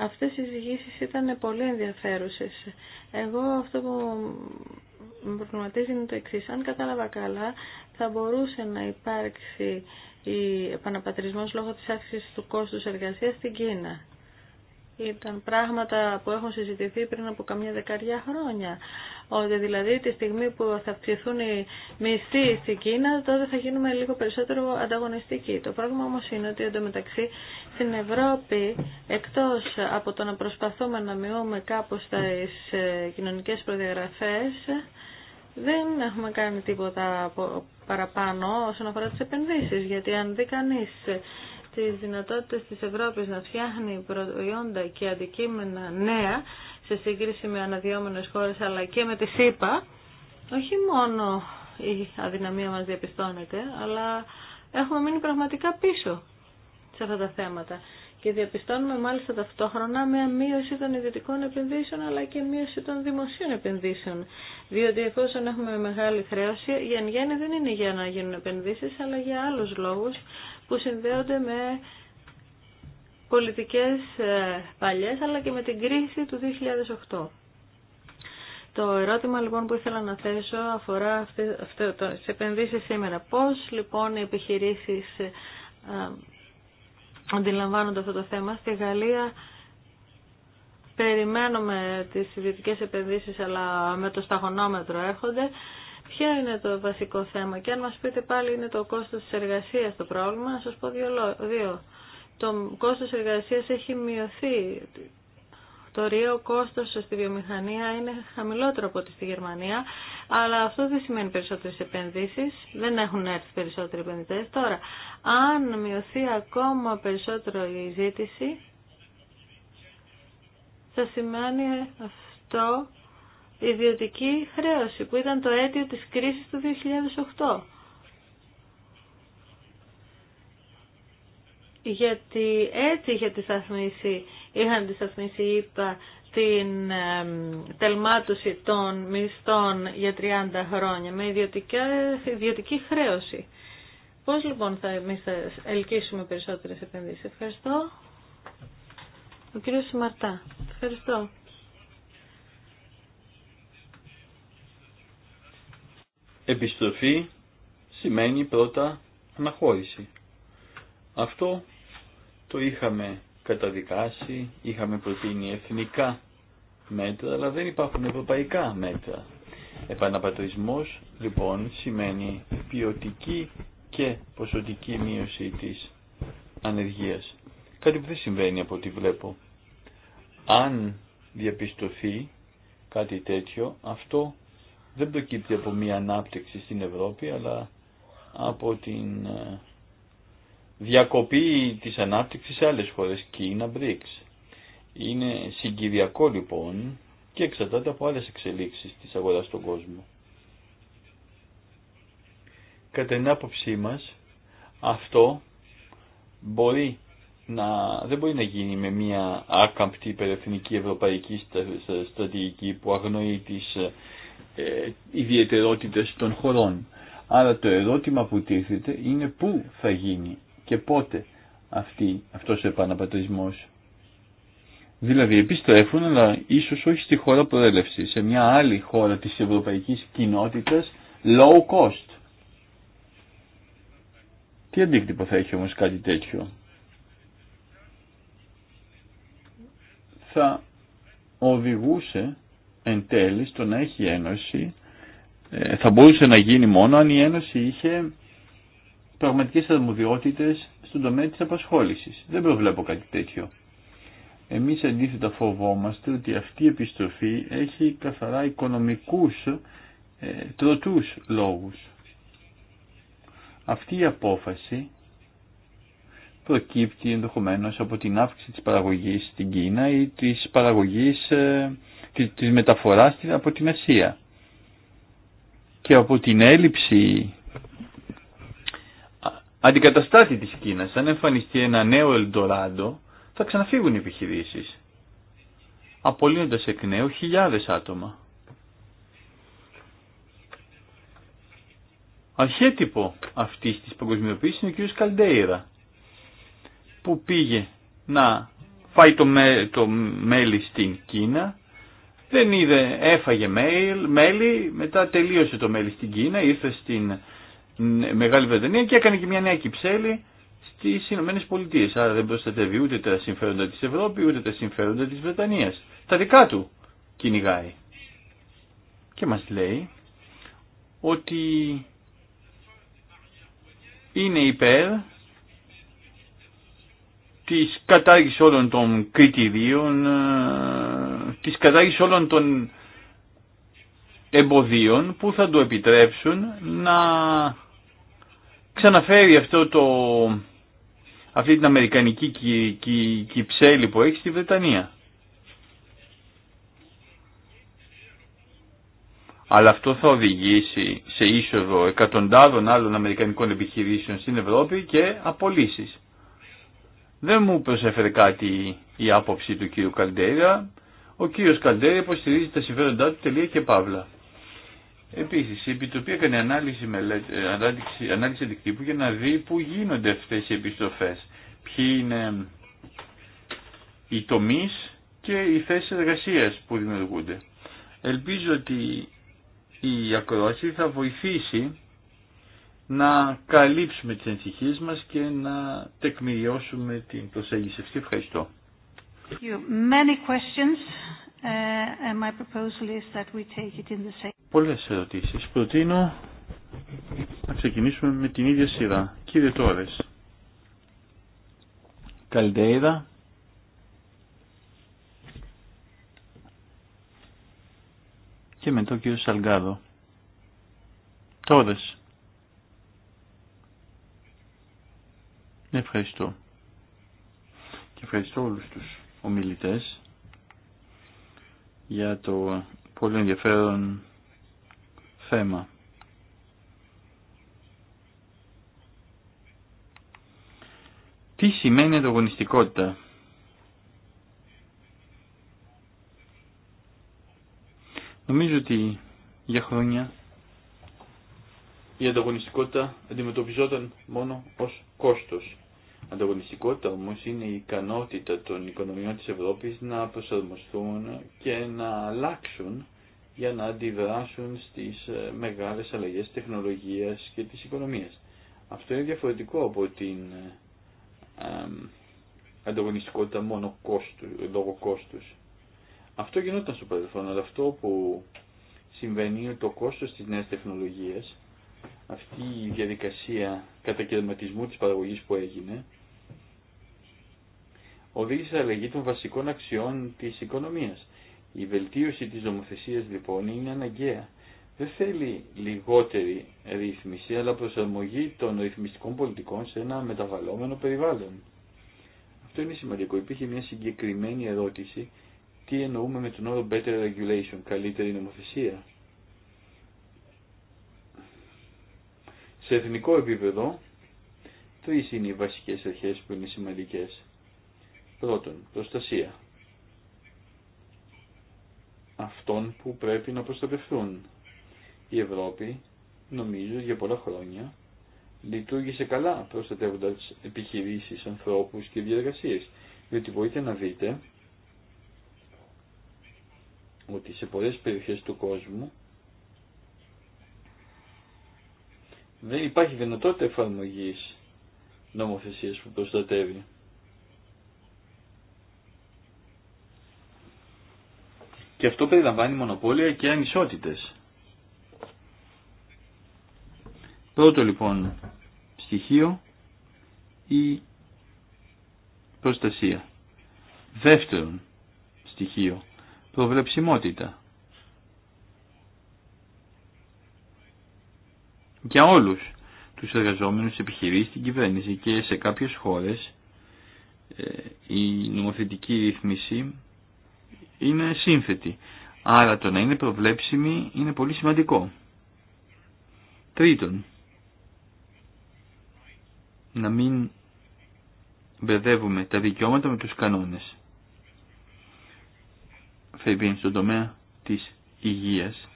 Αυτές οι εισηγήσεις ήταν πολύ ενδιαφέρουσες. Εγώ αυτό που με προβληματίζει είναι το εξή. Αν κατάλαβα καλά, θα μπορούσε να υπάρξει η επαναπατρισμός λόγω της αύξησης του κόστους εργασίας στην Κίνα ήταν πράγματα που έχουν συζητηθεί πριν από καμιά δεκαριά χρόνια. Ότι δηλαδή τη στιγμή που θα αυξηθούν οι μισθοί στην Κίνα, τότε θα γίνουμε λίγο περισσότερο ανταγωνιστικοί. Το πρόβλημα όμως είναι ότι εντωμεταξύ στην Ευρώπη, εκτός από το να προσπαθούμε να μειώνουμε κάπως τα ε, κοινωνικές προδιαγραφές, δεν έχουμε κάνει τίποτα παραπάνω όσον αφορά τις επενδύσεις, γιατί αν δει κανείς τι δυνατότητες της Ευρώπης να φτιάχνει προϊόντα και αντικείμενα νέα σε σύγκριση με αναδυόμενες χώρες αλλά και με τη ΣΥΠΑ, όχι μόνο η αδυναμία μας διαπιστώνεται, αλλά έχουμε μείνει πραγματικά πίσω σε αυτά τα θέματα. Και διαπιστώνουμε μάλιστα ταυτόχρονα μια μείωση των ιδιωτικών επενδύσεων αλλά και μείωση των δημοσίων επενδύσεων. Διότι εφόσον έχουμε μεγάλη χρέωση, η εν δεν είναι για να γίνουν επενδύσεις αλλά για άλλους λόγους που συνδέονται με πολιτικές ε, παλιές αλλά και με την κρίση του 2008. Το ερώτημα λοιπόν που ήθελα να θέσω αφορά αυτές τις επενδύσεις σήμερα. Πώς λοιπόν οι επιχειρήσεις ε, αντιλαμβάνονται αυτό το θέμα. Στη Γαλλία περιμένουμε τις ιδιωτικές επενδύσεις αλλά με το σταγονόμετρο έρχονται Ποια είναι το βασικό θέμα και αν μας πείτε πάλι είναι το κόστος της εργασίας το πρόβλημα, να σας πω δύο. Το κόστος εργασίας έχει μειωθεί. Το ρίο κόστος στη βιομηχανία είναι χαμηλότερο από ό,τι στη Γερμανία, αλλά αυτό δεν σημαίνει περισσότερες επενδύσεις, δεν έχουν έρθει περισσότεροι επενδυτές. Τώρα, αν μειωθεί ακόμα περισσότερο η ζήτηση, θα σημαίνει αυτό ιδιωτική χρέωση που ήταν το αίτιο της κρίσης του 2008. Γιατί έτσι είχε τη είχαν τη σταθμίσει, είπα, την τελμάτωση των μισθών για 30 χρόνια με ιδιωτική χρέωση. Πώς λοιπόν θα εμείς θα ελκύσουμε περισσότερες επενδύσεις. Ευχαριστώ. Ο κύριος Σιμαρτά. Ευχαριστώ. Επιστροφή σημαίνει πρώτα αναχώρηση. Αυτό το είχαμε καταδικάσει, είχαμε προτείνει εθνικά μέτρα, αλλά δεν υπάρχουν ευρωπαϊκά μέτρα. Επαναπατρισμός λοιπόν σημαίνει ποιοτική και ποσοτική μείωση της ανεργίας. Κάτι που δεν συμβαίνει από ό,τι βλέπω. Αν διαπιστωθεί κάτι τέτοιο, αυτό δεν προκύπτει από μία ανάπτυξη στην Ευρώπη, αλλά από την ε, διακοπή της ανάπτυξης σε άλλες χώρες, Κίνα, Μπρίξ Είναι συγκυριακό λοιπόν και εξαρτάται από άλλες εξελίξεις της αγοράς στον κόσμο. Κατά την άποψή μας, αυτό μπορεί να, δεν μπορεί να γίνει με μια άκαμπτη υπερεθνική ευρωπαϊκή στρατηγική που αγνοεί τις ε, ε, ιδιαιτερότητες των χωρών. Άρα το ερώτημα που τίθεται είναι πού θα γίνει και πότε αυτή, αυτός ο επαναπατρισμός. Δηλαδή επιστρέφουν αλλά ίσως όχι στη χώρα προέλευση, σε μια άλλη χώρα της ευρωπαϊκής κοινότητας low cost. Τι αντίκτυπο θα έχει όμως κάτι τέτοιο. Θα οδηγούσε εν τέλει στο να έχει ένωση ε, θα μπορούσε να γίνει μόνο αν η Ένωση είχε πραγματικές αρμοδιότητες στον τομέα της απασχόλησης. Δεν προβλέπω κάτι τέτοιο. Εμείς αντίθετα φοβόμαστε ότι αυτή η επιστροφή έχει καθαρά οικονομικούς ε, τροτούς λόγους. Αυτή η απόφαση προκύπτει ενδεχομένως από την αύξηση της παραγωγής στην Κίνα ή της παραγωγής ε, της μεταφοράς από την Ασία και από την έλλειψη αντικαταστάτη της Κίνας. Αν εμφανιστεί ένα νέο Ελντοράντο θα ξαναφύγουν οι επιχειρήσεις απολύνοντας εκ νέου χιλιάδες άτομα. Αρχέτυπο αυτής της παγκοσμιοποίησης είναι ο κ. Καλντέιρα που πήγε να φάει το, μέλι στην Κίνα δεν είδε, έφαγε mail, μέλι, μετά τελείωσε το μέλι στην Κίνα, ήρθε στην Μεγάλη Βρετανία και έκανε και μια νέα κυψέλη στι Ηνωμένε Πολιτείε. Άρα δεν προστατεύει ούτε τα συμφέροντα τη Ευρώπη ούτε τα συμφέροντα τη Βρετανία. Τα δικά του κυνηγάει. Και μα λέει ότι είναι υπέρ της κατάργησης όλων των κριτηρίων, ε, της κατάργησης όλων των εμποδίων που θα του επιτρέψουν να ξαναφέρει αυτό το, αυτή την αμερικανική κυψέλη που έχει στη Βρετανία. Αλλά αυτό θα οδηγήσει σε είσοδο εκατοντάδων άλλων αμερικανικών επιχειρήσεων στην Ευρώπη και απολύσεις. Δεν μου προσέφερε κάτι η άποψη του κύριου Καλντέρια. Ο κύριος Καλντέρια υποστηρίζει τα συμφέροντά του τελεία και παύλα. Επίσης, η Επιτροπή έκανε ανάλυση, μελέτη, ανάλυση, ανάλυση αντικτύπου για να δει πού γίνονται αυτές οι επιστροφές. Ποιοι είναι οι τομείς και οι θέσεις εργασίας που δημιουργούνται. Ελπίζω ότι η ακρόαση θα βοηθήσει να καλύψουμε τις ενσυχίες μας και να τεκμηριώσουμε την προσέγγιση αυτή. Ευχαριστώ. Πολλές ερωτήσεις. Προτείνω να ξεκινήσουμε με την ίδια σειρά. Κύριε Τόρες, Καλντέιδα, και μετά ο κύριος Σαλγκάδο. Τόρες. Ευχαριστώ. Και ευχαριστώ όλους τους ομιλητές για το πολύ ενδιαφέρον θέμα. Τι σημαίνει ανταγωνιστικότητα. Νομίζω ότι για χρόνια η ανταγωνιστικότητα αντιμετωπιζόταν μόνο ως κόστος. Ανταγωνιστικότητα όμω είναι η ικανότητα των οικονομιών της Ευρώπης να προσαρμοστούν και να αλλάξουν για να αντιδράσουν στις ε, μεγάλες αλλαγές τεχνολογίας και της οικονομίας. Αυτό είναι διαφορετικό από την ε, ανταγωνιστικότητα μόνο κόστου, λόγω κόστους. Αυτό γινόταν στο παρελθόν, αλλά αυτό που συμβαίνει είναι το κόστος της νέας τεχνολογίας, αυτή η διαδικασία κατακαιρματισμού της παραγωγής που έγινε, οδήγησε αλλαγή των βασικών αξιών της οικονομίας. Η βελτίωση της νομοθεσίας λοιπόν είναι αναγκαία. Δεν θέλει λιγότερη ρύθμιση, αλλά προσαρμογή των ρυθμιστικών πολιτικών σε ένα μεταβαλλόμενο περιβάλλον. Αυτό είναι σημαντικό. Υπήρχε μια συγκεκριμένη ερώτηση τι εννοούμε με τον όρο better regulation, καλύτερη νομοθεσία. Σε εθνικό επίπεδο, τρεις είναι οι βασικές αρχές που είναι σημαντικές. Πρώτον, προστασία αυτών που πρέπει να προστατευθούν. Η Ευρώπη, νομίζω, για πολλά χρόνια λειτουργήσε καλά προστατεύοντας επιχειρήσεις, ανθρώπους και διεργασίες. Διότι μπορείτε να δείτε ότι σε πολλές περιοχές του κόσμου δεν υπάρχει δυνατότητα εφαρμογής νομοθεσίας που προστατεύει. Και αυτό περιλαμβάνει μονοπόλια και ανισότητες. Πρώτο λοιπόν στοιχείο η προστασία. Δεύτερον στοιχείο προβλεψιμότητα. Για όλους τους εργαζόμενους επιχειρήσει στην κυβέρνηση και σε κάποιες χώρες ε, η νομοθετική ρύθμιση είναι σύνθετη. Άρα το να είναι προβλέψιμη είναι πολύ σημαντικό. Τρίτον, να μην μπερδεύουμε τα δικαιώματα με τους κανόνες. Φερβίν στον τομέα της υγείας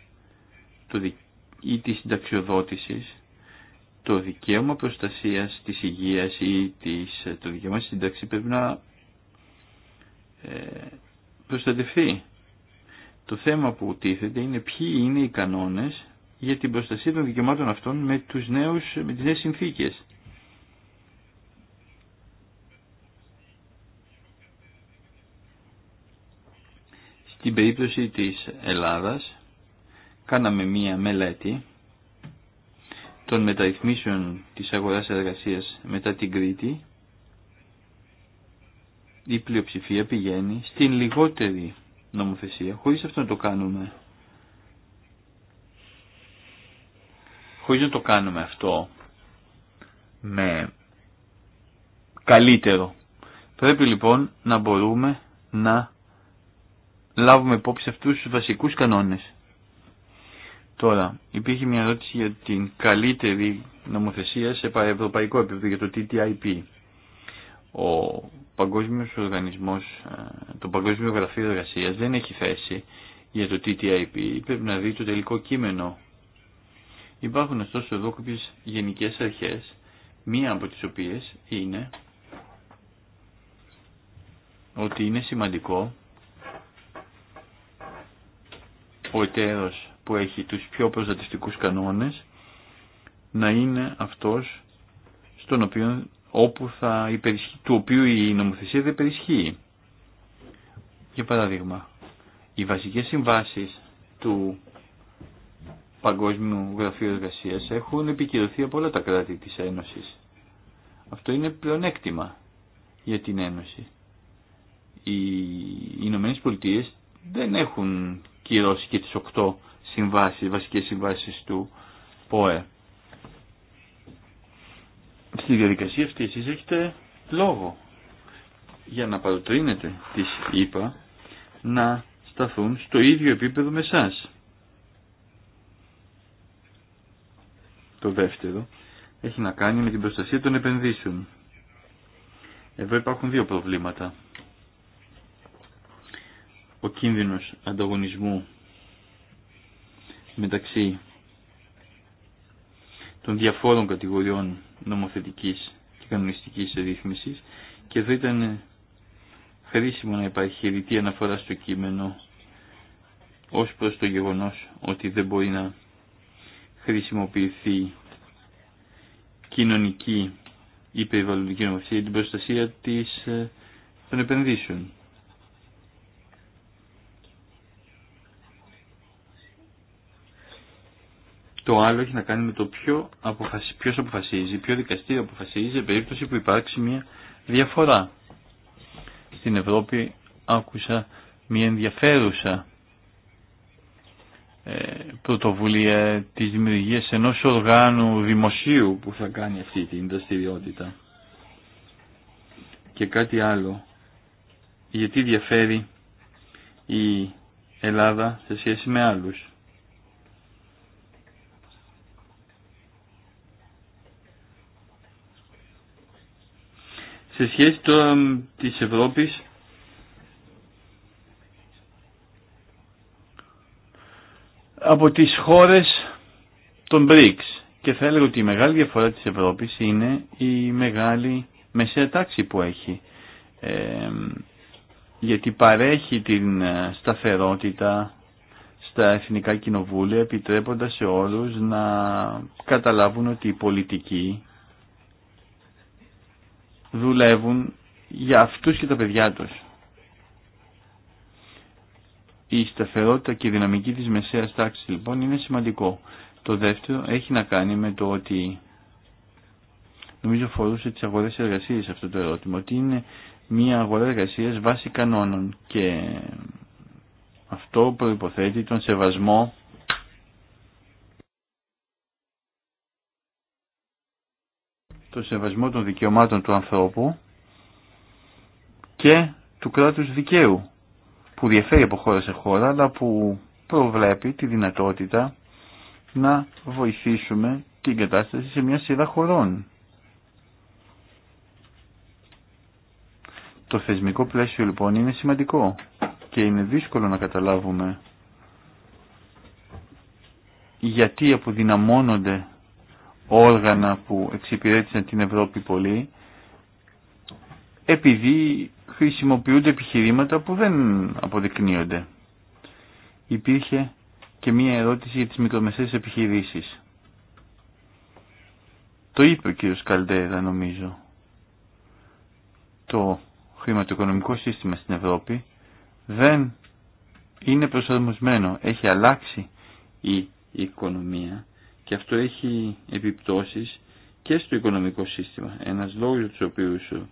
ή της συνταξιοδότησης, το δικαίωμα προστασίας της υγείας ή της, το δικαίωμα σύνταξη πρέπει να ε, το θέμα που τίθεται είναι ποιοι είναι οι κανόνες για την προστασία των δικαιωμάτων αυτών με, τους νέους, με τις νέες συνθήκες. Στην περίπτωση της Ελλάδας κάναμε μία μελέτη των μεταρρυθμίσεων της αγοράς εργασίας μετά την Κρήτη η πλειοψηφία πηγαίνει στην λιγότερη νομοθεσία, χωρίς αυτό να το κάνουμε. Χωρίς να το κάνουμε αυτό με καλύτερο. Πρέπει λοιπόν να μπορούμε να λάβουμε υπόψη αυτούς τους βασικούς κανόνες. Τώρα, υπήρχε μια ερώτηση για την καλύτερη νομοθεσία σε ευρωπαϊκό επίπεδο για το TTIP. Ο Παγκόσμιος Οργανισμός, ε, το Παγκόσμιο Γραφείο Εργασία δεν έχει θέση για το TTIP, πρέπει να δει το τελικό κείμενο. Υπάρχουν ωστόσο εδώ κάποιε γενικές αρχές, μία από τις οποίες είναι ότι είναι σημαντικό ο εταίρος που έχει τους πιο προστατευτικούς κανόνες να είναι αυτός στον οποίο όπου θα υπερισχύει, του οποίου η νομοθεσία δεν υπερισχύει. Για παράδειγμα, οι βασικές συμβάσεις του Παγκόσμιου Γραφείου Εργασία έχουν επικυρωθεί από όλα τα κράτη της Ένωσης. Αυτό είναι πλεονέκτημα για την Ένωση. Οι Ηνωμένε Πολιτείε δεν έχουν κυρώσει και τις οκτώ συμβάσεις, βασικές συμβάσεις του ΠΟΕ στη διαδικασία αυτή εσείς έχετε λόγο για να παροτρύνετε τις είπα να σταθούν στο ίδιο επίπεδο με εσά. Το δεύτερο έχει να κάνει με την προστασία των επενδύσεων. Εδώ υπάρχουν δύο προβλήματα. Ο κίνδυνος ανταγωνισμού μεταξύ των διαφόρων κατηγοριών νομοθετικής και κανονιστικής ρύθμισης και εδώ ήταν χρήσιμο να υπάρχει αναφορά στο κείμενο ως προς το γεγονός ότι δεν μπορεί να χρησιμοποιηθεί κοινωνική ή περιβαλλοντική νομοθεσία την προστασία της, ε, των επενδύσεων. Το άλλο έχει να κάνει με το ποιο αποφασι... ποιος αποφασίζει, ποιο δικαστήριο αποφασίζει σε περίπτωση που υπάρξει μια διαφορά. Στην Ευρώπη άκουσα μια ενδιαφέρουσα ε, πρωτοβουλία της δημιουργίας ενός οργάνου δημοσίου που θα κάνει αυτή την δραστηριότητα. Και κάτι άλλο. Γιατί διαφέρει η Ελλάδα σε σχέση με άλλους. Σε σχέση τώρα της Ευρώπης από τις χώρες των BRICS και θα έλεγα ότι η μεγάλη διαφορά της Ευρώπης είναι η μεγάλη μεσαία που έχει ε, γιατί παρέχει την ε, σταθερότητα στα εθνικά κοινοβούλια επιτρέποντας σε όλους να καταλάβουν ότι η πολιτική δουλεύουν για αυτούς και τα παιδιά τους. Η σταθερότητα και η δυναμική της μεσαίας τάξης λοιπόν είναι σημαντικό. Το δεύτερο έχει να κάνει με το ότι νομίζω φορούσε τις αγορές εργασίας αυτό το ερώτημα, ότι είναι μια αγορά εργασίας βάσει κανόνων και αυτό προϋποθέτει τον σεβασμό το σεβασμό των δικαιωμάτων του ανθρώπου και του κράτους δικαίου που διαφέρει από χώρα σε χώρα αλλά που προβλέπει τη δυνατότητα να βοηθήσουμε την κατάσταση σε μια σειρά χωρών. Το θεσμικό πλαίσιο λοιπόν είναι σημαντικό και είναι δύσκολο να καταλάβουμε γιατί αποδυναμώνονται όργανα που εξυπηρέτησαν την Ευρώπη πολύ επειδή χρησιμοποιούνται επιχειρήματα που δεν αποδεικνύονται. Υπήρχε και μία ερώτηση για τις μικρομεσαίες επιχειρήσεις. Το είπε ο κύριος Καλτέρα νομίζω. Το χρηματοοικονομικό σύστημα στην Ευρώπη δεν είναι προσαρμοσμένο. Έχει αλλάξει η οικονομία και αυτό έχει επιπτώσεις και στο οικονομικό σύστημα. Ένας λόγος για τους οποίους ε,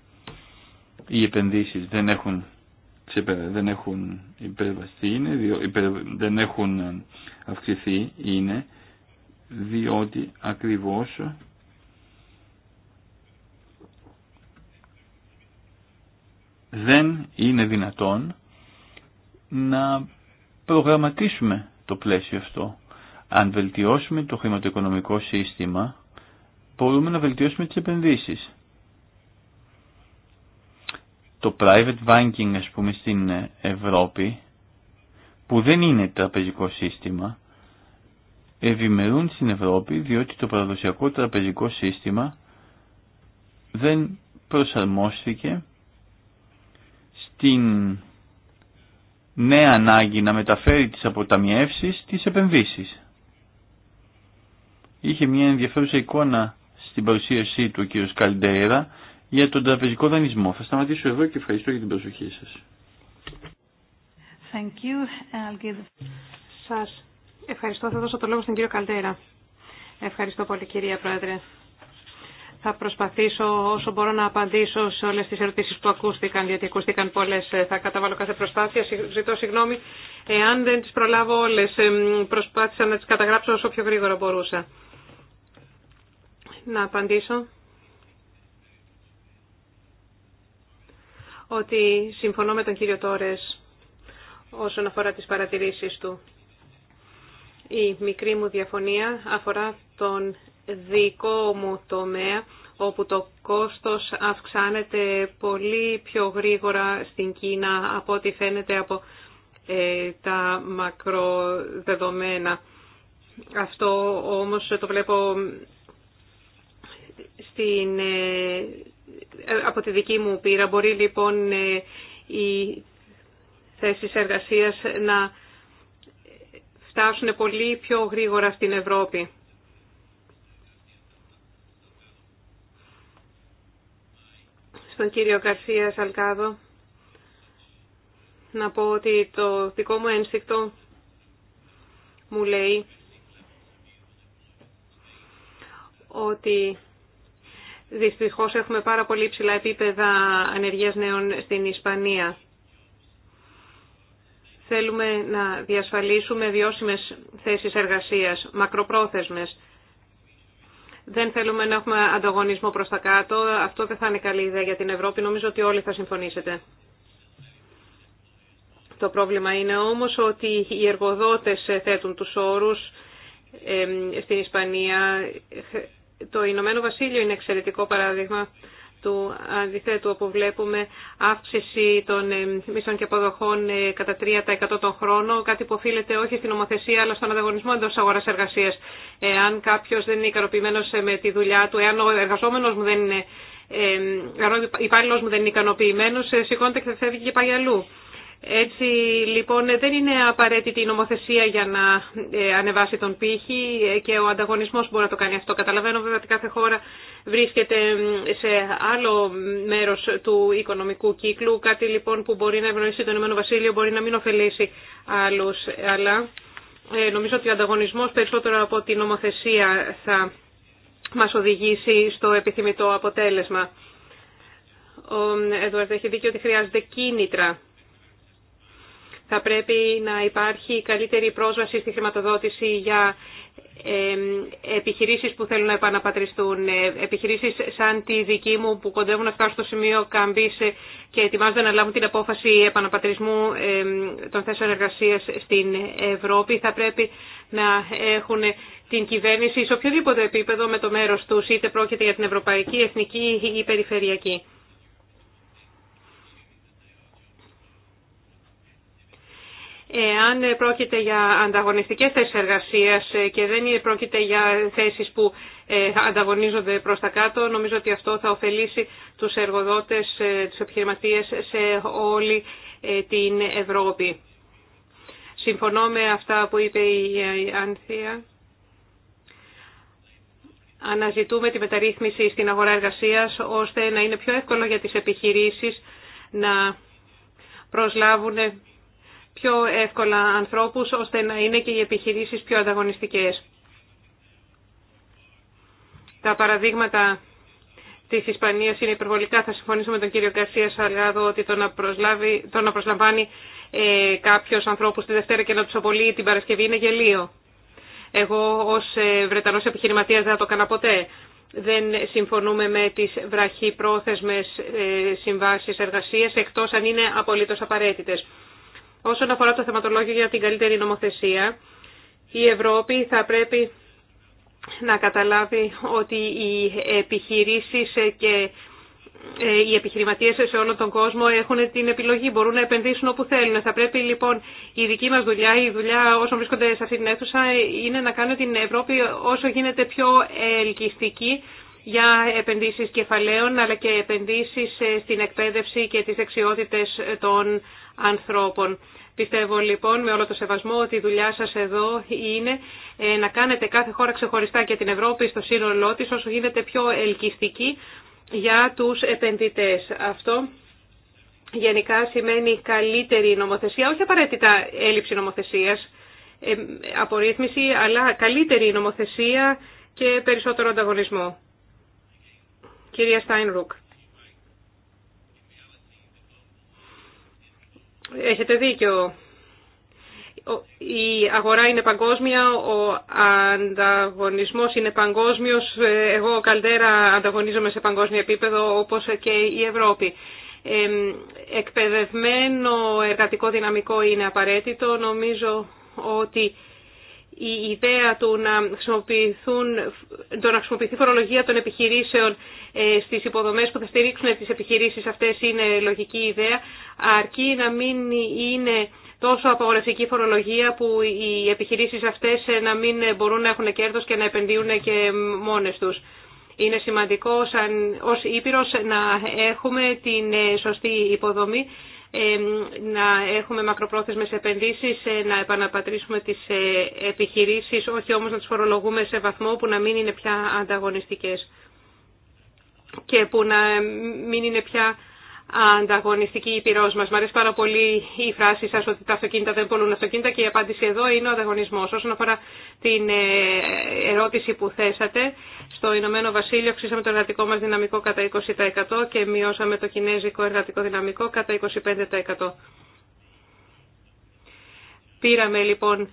οι επενδύσεις δεν έχουν, δεν έχουν υπερβαστεί, είναι, υπερ, δεν έχουν ε, αυξηθεί είναι διότι ακριβώς ε, δεν είναι δυνατόν να προγραμματίσουμε το πλαίσιο αυτό. Αν βελτιώσουμε το χρηματοοικονομικό σύστημα, μπορούμε να βελτιώσουμε τις επενδύσεις. Το private banking, ας πούμε, στην Ευρώπη, που δεν είναι τραπεζικό σύστημα, ευημερούν στην Ευρώπη διότι το παραδοσιακό τραπεζικό σύστημα δεν προσαρμόστηκε στην νέα ανάγκη να μεταφέρει τις αποταμιεύσεις τις επενδύσεις είχε μια ενδιαφέρουσα εικόνα στην παρουσίασή του ο κ. Καλντέρα για τον τραπεζικό δανεισμό. Θα σταματήσω εδώ και ευχαριστώ για την προσοχή σα. Σα Σας ευχαριστώ. Θα δώσω το λόγο στον κύριο Καλτέρα. Ευχαριστώ πολύ κυρία Πρόεδρε. Θα προσπαθήσω όσο μπορώ να απαντήσω σε όλες τις ερωτήσεις που ακούστηκαν, γιατί ακούστηκαν πολλές. Θα καταβάλω κάθε προσπάθεια. Ζητώ συγγνώμη εάν δεν τις προλάβω όλες. Προσπάθησα να τις καταγράψω όσο πιο γρήγορα μπορούσα να απαντήσω ότι συμφωνώ με τον κύριο Τόρες όσον αφορά τις παρατηρήσεις του. Η μικρή μου διαφωνία αφορά τον δικό μου τομέα, όπου το κόστος αυξάνεται πολύ πιο γρήγορα στην Κίνα από ό,τι φαίνεται από ε, τα μακροδεδομένα. Αυτό όμως το βλέπω ε, από τη δική μου πείρα. Μπορεί λοιπόν ε, οι θέσεις εργασίας να φτάσουν πολύ πιο γρήγορα στην Ευρώπη. Στον κύριο Καρσία Σαλκάδο να πω ότι το δικό μου ένστικτο μου λέει ότι Δυστυχώς έχουμε πάρα πολύ ψηλά επίπεδα ανεργίας νέων στην Ισπανία. Θέλουμε να διασφαλίσουμε βιώσιμες θέσεις εργασίας, μακροπρόθεσμες. Δεν θέλουμε να έχουμε ανταγωνισμό προς τα κάτω. Αυτό δεν θα είναι καλή ιδέα για την Ευρώπη. Νομίζω ότι όλοι θα συμφωνήσετε. Το πρόβλημα είναι όμως ότι οι εργοδότες θέτουν τους όρους στην Ισπανία. Το Ηνωμένο Βασίλειο είναι εξαιρετικό παράδειγμα του αντιθέτου όπου βλέπουμε αύξηση των ε, μισών και αποδοχών ε, κατά 3% τον χρόνο, κάτι που οφείλεται όχι στην ομοθεσία αλλά στον ανταγωνισμό εντός αγοράς εργασίας. Εάν κάποιος δεν είναι ικανοποιημένος ε, με τη δουλειά του, εάν ο εργαζόμενος μου δεν είναι, ε, ο υπάλληλος μου δεν είναι ικανοποιημένος, σηκώνεται και θα φεύγει και πάει αλλού. Έτσι λοιπόν δεν είναι απαραίτητη η νομοθεσία για να ε, ανεβάσει τον πύχη ε, και ο ανταγωνισμός μπορεί να το κάνει αυτό. Καταλαβαίνω βέβαια ότι κάθε χώρα βρίσκεται σε άλλο μέρος του οικονομικού κύκλου, κάτι λοιπόν που μπορεί να ευνοήσει τον Ηνωμένο Βασίλειο, μπορεί να μην ωφελήσει άλλους, αλλά ε, νομίζω ότι ο ανταγωνισμός περισσότερο από την νομοθεσία θα μας οδηγήσει στο επιθυμητό αποτέλεσμα. Ο Εδουαρδ έχει δίκιο ότι χρειάζεται κίνητρα θα πρέπει να υπάρχει καλύτερη πρόσβαση στη χρηματοδότηση για επιχειρήσεις που θέλουν να επαναπατριστούν, ε, επιχειρήσεις σαν τη δική μου που κοντεύουν να φτάσουν στο σημείο καμπής και ετοιμάζονται να λάβουν την απόφαση επαναπατρισμού των θέσεων εργασίας στην Ευρώπη. Θα πρέπει να έχουν την κυβέρνηση σε οποιοδήποτε επίπεδο με το μέρος τους, είτε πρόκειται για την ευρωπαϊκή, εθνική ή περιφερειακή. Εάν πρόκειται για ανταγωνιστικές θέσεις εργασίας και δεν πρόκειται για θέσεις που ε, ανταγωνίζονται προς τα κάτω, νομίζω ότι αυτό θα ωφελήσει τους εργοδότες, ε, τους επιχειρηματίες σε όλη ε, την Ευρώπη. Συμφωνώ με αυτά που είπε η Άνθια. Αναζητούμε τη μεταρρύθμιση στην αγορά εργασίας ώστε να είναι πιο εύκολο για τις επιχειρήσεις να προσλάβουν πιο εύκολα ανθρώπους, ώστε να είναι και οι επιχειρήσεις πιο ανταγωνιστικές. Τα παραδείγματα της Ισπανίας είναι υπερβολικά. Θα συμφωνήσω με τον κύριο Καρσία Σαλγάδο ότι το να, προσλάβει, το να προσλαμβάνει ε, κάποιος ανθρώπους τη Δευτέρα και να τους απολύει την Παρασκευή είναι γελίο. Εγώ ως ε, Βρετανός επιχειρηματίας δεν θα το έκανα ποτέ. Δεν συμφωνούμε με τις βραχυπρόθεσμες ε, συμβάσεις εργασίας, εκτός αν είναι απολύτως απαραίτητες. Όσον αφορά το θεματολόγιο για την καλύτερη νομοθεσία, η Ευρώπη θα πρέπει να καταλάβει ότι οι επιχειρήσεις και ε, οι επιχειρηματίες σε όλο τον κόσμο έχουν την επιλογή, μπορούν να επενδύσουν όπου θέλουν. Θα πρέπει λοιπόν η δική μας δουλειά, η δουλειά όσων βρίσκονται σε αυτή την αίθουσα, είναι να κάνουν την Ευρώπη όσο γίνεται πιο ελκυστική για επενδύσεις κεφαλαίων, αλλά και επενδύσεις ε, στην εκπαίδευση και τις δεξιότητε των ανθρώπων. Πιστεύω λοιπόν με όλο το σεβασμό ότι η δουλειά σας εδώ είναι ε, να κάνετε κάθε χώρα ξεχωριστά και την Ευρώπη στο σύνολό της όσο γίνεται πιο ελκυστική για τους επενδυτές. Αυτό γενικά σημαίνει καλύτερη νομοθεσία, όχι απαραίτητα έλλειψη νομοθεσίας, ε, απορρίθμιση, αλλά καλύτερη νομοθεσία και περισσότερο ανταγωνισμό. Κυρία Στάινρουκ. Έχετε δίκιο. Η αγορά είναι παγκόσμια, ο ανταγωνισμός είναι παγκόσμιος. Εγώ ο Καλτέρα ανταγωνίζομαι σε παγκόσμιο επίπεδο όπως και η Ευρώπη. εκπαιδευμένο εργατικό δυναμικό είναι απαραίτητο. Νομίζω ότι η ιδέα του να, χρησιμοποιηθούν, το να χρησιμοποιηθεί φορολογία των επιχειρήσεων ε, στις υποδομές που θα στηρίξουν τις επιχειρήσεις αυτές είναι λογική ιδέα, αρκεί να μην είναι τόσο απαγορευτική φορολογία που οι επιχειρήσεις αυτές ε, να μην μπορούν να έχουν κέρδος και να επενδύουν και μόνες τους. Είναι σημαντικό σαν, ως να έχουμε την ε, σωστή υποδομή, να έχουμε μακροπρόθεσμες επενδύσεις, να επαναπατρίσουμε τις επιχειρήσεις, όχι όμως να τις φορολογούμε σε βαθμό που να μην είναι πια ανταγωνιστικές και που να μην είναι πια ανταγωνιστική η πυρός μας. Μ' αρέσει πάρα πολύ η φράση σας ότι τα αυτοκίνητα δεν πολλούν αυτοκίνητα και η απάντηση εδώ είναι ο ανταγωνισμός. Όσον αφορά την ε, ερώτηση που θέσατε, στο Ηνωμένο Βασίλειο ξύσαμε το εργατικό μας δυναμικό κατά 20% και μειώσαμε το κινέζικο εργατικό δυναμικό κατά 25%. Πήραμε λοιπόν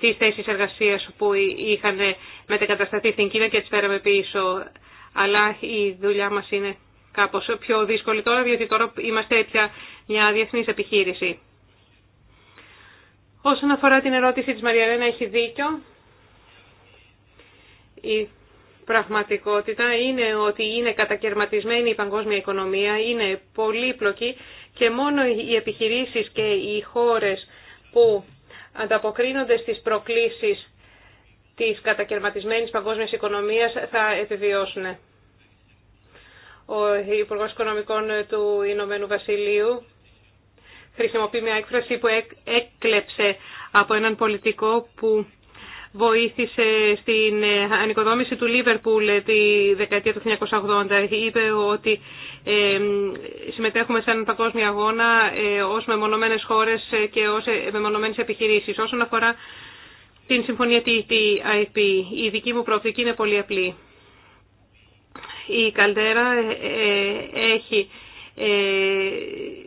τις θέσεις εργασίας που είχαν μετεκατασταθεί στην Κίνα και τις φέραμε πίσω αλλά η δουλειά μας είναι κάπως πιο δύσκολη τώρα, διότι τώρα είμαστε έτσι μια διεθνής επιχείρηση. Όσον αφορά την ερώτηση της Μαριαρένα, έχει δίκιο. Η πραγματικότητα είναι ότι είναι κατακαιρματισμένη η παγκόσμια οικονομία, είναι πολύπλοκη και μόνο οι επιχειρήσεις και οι χώρες που ανταποκρίνονται στις προκλήσεις της κατακαιρματισμένης παγκόσμιας οικονομίας θα επιβιώσουν ο Υπουργός Οικονομικών του Ηνωμένου Βασιλείου χρησιμοποιεί μια έκφραση που έκλεψε από έναν πολιτικό που βοήθησε στην ανοικοδόμηση του Λίβερπουλ τη δεκαετία του 1980. Είπε ότι συμμετέχουμε σε έναν παγκόσμιο αγώνα ε, ως μεμονωμένες χώρες και ως ε, μεμονωμένες επιχειρήσεις. Όσον αφορά την συμφωνία TTIP, η δική μου προοπτική είναι πολύ απλή. Η Καλτέρα ε, ε, έχει ε,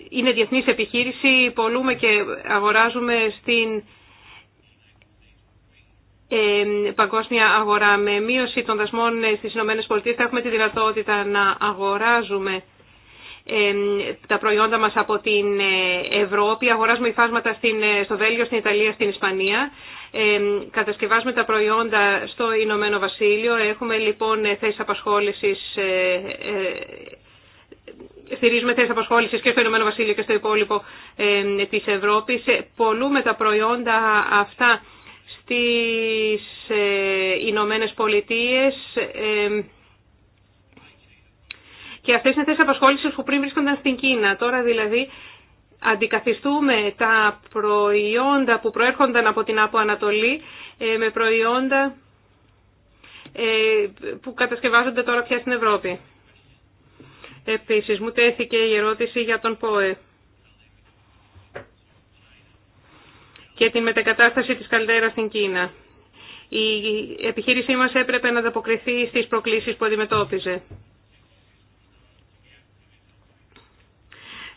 είναι διεθνής επιχείρηση, πολλούμε και αγοράζουμε στην παγκόσμια αγορά. Με μείωση των δασμών στις ΗΠΑ θα έχουμε τη δυνατότητα να αγοράζουμε τα προϊόντα μας από την ε, Ευρώπη, αγοράζουμε υφάσματα στην, ε, στο Βέλγιο, στην Ιταλία, στην Ισπανία, κατασκευάζουμε τα προϊόντα στο Ηνωμένο Βασίλειο, έχουμε λοιπόν θέσεις απασχόλησης, ε, στηρίζουμε θέσεις απασχόλησης και στο Ηνωμένο Βασίλειο και στο υπόλοιπο της Ευρώπης, πολλούμε τα προϊόντα αυτά στις Ηνωμένε Πολιτείες, και αυτέ είναι θέσει απασχόληση που πριν βρίσκονταν στην Κίνα. Τώρα δηλαδή αντικαθιστούμε τα προϊόντα που προέρχονταν από την Άπο Ανατολή ε, με προϊόντα ε, που κατασκευάζονται τώρα πια στην Ευρώπη. Επίσης, μου τέθηκε η ερώτηση για τον ΠΟΕ και την μετεκατάσταση της καλτέρα στην Κίνα. Η επιχείρησή μας έπρεπε να ανταποκριθεί στις προκλήσεις που αντιμετώπιζε.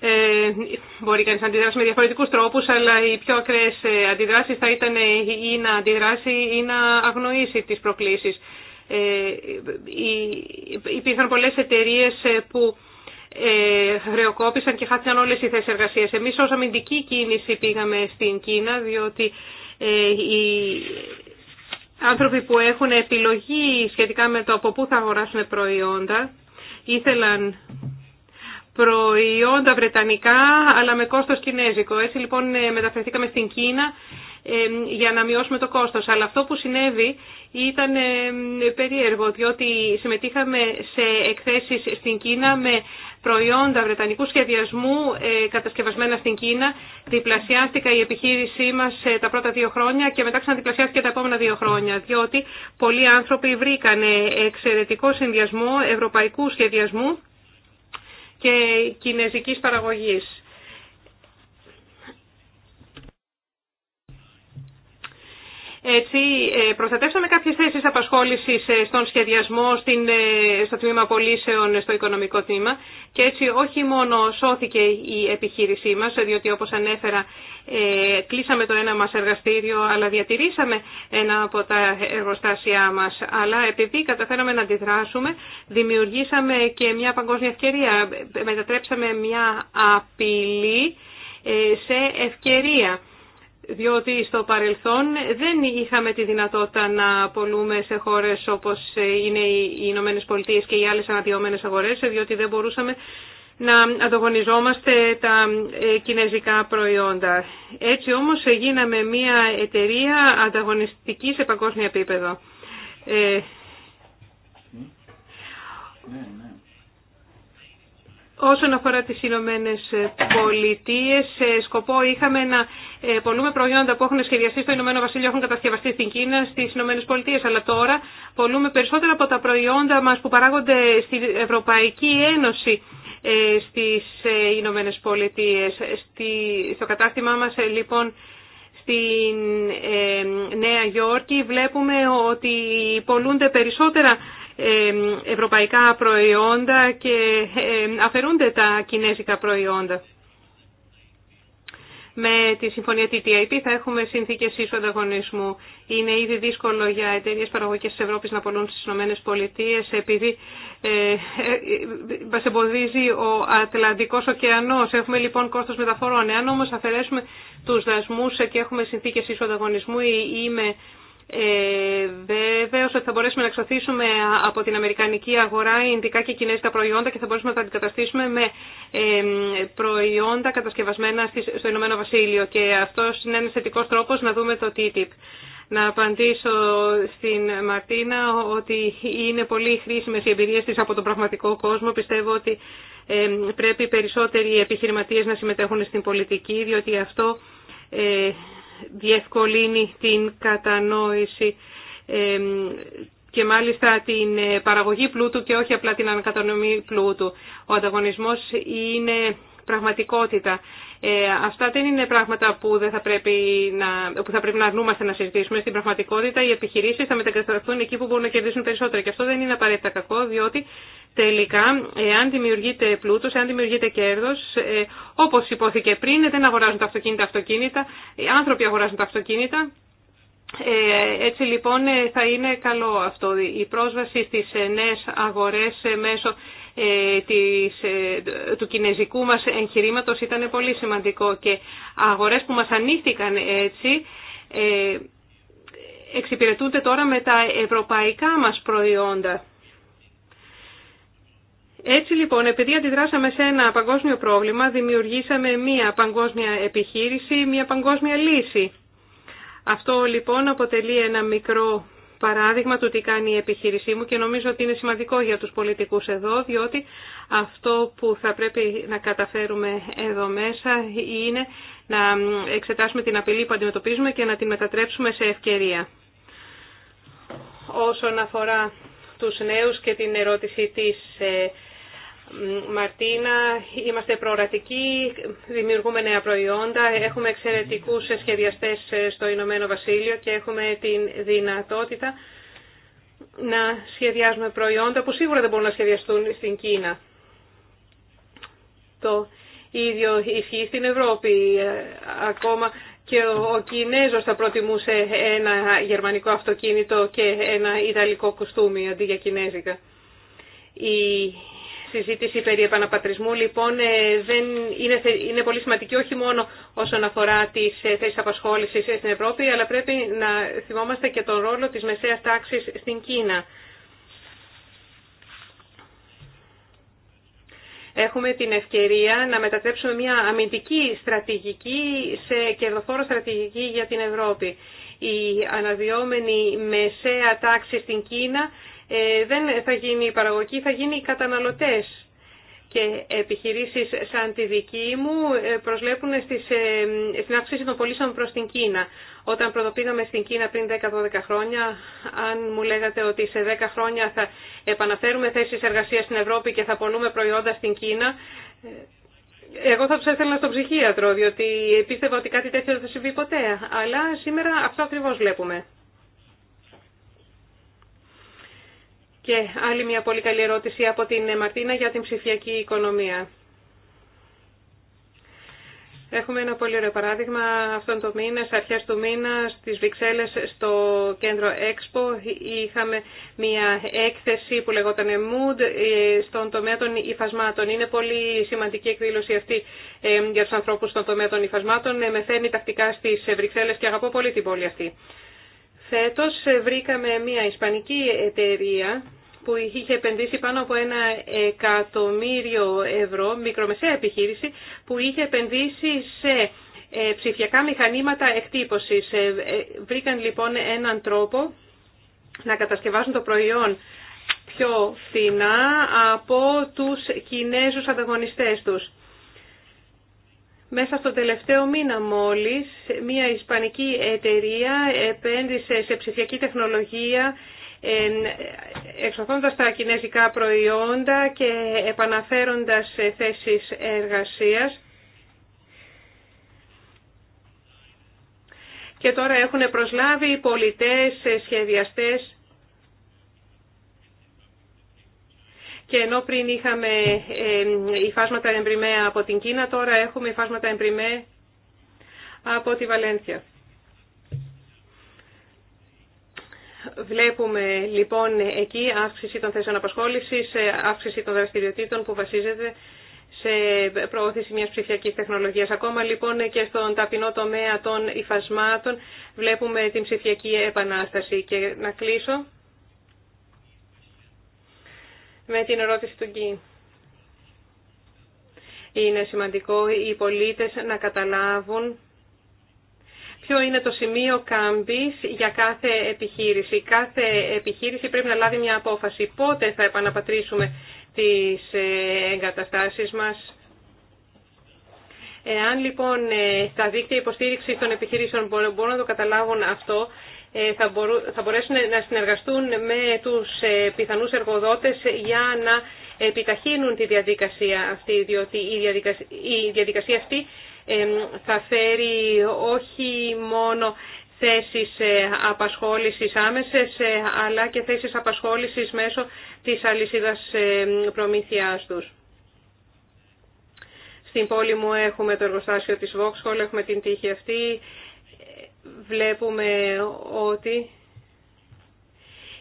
Ε, μπορεί κανείς να αντιδράσει με διαφορετικούς τρόπους, αλλά οι πιο ακραίες ε, αντιδράσεις θα ήταν ή να αντιδράσει ή να αγνοήσει τις προκλήσεις. Ε, υπήρχαν πολλές εταιρείες που χρεοκόπησαν και χάθηκαν όλες οι θέσεις εργασίας. Εμείς ως αμυντική κίνηση πήγαμε στην Κίνα, διότι οι άνθρωποι που έχουν επιλογή σχετικά με το από πού θα αγοράσουν προϊόντα ήθελαν προϊόντα βρετανικά αλλά με κόστος κινέζικο. Έτσι λοιπόν ε, μεταφερθήκαμε στην Κίνα ε, για να μειώσουμε το κόστος. Αλλά αυτό που συνέβη ήταν ε, περίεργο διότι συμμετείχαμε σε εκθέσεις στην Κίνα με προϊόντα βρετανικού σχεδιασμού κατασκευασμένα στην Κίνα. Διπλασιάστηκα η επιχείρησή μας τα πρώτα δύο χρόνια και μετά ξαναδιπλασιάστηκε τα επόμενα δύο χρόνια διότι πολλοί άνθρωποι βρήκαν εξαιρετικό συνδυασμό ευρωπαϊκού σχεδιασμού και κινέζικης παραγωγής. Έτσι, ε, προστατεύσαμε κάποιες θέσεις απασχόλησης ε, στον σχεδιασμό, στην, ε, στο τμήμα πολίσεων, στο οικονομικό τμήμα και έτσι όχι μόνο σώθηκε η επιχείρησή μας, διότι όπως ανέφερα κλείσαμε το ένα μας εργαστήριο, αλλά διατηρήσαμε ένα από τα εργοστάσια μας. Αλλά επειδή καταφέραμε να αντιδράσουμε, δημιουργήσαμε και μια παγκόσμια ευκαιρία. Μετατρέψαμε μια απειλή σε ευκαιρία διότι στο παρελθόν δεν είχαμε τη δυνατότητα να πολλούμε σε χώρες όπως είναι οι Ηνωμένε Πολιτείε και οι άλλες αναδυόμενες αγορές, διότι δεν μπορούσαμε να ανταγωνιζόμαστε τα ε, κινέζικα προϊόντα. Έτσι όμως γίναμε μια εταιρεία ανταγωνιστική σε παγκόσμιο επίπεδο. Ε, ναι, ναι. Όσον αφορά τις Ηνωμένε Πολιτείε, ε, σκοπό είχαμε να ε, πολλούμε προϊόντα που έχουν σχεδιαστεί στο Ηνωμένο Βασίλειο, έχουν κατασκευαστεί στην Κίνα, στις Ηνωμένε Πολιτείε, αλλά τώρα πολλούμε περισσότερα από τα προϊόντα μας που παράγονται στην Ευρωπαϊκή Ένωση ε, στις Ηνωμένε Πολιτείε. Στο κατάστημά μας λοιπόν στην Νέα Υόρκη βλέπουμε ότι πολλούνται περισσότερα ευρωπαϊκά προϊόντα και αφαιρούνται τα κινέζικα προϊόντα. Με τη συμφωνία TTIP θα έχουμε συνθήκε ίσου ανταγωνισμού. Είναι ήδη δύσκολο για εταιρείε παραγωγή τη Ευρώπη να πολλούν στι ΗΠΑ επειδή ε, ε μα εμποδίζει ο Ατλαντικό ωκεανό. Έχουμε λοιπόν κόστο μεταφορών. Εάν όμω αφαιρέσουμε του δασμού και έχουμε συνθήκε ίσου ανταγωνισμού, με ε, Βεβαίω ότι θα μπορέσουμε να εξωθήσουμε από την Αμερικανική αγορά ειδικά και Κινέζικα προϊόντα και θα μπορέσουμε να τα αντικαταστήσουμε με ε, προϊόντα κατασκευασμένα στο Ηνωμένο Βασίλειο. Και αυτό είναι ένα θετικό τρόπο να δούμε το TTIP. Να απαντήσω στην Μαρτίνα ότι είναι πολύ χρήσιμε οι εμπειρίε τη από τον πραγματικό κόσμο. Πιστεύω ότι ε, πρέπει περισσότεροι επιχειρηματίε να συμμετέχουν στην πολιτική, διότι αυτό ε, διευκολύνει την κατανόηση και μάλιστα την ε, παραγωγή πλούτου και όχι απλά την ανακατανομή πλούτου. Ο ανταγωνισμός είναι πραγματικότητα. Ε, αυτά δεν είναι πράγματα που, δεν θα πρέπει να, που θα πρέπει να αρνούμαστε να συζητήσουμε. Στην πραγματικότητα οι επιχειρήσει θα μετακατασταθούν εκεί που μπορούν να κερδίσουν περισσότερα. Και αυτό δεν είναι απαραίτητα κακό, διότι τελικά, εάν δημιουργείται πλούτο, εάν δημιουργείται κέρδο, ε, όπω υπόθηκε πριν, δεν αγοράζουν τα αυτοκίνητα αυτοκίνητα, οι άνθρωποι αγοράζουν τα αυτοκίνητα. Ε, έτσι λοιπόν ε, θα είναι καλό αυτό. Η πρόσβαση στις ε, νέες αγορές μέσω ε, ε, του κινέζικου μας εγχειρήματος ήταν πολύ σημαντικό και αγορές που μας ανοίχθηκαν έτσι ε, εξυπηρετούνται τώρα με τα ευρωπαϊκά μας προϊόντα. Έτσι λοιπόν, επειδή αντιδράσαμε σε ένα παγκόσμιο πρόβλημα, δημιουργήσαμε μία παγκόσμια επιχείρηση, μία παγκόσμια λύση. Αυτό λοιπόν αποτελεί ένα μικρό παράδειγμα του τι κάνει η επιχείρησή μου και νομίζω ότι είναι σημαντικό για τους πολιτικούς εδώ, διότι αυτό που θα πρέπει να καταφέρουμε εδώ μέσα είναι να εξετάσουμε την απειλή που αντιμετωπίζουμε και να την μετατρέψουμε σε ευκαιρία. Όσον αφορά τους νέους και την ερώτηση της ε, Μαρτίνα, είμαστε προορατικοί, δημιουργούμε νέα προϊόντα, έχουμε εξαιρετικούς σχεδιαστές στο Ηνωμένο Βασίλειο και έχουμε τη δυνατότητα να σχεδιάζουμε προϊόντα που σίγουρα δεν μπορούν να σχεδιαστούν στην Κίνα. Το ίδιο ισχύει στην Ευρώπη. Ακόμα και ο Κινέζος θα προτιμούσε ένα γερμανικό αυτοκίνητο και ένα ιταλικό κουστούμι αντί για κινέζικα. Η συζήτηση περί επαναπατρισμού λοιπόν ε, δεν είναι, είναι πολύ σημαντική όχι μόνο όσον αφορά τις ε, θέσεις απασχόλησης στην Ευρώπη αλλά πρέπει να θυμόμαστε και τον ρόλο της μεσαίας τάξης στην Κίνα. Έχουμε την ευκαιρία να μετατρέψουμε μια αμυντική στρατηγική σε κερδοφόρο στρατηγική για την Ευρώπη. Η αναδυόμενη μεσαία τάξη στην Κίνα ε, δεν θα γίνει η παραγωγή, θα γίνει οι καταναλωτές. Και επιχειρήσεις σαν τη δική μου ε, προσλέπουν στις, ε, στην αύξηση των πωλήσεων προς την Κίνα. Όταν πρωτοπήγαμε στην Κίνα πριν 10-12 χρόνια, αν μου λέγατε ότι σε 10 χρόνια θα επαναφέρουμε θέσεις εργασίας στην Ευρώπη και θα πολλούμε προϊόντα στην Κίνα, εγώ θα του έθελα στον ψυχίατρο, διότι πίστευα ότι κάτι τέτοιο δεν θα συμβεί ποτέ. Αλλά σήμερα αυτό ακριβώς βλέπουμε. Και άλλη μια πολύ καλή ερώτηση από την Μαρτίνα για την ψηφιακή οικονομία. Έχουμε ένα πολύ ωραίο παράδειγμα αυτόν τον μήνα, στις αρχές του μήνα, στις Βρυξέλλες, στο κέντρο Expo, είχαμε μια έκθεση που λεγόταν Mood ε, στον τομέα των υφασμάτων. Είναι πολύ σημαντική εκδήλωση αυτή ε, για τους ανθρώπους στον τομέα των υφασμάτων. Ε, με φέρνει τακτικά στις Βρυξέλλες και αγαπώ πολύ την πόλη αυτή. Φέτος βρήκαμε μια ισπανική εταιρεία που είχε επενδύσει πάνω από ένα εκατομμύριο ευρώ, μικρομεσαία επιχείρηση, που είχε επενδύσει σε ε, ψηφιακά μηχανήματα εκτύπωσης. Ε, ε, βρήκαν λοιπόν έναν τρόπο να κατασκευάσουν το προϊόν πιο φθηνά από τους Κινέζους ανταγωνιστές τους. Μέσα στο τελευταίο μήνα μόλις, μια ισπανική εταιρεία επένδυσε σε ψηφιακή τεχνολογία εξωθώντας τα κινέζικα προϊόντα και επαναφέροντας θέσεις εργασίας. Και τώρα έχουν προσλάβει πολιτές, σχεδιαστές και ενώ πριν είχαμε ε, υφάσματα εμπριμέ από την Κίνα, τώρα έχουμε υφάσματα εμπριμέ από τη Βαλένθια. Βλέπουμε λοιπόν εκεί αύξηση των θέσεων απασχόλησης, ε, αύξηση των δραστηριοτήτων που βασίζεται σε προώθηση μιας ψηφιακής τεχνολογίας. Ακόμα λοιπόν και στον ταπεινό τομέα των υφασμάτων βλέπουμε την ψηφιακή επανάσταση. Και να κλείσω με την ερώτηση του Γκί. Είναι σημαντικό οι πολίτες να καταλάβουν ποιο είναι το σημείο κάμπης για κάθε επιχείρηση. Κάθε επιχείρηση πρέπει να λάβει μια απόφαση πότε θα επαναπατρίσουμε τις ε, εγκαταστάσεις μας. Εάν λοιπόν ε, τα δίκτυα υποστήριξη των επιχειρήσεων μπορούν να το καταλάβουν αυτό, ε, θα μπορέσουν να συνεργαστούν με τους ε, πιθανούς εργοδότες για να επιταχύνουν τη διαδικασία αυτή, διότι η διαδικασία αυτή ε, θα φέρει όχι μόνο θέσεις απασχόλησης άμεσες, αλλά και θέσεις απασχόλησης μέσω της αλυσίδας προμήθειάς τους. Στην πόλη μου έχουμε το εργοστάσιο της Vauxhall, έχουμε την τύχη αυτή βλέπουμε ότι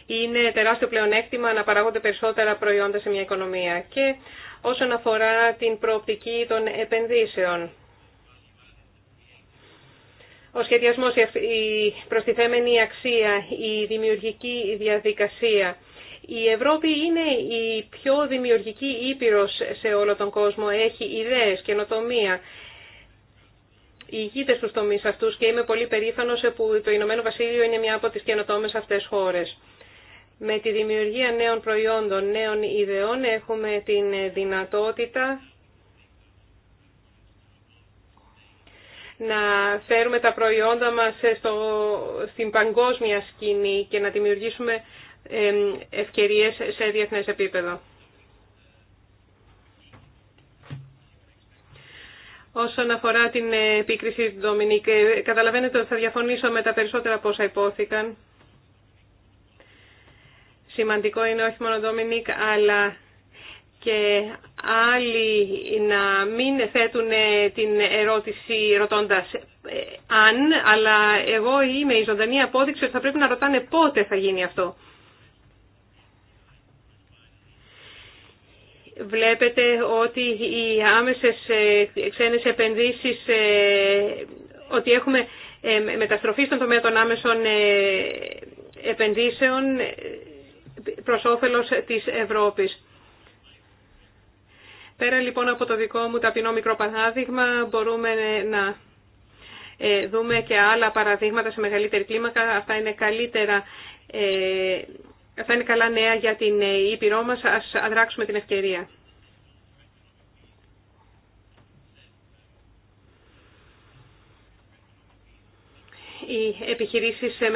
είναι τεράστιο πλεονέκτημα να παράγονται περισσότερα προϊόντα σε μια οικονομία. Και όσον αφορά την προοπτική των επενδύσεων. Ο σχεδιασμός, η προστιθέμενη αξία, η δημιουργική διαδικασία. Η Ευρώπη είναι η πιο δημιουργική ήπειρος σε όλο τον κόσμο. Έχει ιδέες, καινοτομία, ηγείται στους τομείς αυτούς και είμαι πολύ περήφανος που το Ηνωμένο Βασίλειο είναι μια από τις καινοτόμες αυτές χώρες. Με τη δημιουργία νέων προϊόντων, νέων ιδεών έχουμε την δυνατότητα να φέρουμε τα προϊόντα μας στο, στην παγκόσμια σκηνή και να δημιουργήσουμε ευκαιρίες σε διεθνές επίπεδο. Όσον αφορά την επίκριση του Ντομινίκ, ε, καταλαβαίνετε ότι θα διαφωνήσω με τα περισσότερα πόσα όσα υπόθηκαν. Σημαντικό είναι όχι μόνο ο Ντομινίκ, αλλά και άλλοι να μην θέτουν ε, την ερώτηση ρωτώντας ε, αν, αλλά εγώ είμαι η ζωντανή απόδειξη ότι θα πρέπει να ρωτάνε πότε θα γίνει αυτό. βλέπετε ότι οι άμεσες ε, ξένες επενδύσεις, ε, ότι έχουμε ε, μεταστροφή στον τομέα των άμεσων επενδύσεων προς όφελος της Ευρώπης. Πέρα λοιπόν από το δικό μου ταπεινό μικρό παράδειγμα μπορούμε να δούμε και άλλα παραδείγματα σε μεγαλύτερη κλίμακα. Αυτά είναι καλύτερα θα είναι καλά νέα για την ε, Ήπειρό μα Ας αδράξουμε την ευκαιρία. οι επιχειρήσει ε,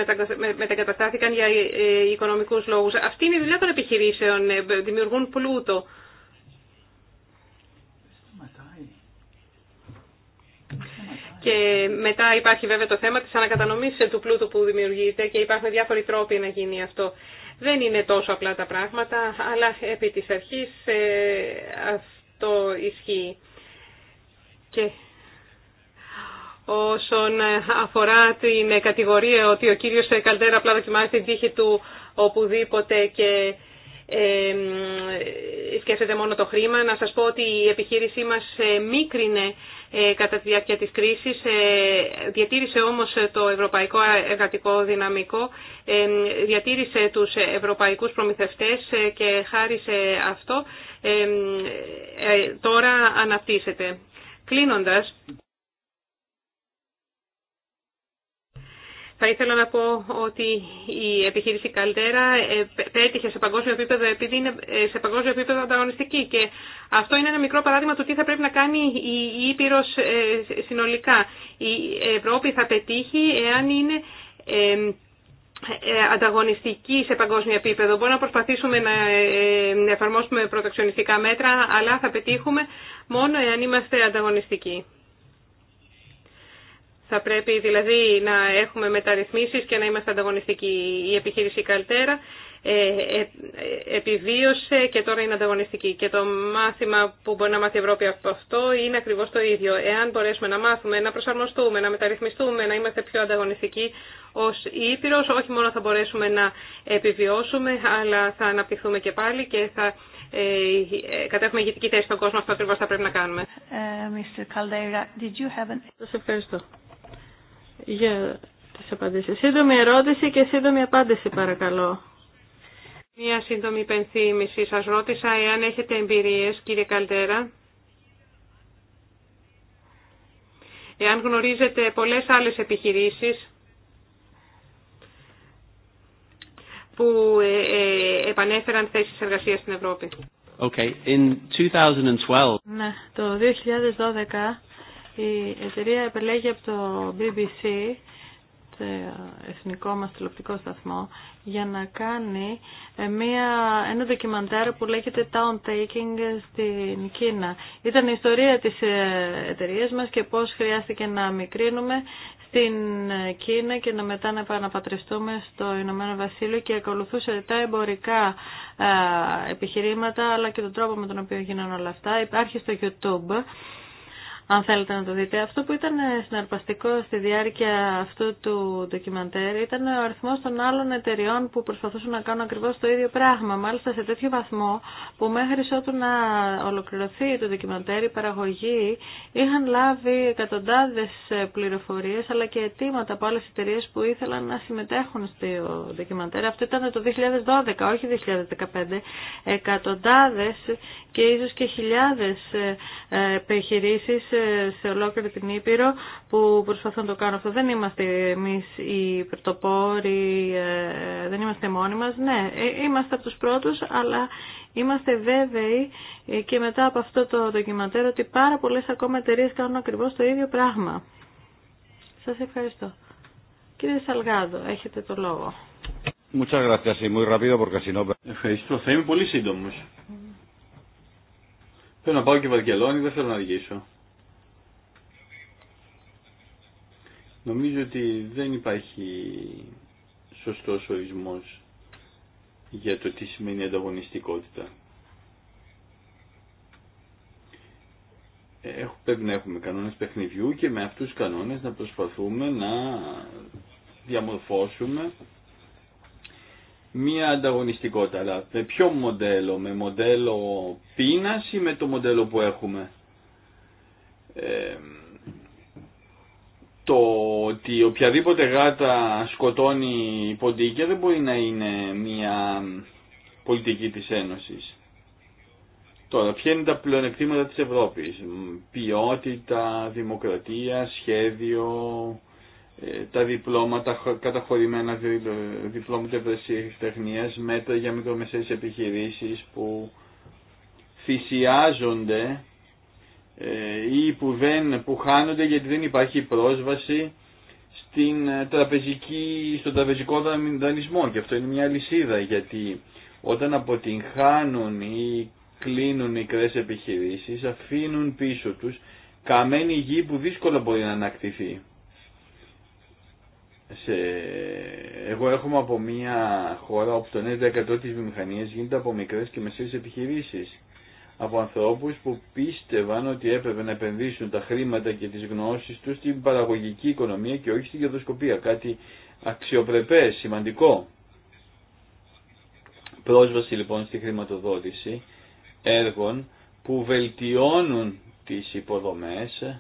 μετακαταστάθηκαν για ε, οικονομικού λόγου. Αυτή είναι η δουλειά των επιχειρήσεων, δημιουργούν πλούτο. Και μετά υπάρχει βέβαια το θέμα της ανακατανομής του πλούτου που δημιουργείται και υπάρχουν διάφοροι τρόποι να γίνει αυτό. Δεν είναι τόσο απλά τα πράγματα, αλλά επί της αρχής ε, αυτό ισχύει. Και όσον αφορά την κατηγορία ότι ο κύριος Καλτέρα απλά δοκιμάζει την τύχη του οπουδήποτε και ε, σκέφτεται μόνο το χρήμα. Να σας πω ότι η επιχείρησή μας ε, μίκρινε ε, κατά τη διάρκεια της κρίσης. Ε, διατήρησε όμως το ευρωπαϊκό εργατικό δυναμικό, ε, διατήρησε τους ευρωπαϊκούς προμηθευτές και χάρη σε αυτό τώρα αναπτύσσεται. Κλείνοντας, Θα ήθελα να πω ότι η επιχείρηση Καλτέρα ε, πέτυχε σε παγκόσμιο επίπεδο επειδή είναι ε, σε παγκόσμιο επίπεδο ανταγωνιστική και αυτό είναι ένα μικρό παράδειγμα του τι θα πρέπει να κάνει η Ήπειρος ε, συνολικά. Η Ευρώπη θα πετύχει εάν είναι ανταγωνιστική σε παγκόσμιο επίπεδο. Μπορεί να προσπαθήσουμε να εφαρμόσουμε προταξιονιστικά μέτρα αλλά θα πετύχουμε μόνο εάν είμαστε ανταγωνιστικοί. Θα πρέπει δηλαδή να έχουμε μεταρρυθμίσεις και να είμαστε ανταγωνιστικοί. Η επιχείρηση Καλτέρα ε, ε, επιβίωσε και τώρα είναι ανταγωνιστική. Και το μάθημα που μπορεί να μάθει η Ευρώπη από αυτό είναι ακριβώς το ίδιο. Εάν μπορέσουμε να μάθουμε, να προσαρμοστούμε, να μεταρρυθμιστούμε, να είμαστε πιο ανταγωνιστικοί ως Ήπειρος, όχι μόνο θα μπορέσουμε να επιβιώσουμε, αλλά θα αναπτυχθούμε και πάλι και θα ε, κατέχουμε ηγετική θέση στον κόσμο. Αυτό ακριβώς θα πρέπει να κάνουμε. ευχαριστώ για τις απαντήσεις. Σύντομη ερώτηση και σύντομη απάντηση παρακαλώ. Μία σύντομη υπενθύμηση. Σας ρώτησα εάν έχετε εμπειρίες, κύριε Καλτέρα. Εάν γνωρίζετε πολλές άλλες επιχειρήσεις που ε, ε, επανέφεραν θέσεις εργασίας στην Ευρώπη. Okay. In 2012... Ναι, το 2012 η εταιρεία επελέγει από το BBC, το εθνικό μας τηλεοπτικό σταθμό, για να κάνει ε, μια, ένα ντοκιμαντέρ που λέγεται Town Taking στην Κίνα. Ήταν η ιστορία της ε, εταιρεία μας και πώς χρειάστηκε να μικρύνουμε στην ε, Κίνα και να μετά να επαναπατριστούμε στο Ηνωμένο Βασίλειο και ακολουθούσε τα εμπορικά επιχειρήματα αλλά και τον τρόπο με τον οποίο γίνανε όλα αυτά. Υπάρχει στο YouTube αν θέλετε να το δείτε. Αυτό που ήταν ε, συναρπαστικό στη διάρκεια αυτού του ντοκιμαντέρ ήταν ο αριθμό των άλλων εταιριών που προσπαθούσαν να κάνουν ακριβώ το ίδιο πράγμα. Μάλιστα σε τέτοιο βαθμό που μέχρι ότου να ολοκληρωθεί το ντοκιμαντέρ η παραγωγή είχαν λάβει εκατοντάδε πληροφορίε, αλλά και αιτήματα από άλλε εταιρείε που ήθελαν να συμμετέχουν στο ντοκιμαντέρ. Αυτό ήταν το 2012, όχι 2015. εκατοντάδε και ίσω και χιλιάδε ε, επιχειρήσει σε ολόκληρη την Ήπειρο που προσπαθούν να το κάνουν αυτό. Δεν είμαστε εμείς οι πρωτοπόροι, ε, δεν είμαστε μόνοι μας. Ναι, ε, είμαστε από τους πρώτους, αλλά είμαστε βέβαιοι ε, και μετά από αυτό το ντοκιμαντέρ ότι πάρα πολλές ακόμα εταιρείε κάνουν ακριβώς το ίδιο πράγμα. Σας ευχαριστώ. Κύριε Σαλγάδο, έχετε το λόγο. Ευχαριστώ. Θα είμαι πολύ σύντομο. Θέλω να πάω και Βαρκελόνη, δεν θέλω να αργήσω. Νομίζω ότι δεν υπάρχει σωστός ορισμός για το τι σημαίνει ανταγωνιστικότητα. Ε, έχω, πρέπει να έχουμε κανόνες παιχνιδιού και με αυτούς τους κανόνες να προσπαθούμε να διαμορφώσουμε μία ανταγωνιστικότητα. Αλλά με ποιο μοντέλο, με μοντέλο πείνας ή με το μοντέλο που έχουμε. Ε, το ότι οποιαδήποτε γάτα σκοτώνει ποντίκια δεν μπορεί να είναι μια πολιτική της Ένωσης. Τώρα, ποια είναι τα πλεονεκτήματα της Ευρώπης. Ποιότητα, δημοκρατία, σχέδιο, ε, τα διπλώματα, καταχωρημένα ε, διπλώματα τεχνίας, μέτρα για μικρομεσαίες επιχειρήσεις που θυσιάζονται ε, ή που, δεν, που χάνονται γιατί δεν υπάρχει πρόσβαση στην ε, τραπεζική, στον τραπεζικό δανεισμό και αυτό είναι μια λυσίδα γιατί όταν αποτυγχάνουν ή κλείνουν μικρές επιχειρήσεις αφήνουν πίσω τους καμένη γη που δύσκολα μπορεί να ανακτηθεί. Σε... Εγώ έρχομαι από μια χώρα όπου το 90% της βιομηχανίας γίνεται από μικρές και μεσαίες επιχειρήσεις από ανθρώπους που πίστευαν ότι έπρεπε να επενδύσουν τα χρήματα και τις γνώσεις τους στην παραγωγική οικονομία και όχι στην κερδοσκοπία. Κάτι αξιοπρεπές, σημαντικό. Πρόσβαση λοιπόν στη χρηματοδότηση έργων που βελτιώνουν τις υποδομές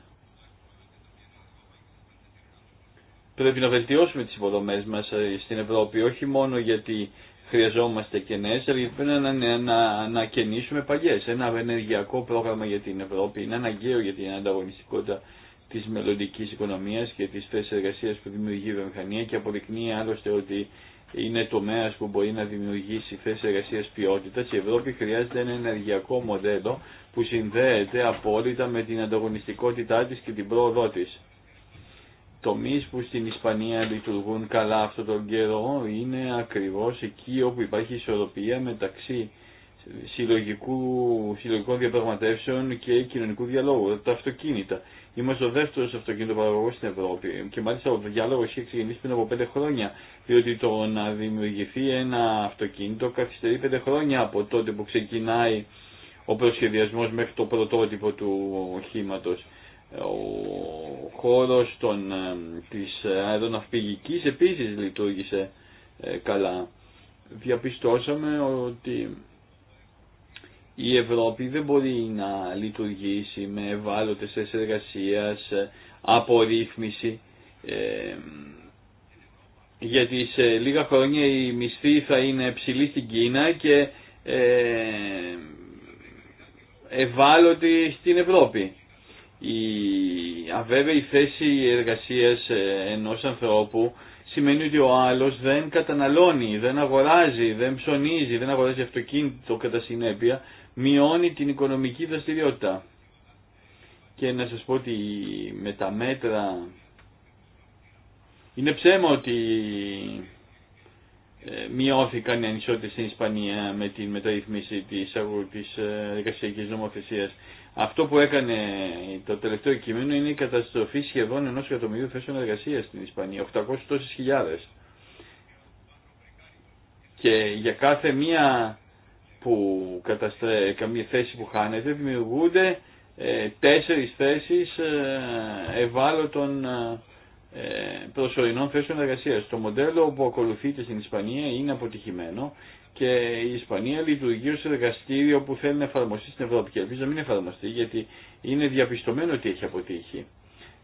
πρέπει να βελτιώσουμε τις υποδομές μας ε, στην Ευρώπη όχι μόνο γιατί χρειαζόμαστε και πρέπει να, να, να ανακαινήσουμε παλιέ. Ένα ενεργειακό πρόγραμμα για την Ευρώπη είναι αναγκαίο για την ανταγωνιστικότητα τη μελλοντική οικονομία και τη θέση εργασία που δημιουργεί η βιομηχανία και αποδεικνύει άλλωστε ότι είναι τομέα που μπορεί να δημιουργήσει θέσει εργασία ποιότητα. Η Ευρώπη χρειάζεται ένα ενεργειακό μοντέλο που συνδέεται απόλυτα με την ανταγωνιστικότητά τη και την πρόοδό τη τομείς που στην Ισπανία λειτουργούν καλά αυτόν τον καιρό είναι ακριβώς εκεί όπου υπάρχει ισορροπία μεταξύ συλλογικού, συλλογικών διαπραγματεύσεων και κοινωνικού διαλόγου, τα αυτοκίνητα. Είμαστε ο δεύτερο αυτοκίνητο παραγωγό στην Ευρώπη και μάλιστα ο διάλογο είχε ξεκινήσει πριν από πέντε χρόνια. Διότι το να δημιουργηθεί ένα αυτοκίνητο καθυστερεί πέντε χρόνια από τότε που ξεκινάει ο προσχεδιασμό μέχρι το πρωτότυπο του οχήματο χώρος των, ε, της αεροναυπηγικής επίσης λειτουργήσε ε, καλά. Διαπιστώσαμε ότι η Ευρώπη δεν μπορεί να λειτουργήσει με ευάλωτες θέσεις εργασίας, ε, απορρίθμιση, γιατί σε λίγα χρόνια οι μισθοί θα είναι ψηλοί στην Κίνα και ε, ευάλωτοι στην Ευρώπη η αβέβαιη θέση εργασίας ε, ενός ανθρώπου σημαίνει ότι ο άλλος δεν καταναλώνει, δεν αγοράζει, δεν ψωνίζει, δεν αγοράζει αυτοκίνητο κατά συνέπεια, μειώνει την οικονομική δραστηριότητα. Και να σας πω ότι με τα μέτρα είναι ψέμα ότι ε, μειώθηκαν οι ανισότητες στην Ισπανία με την μεταρρυθμίση της, της ε, εργασιακής νομοθεσίας. Αυτό που έκανε το τελευταίο κείμενο είναι η καταστροφή σχεδόν ενό εκατομμυρίου θέσεων εργασία στην Ισπανία, 800 τόσε χιλιάδε. Και για κάθε μία που καταστρέ, καμία θέση που χάνεται δημιουργούνται ε, τέσσερις θέσεις ε, ευάλωτων ε, ε, προσωρινών θέσεων εργασίας. Το μοντέλο που ακολουθείται στην Ισπανία είναι αποτυχημένο και η Ισπανία λειτουργεί ως εργαστήριο που θέλει να εφαρμοστεί στην Ευρώπη και ελπίζω να μην εφαρμοστεί γιατί είναι διαπιστωμένο ότι έχει αποτύχει.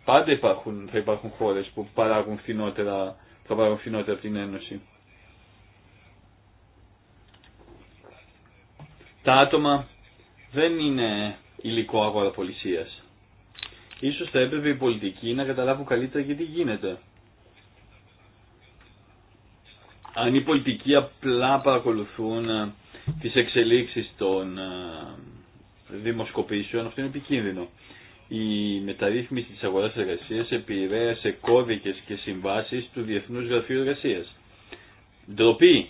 Πάντα υπάρχουν, θα υπάρχουν χώρες που παράγουν φθηνότερα, θα παράγουν φθηνότερα από την Ένωση. Τα άτομα δεν είναι υλικό αγοραπολισίας. Ίσως θα έπρεπε οι πολιτικοί να καταλάβουν καλύτερα γιατί γίνεται αν οι πολιτικοί απλά παρακολουθούν ε, τις εξελίξεις των ε, δημοσκοπήσεων, αυτό είναι επικίνδυνο. Η μεταρρύθμιση της αγοράς εργασίας επηρέασε κώδικες και συμβάσεις του Διεθνούς Γραφείου Εργασίας. Ντροπή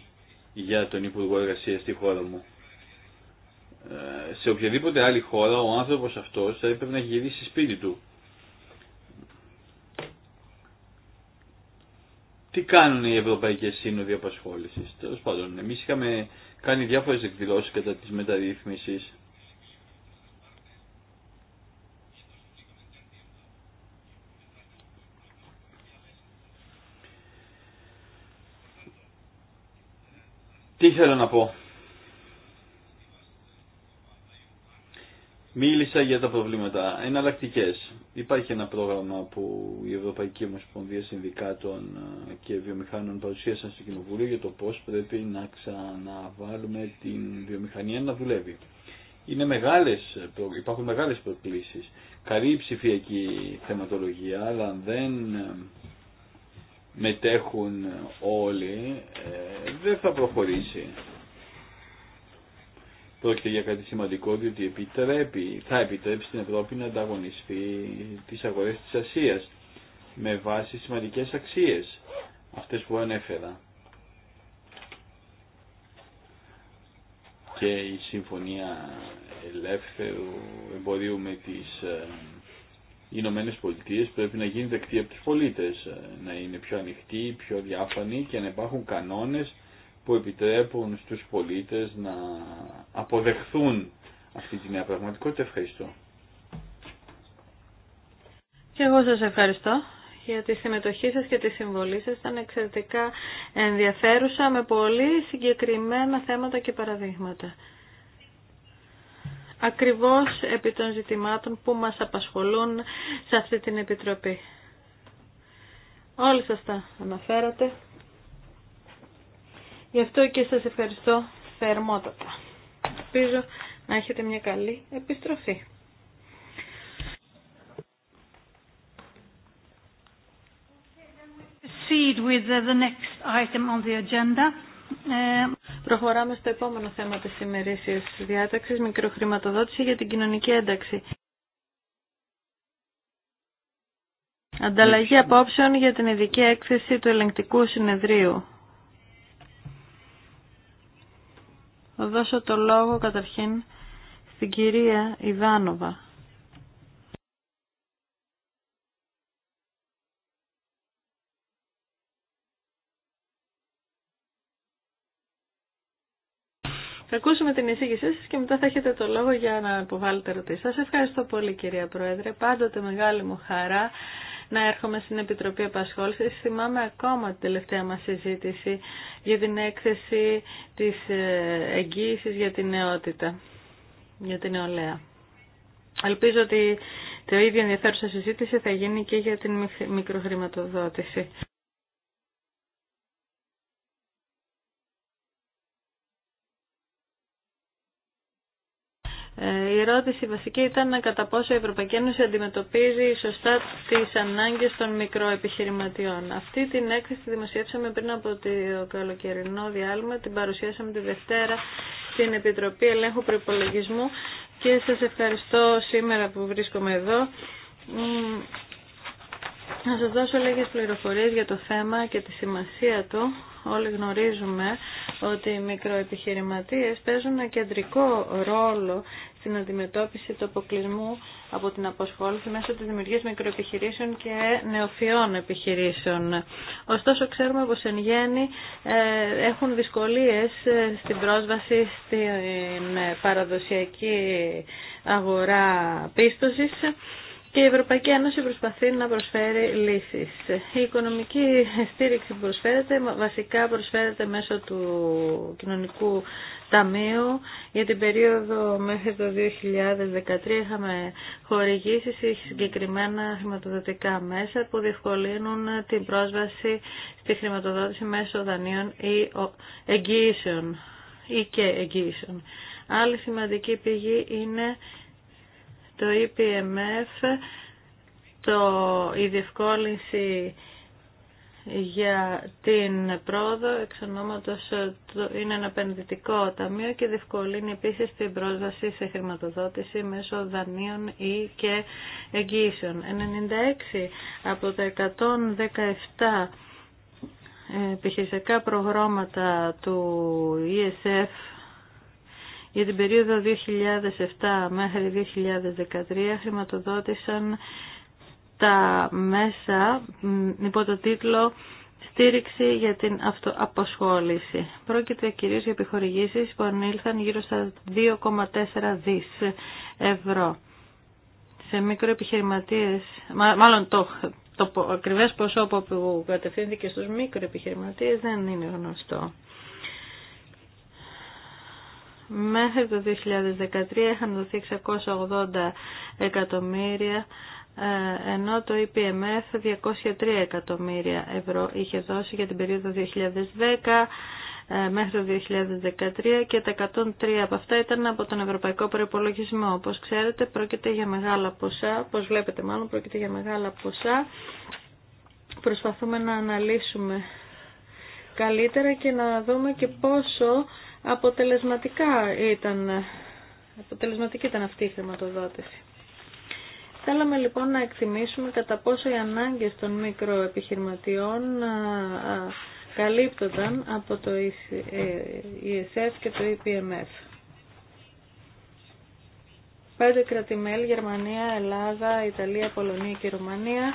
για τον Υπουργό Εργασίας στη χώρα μου. Ε, σε οποιαδήποτε άλλη χώρα ο άνθρωπος αυτός θα έπρεπε να γυρίσει σπίτι του τι κάνουν οι Ευρωπαϊκές Σύνοδοι Απασχόλησης. Τέλο πάντων, εμεί είχαμε κάνει διάφορες εκδηλώσει κατά τη μεταρρύθμισης Τι θέλω να πω. Μίλησα για τα προβλήματα. Εναλλακτικέ. Υπάρχει ένα πρόγραμμα που η Ευρωπαϊκή Ομοσπονδία Συνδικάτων ε, και Βιομηχάνων παρουσίασαν στο Κοινοβούλιο για το πώ πρέπει να ξαναβάλουμε την βιομηχανία να δουλεύει. Είναι μεγάλες, υπάρχουν μεγάλες προκλήσεις. Καλή ψηφιακή θεματολογία, αλλά αν δεν ε, μετέχουν όλοι, ε, δεν θα προχωρήσει. Πρόκειται για κάτι σημαντικό διότι επιτρέπει, θα επιτρέψει στην Ευρώπη να ανταγωνιστεί τις αγορές της Ασίας με βάση σημαντικές αξίες, αυτές που ανέφερα. Και η Συμφωνία Ελεύθερου Εμπορίου με τις ε, Ηνωμένε Πολιτείες πρέπει να γίνει δεκτή από τους πολίτες, ε, να είναι πιο ανοιχτή, πιο διάφανη και να υπάρχουν κανόνες που επιτρέπουν στους πολίτες να αποδεχθούν αυτή τη νέα πραγματικότητα. Ευχαριστώ. Και εγώ σας ευχαριστώ για τη συμμετοχή σας και τη συμβολή σας. Ήταν εξαιρετικά ενδιαφέρουσα με πολύ συγκεκριμένα θέματα και παραδείγματα. Ακριβώς επί των ζητημάτων που μας απασχολούν σε αυτή την Επιτροπή. Όλοι σας τα αναφέρατε. Γι' αυτό και σας ευχαριστώ θερμότατα. Ελπίζω να έχετε μια καλή επιστροφή. Uh, Προχωράμε στο επόμενο θέμα της ημερήσιας διάταξης, μικροχρηματοδότηση για την κοινωνική ένταξη. Ανταλλαγή απόψεων για την ειδική έκθεση του ελεγκτικού συνεδρίου. Θα δώσω το λόγο καταρχήν στην κυρία Ιβάνοβα. Θα ακούσουμε την εισήγησή σας και μετά θα έχετε το λόγο για να υποβάλλετε ερωτήσεις. Σας ευχαριστώ πολύ κυρία Πρόεδρε. Πάντοτε μεγάλη μου χαρά να έρχομαι στην Επιτροπή Απασχόληση. Θυμάμαι ακόμα την τελευταία μας συζήτηση για την έκθεση της ε, εγγύηση για την νεότητα, για την νεολαία. Ελπίζω ότι το ίδιο ενδιαφέρουσα συζήτηση θα γίνει και για την μικροχρηματοδότηση. Η ερώτηση βασική ήταν κατά πόσο η Ευρωπαϊκή Ένωση αντιμετωπίζει σωστά τις ανάγκες των μικροεπιχειρηματιών. Αυτή την έκθεση τη δημοσιεύσαμε πριν από το καλοκαιρινό διάλειμμα, την παρουσιάσαμε τη Δευτέρα στην Επιτροπή Ελέγχου Προπολογισμού και σας ευχαριστώ σήμερα που βρίσκομαι εδώ. Να σας δώσω λίγες πληροφορίες για το θέμα και τη σημασία του. Όλοι γνωρίζουμε ότι οι μικροεπιχειρηματίες παίζουν ένα κεντρικό ρόλο στην αντιμετώπιση του αποκλεισμού από την αποσχόληση μέσω της δημιουργίας μικροεπιχειρήσεων και νεοφυών επιχειρήσεων. Ωστόσο, ξέρουμε πως εν γέννη ε, έχουν δυσκολίες ε, στην πρόσβαση στην ε, παραδοσιακή αγορά πίστοσης και η Ευρωπαϊκή Ένωση προσπαθεί να προσφέρει λύσεις. Η οικονομική στήριξη που προσφέρεται βασικά προσφέρεται μέσω του Κοινωνικού Ταμείου. Για την περίοδο μέχρι το 2013 είχαμε χορηγήσει συγκεκριμένα χρηματοδοτικά μέσα που διευκολύνουν την πρόσβαση στη χρηματοδότηση μέσω δανείων ή εγγύησεων ή και εγγύησεων. Άλλη σημαντική πηγή είναι το EPMF, το, η διευκόλυνση για την πρόοδο εξ ονόματος είναι ένα επενδυτικό ταμείο και διευκολύνει επίσης την πρόσβαση σε χρηματοδότηση μέσω δανείων ή και εγγύσεων. 96 από τα 117 επιχειρησιακά προγράμματα του ESF για την περίοδο 2007 μέχρι 2013 χρηματοδότησαν τα μέσα υπό το τίτλο στήριξη για την αυτοαποσχόληση. Πρόκειται κυρίως για επιχορηγήσεις που ανήλθαν γύρω στα 2,4 δις ευρώ. Σε μικροεπιχειρηματίες, μάλλον το, το ακριβές ποσό που κατευθύνθηκε στους μικροεπιχειρηματίες δεν είναι γνωστό. Μέχρι το 2013 είχαν δοθεί 680 εκατομμύρια ε, ενώ το EPMF 203 εκατομμύρια ευρώ είχε δώσει για την περίοδο 2010 ε, μέχρι το 2013 και τα 103 από αυτά ήταν από τον Ευρωπαϊκό Προϋπολογισμό. Όπως ξέρετε πρόκειται για μεγάλα ποσά, όπως βλέπετε μάλλον πρόκειται για μεγάλα ποσά. Προσπαθούμε να αναλύσουμε καλύτερα και να δούμε και πόσο αποτελεσματικά ήταν, αποτελεσματική ήταν αυτή η χρηματοδότηση. Θέλαμε λοιπόν να εκτιμήσουμε κατά πόσο οι ανάγκες των μικροεπιχειρηματιών καλύπτονταν από το ESF e, e και το EPMF. Πέντε κρατημέλη, Γερμανία, Ελλάδα, Ιταλία, Πολωνία και Ρουμανία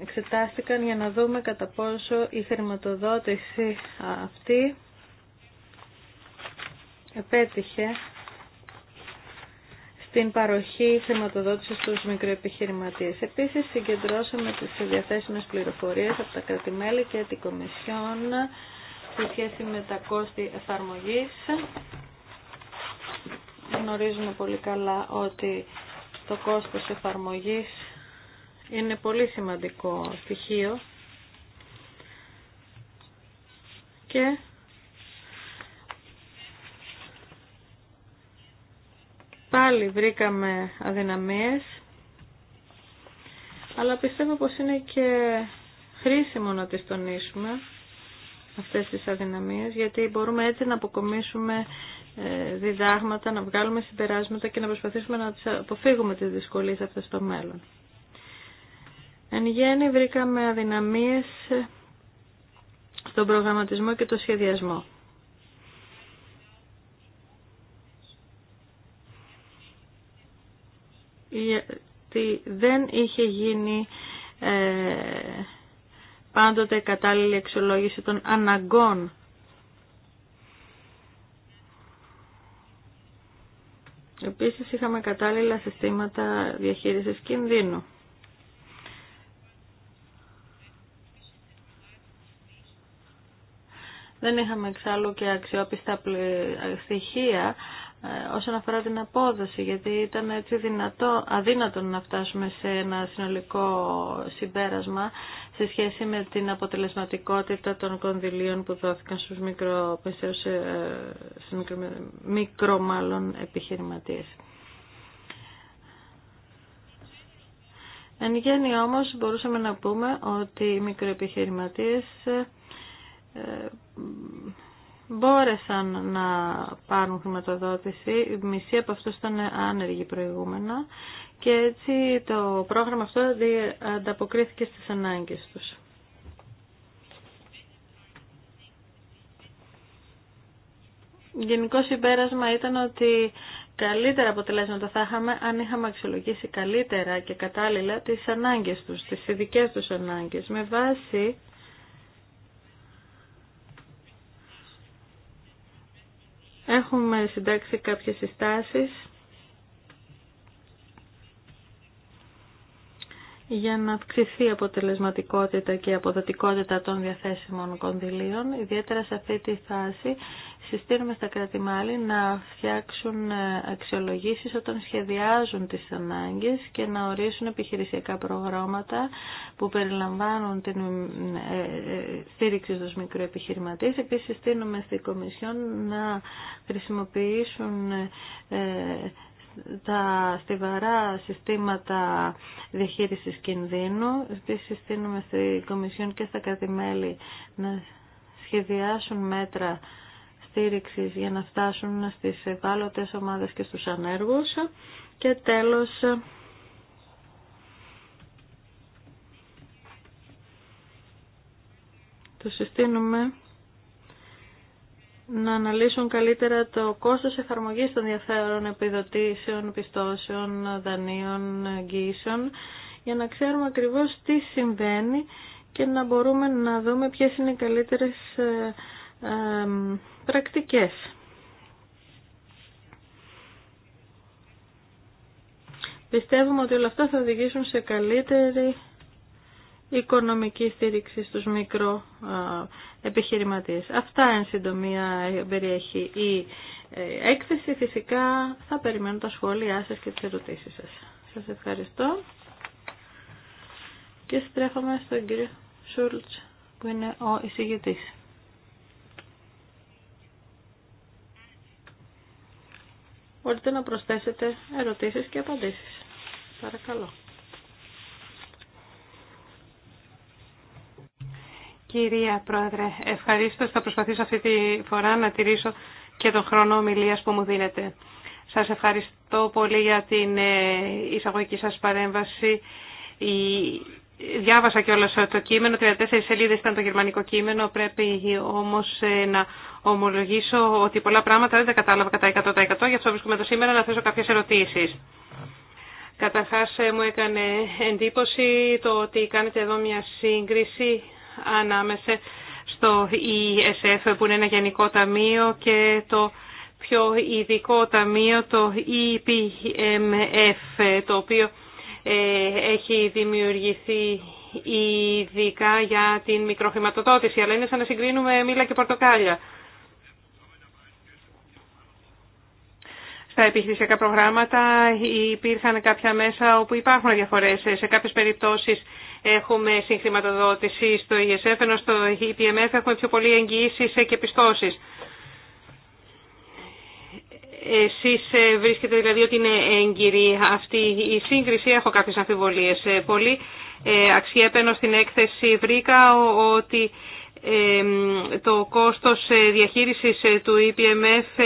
εξετάστηκαν για να δούμε κατά πόσο η χρηματοδότηση αυτή επέτυχε στην παροχή χρηματοδότηση στους μικροεπιχειρηματίες. Επίσης, συγκεντρώσαμε τις διαθέσιμες πληροφορίες από τα κρατημέλη και την Κομισιόν σε σχέση με τα κόστη εφαρμογής. Γνωρίζουμε πολύ καλά ότι το κόστος εφαρμογής είναι πολύ σημαντικό στοιχείο και πάλι βρήκαμε αδυναμίες, αλλά πιστεύω πως είναι και χρήσιμο να τις τονίσουμε αυτές τις αδυναμίες, γιατί μπορούμε έτσι να αποκομίσουμε ε, διδάγματα, να βγάλουμε συμπεράσματα και να προσπαθήσουμε να αποφύγουμε τις δυσκολίες αυτές στο μέλλον. Εν γέννη βρήκαμε αδυναμίες στον προγραμματισμό και το σχεδιασμό. γιατί δεν είχε γίνει ε, πάντοτε κατάλληλη αξιολόγηση των αναγκών Επίσης είχαμε κατάλληλα συστήματα διαχείρισης κινδύνου. Δεν είχαμε εξάλλου και αξιόπιστα στοιχεία όσον αφορά την απόδοση, γιατί ήταν έτσι δυνατό, αδύνατο να φτάσουμε σε ένα συνολικό συμπέρασμα σε σχέση με την αποτελεσματικότητα των κονδυλίων που δόθηκαν στους μικρο, ε, μικρο, μικρο μάλλον, επιχειρηματίες. Εν γέννη όμως μπορούσαμε να πούμε ότι οι μικροεπιχειρηματίες ε, μπόρεσαν να πάρουν χρηματοδότηση. Μισή από αυτούς ήταν άνεργοι προηγούμενα και έτσι το πρόγραμμα αυτό ανταποκρίθηκε στις ανάγκες τους. Γενικό συμπέρασμα ήταν ότι καλύτερα αποτελέσματα θα είχαμε αν είχαμε αξιολογήσει καλύτερα και κατάλληλα τις ανάγκες τους, τις ειδικές τους ανάγκες, με βάση Έχουμε συντάξει κάποιες συστάσεις για να αυξηθεί η αποτελεσματικότητα και η αποδοτικότητα των διαθέσιμων κονδυλίων, ιδιαίτερα σε αυτή τη φάση συστήνουμε στα κρατημάλη να φτιάξουν ε, αξιολογήσεις όταν σχεδιάζουν τις ανάγκες και να ορίσουν επιχειρησιακά προγράμματα που περιλαμβάνουν την ε, ε, στήριξη στους μικροεπιχειρηματίες. Επίσης συστήνουμε στη Κομισιόν να χρησιμοποιήσουν τα στιβαρά συστήματα διαχείρισης κινδύνου. Επίσης συστήνουμε στη Κομισιόν και στα κράτη-μέλη να σχεδιάσουν μέτρα για να φτάσουν στις ευάλωτες ομάδες και στους ανέργους και τέλος τους συστήνουμε να αναλύσουν καλύτερα το κόστος εφαρμογής των διαφέρων επιδοτήσεων, πιστώσεων, δανείων, εγγύσεων, για να ξέρουμε ακριβώς τι συμβαίνει και να μπορούμε να δούμε ποιες είναι οι καλύτερες ε, ε, πρακτικές. Πιστεύουμε ότι όλα αυτά θα οδηγήσουν σε καλύτερη οικονομική στήριξη στους μικρό επιχειρηματίες. Αυτά εν συντομία περιέχει η ε, έκθεση. Φυσικά θα περιμένω τα σχόλιά σας και τις ερωτήσεις σας. Σας ευχαριστώ. Και στρέφομαι στον κύριο Σούλτς που είναι ο εισηγητής. μπορείτε να προσθέσετε ερωτήσεις και απαντήσεις. Παρακαλώ. Κυρία Πρόεδρε, ευχαρίστω. Θα προσπαθήσω αυτή τη φορά να τηρήσω και τον χρόνο ομιλία που μου δίνετε. Σας ευχαριστώ πολύ για την ε, εισαγωγική σας παρέμβαση. Διάβασα και όλο το κείμενο, 34 σελίδες ήταν το γερμανικό κείμενο, πρέπει όμως ε, να ομολογήσω ότι πολλά πράγματα δεν τα κατάλαβα κατά 100%. Γι' αυτό βρίσκομαι εδώ σήμερα να θέσω κάποιες ερωτήσεις. Καταρχά ε, μου έκανε εντύπωση το ότι κάνετε εδώ μια σύγκριση ανάμεσα στο ESF που είναι ένα γενικό ταμείο και το πιο ειδικό ταμείο το EPMF το οποίο ε, έχει δημιουργηθεί ειδικά για την μικροχρηματοδότηση αλλά είναι σαν να συγκρίνουμε μήλα και πορτοκάλια. στα επιχειρησιακά προγράμματα υπήρχαν κάποια μέσα όπου υπάρχουν διαφορές. Σε κάποιες περιπτώσεις έχουμε συγχρηματοδότηση στο ESF, ενώ στο EPMF έχουμε πιο πολύ εγγυήσεις και πιστώσεις. Εσείς βρίσκετε δηλαδή ότι είναι έγκυρη αυτή η σύγκριση. Έχω κάποιες αμφιβολίες. Πολύ ε, αξιέπαινο στην έκθεση βρήκα ότι ε, το κόστος ε, διαχείρισης του EPMF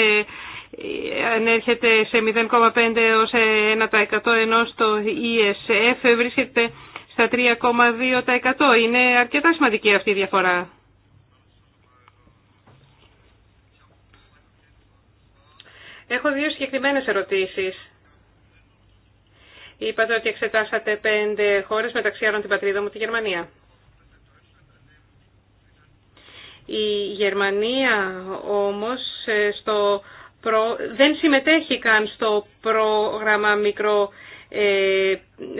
έρχεται σε 0,5 έως 1% ενώ στο ESF βρίσκεται στα 3,2%. Είναι αρκετά σημαντική αυτή η διαφορά. Έχω δύο συγκεκριμένες ερωτήσεις. Είπατε ότι εξετάσατε πέντε χώρες, μεταξύ άλλων την πατρίδα μου, τη Γερμανία. Η Γερμανία όμως ε, στο δεν συμμετέχει καν στο πρόγραμμα μικρό ε,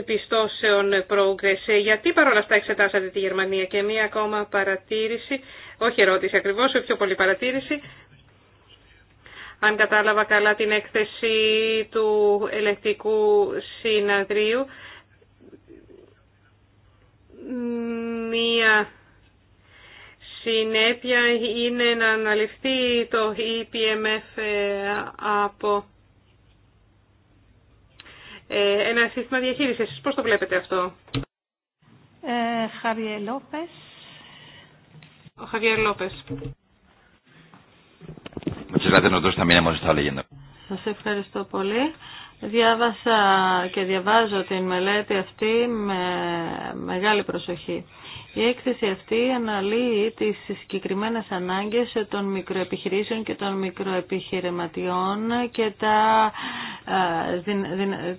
πιστώσεων Progress. Ε, γιατί παρόλα αυτά εξετάσατε τη Γερμανία και μία ακόμα παρατήρηση, όχι ερώτηση ακριβώς, πιο πολύ παρατήρηση. Αν κατάλαβα καλά την έκθεση του ελεκτικού συναδρίου, μία συνέπεια είναι να αναλυφθεί το EPMF ε, από ε, ένα σύστημα διαχείρισης. Εσείς πώς το βλέπετε αυτό. Χαβιέ ε, Λόπες. Ο Χαβιέ Λόπες. Σας ευχαριστώ πολύ. Διάβασα και διαβάζω την μελέτη αυτή με μεγάλη προσοχή. Η έκθεση αυτή αναλύει τις συγκεκριμένες ανάγκες των μικροεπιχειρήσεων και των μικροεπιχειρηματιών και τα, ε,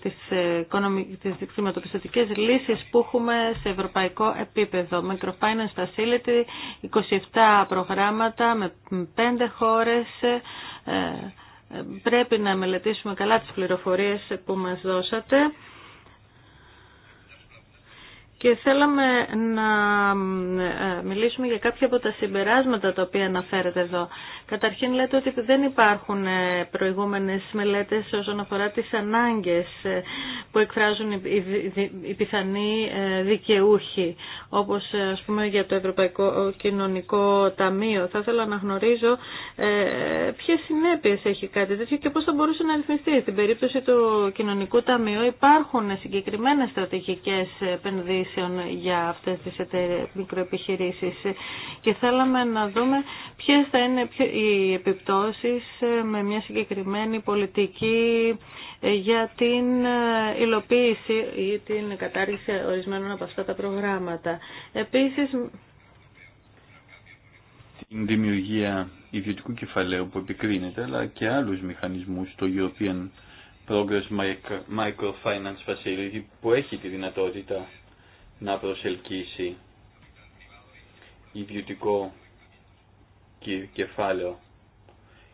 τις, ε, τις χρηματοπιστωτικές λύσεις που έχουμε σε ευρωπαϊκό επίπεδο. Microfinance Facility, 27 προγράμματα με 5 χώρες. Ε, πρέπει να μελετήσουμε καλά τις πληροφορίες που μας δώσατε και θέλαμε να ε, μιλήσουμε για κάποια από τα συμπεράσματα τα οποία αναφέρεται εδώ. Καταρχήν λέτε ότι δεν υπάρχουν ε, προηγούμενες μελέτες όσον αφορά τις ανάγκες ε, που εκφράζουν οι πιθανοί δικαιούχοι, όπως ας πούμε για το Ευρωπαϊκό Κοινωνικό Ταμείο. Θα ήθελα να γνωρίζω ποιες συνέπειες έχει κάτι τέτοιο και πώς θα μπορούσε να ρυθμιστεί. Στην περίπτωση του Κοινωνικού Ταμείου υπάρχουν συγκεκριμένες στρατηγικές επενδύσεις για αυτές τις εταιρείες, μικροεπιχειρήσεις και θέλαμε να δούμε ποιες θα είναι οι επιπτώσεις ε, με μια συγκεκριμένη πολιτική ε, για την ε, υλοποίηση ή την κατάργηση ορισμένων από αυτά τα προγράμματα. Επίσης, την δημιουργία ιδιωτικού κεφαλαίου που επικρίνεται, αλλά και άλλους μηχανισμούς, το European Progress Microfinance Facility, που έχει τη δυνατότητα να προσελκύσει ιδιωτικό κεφάλαιο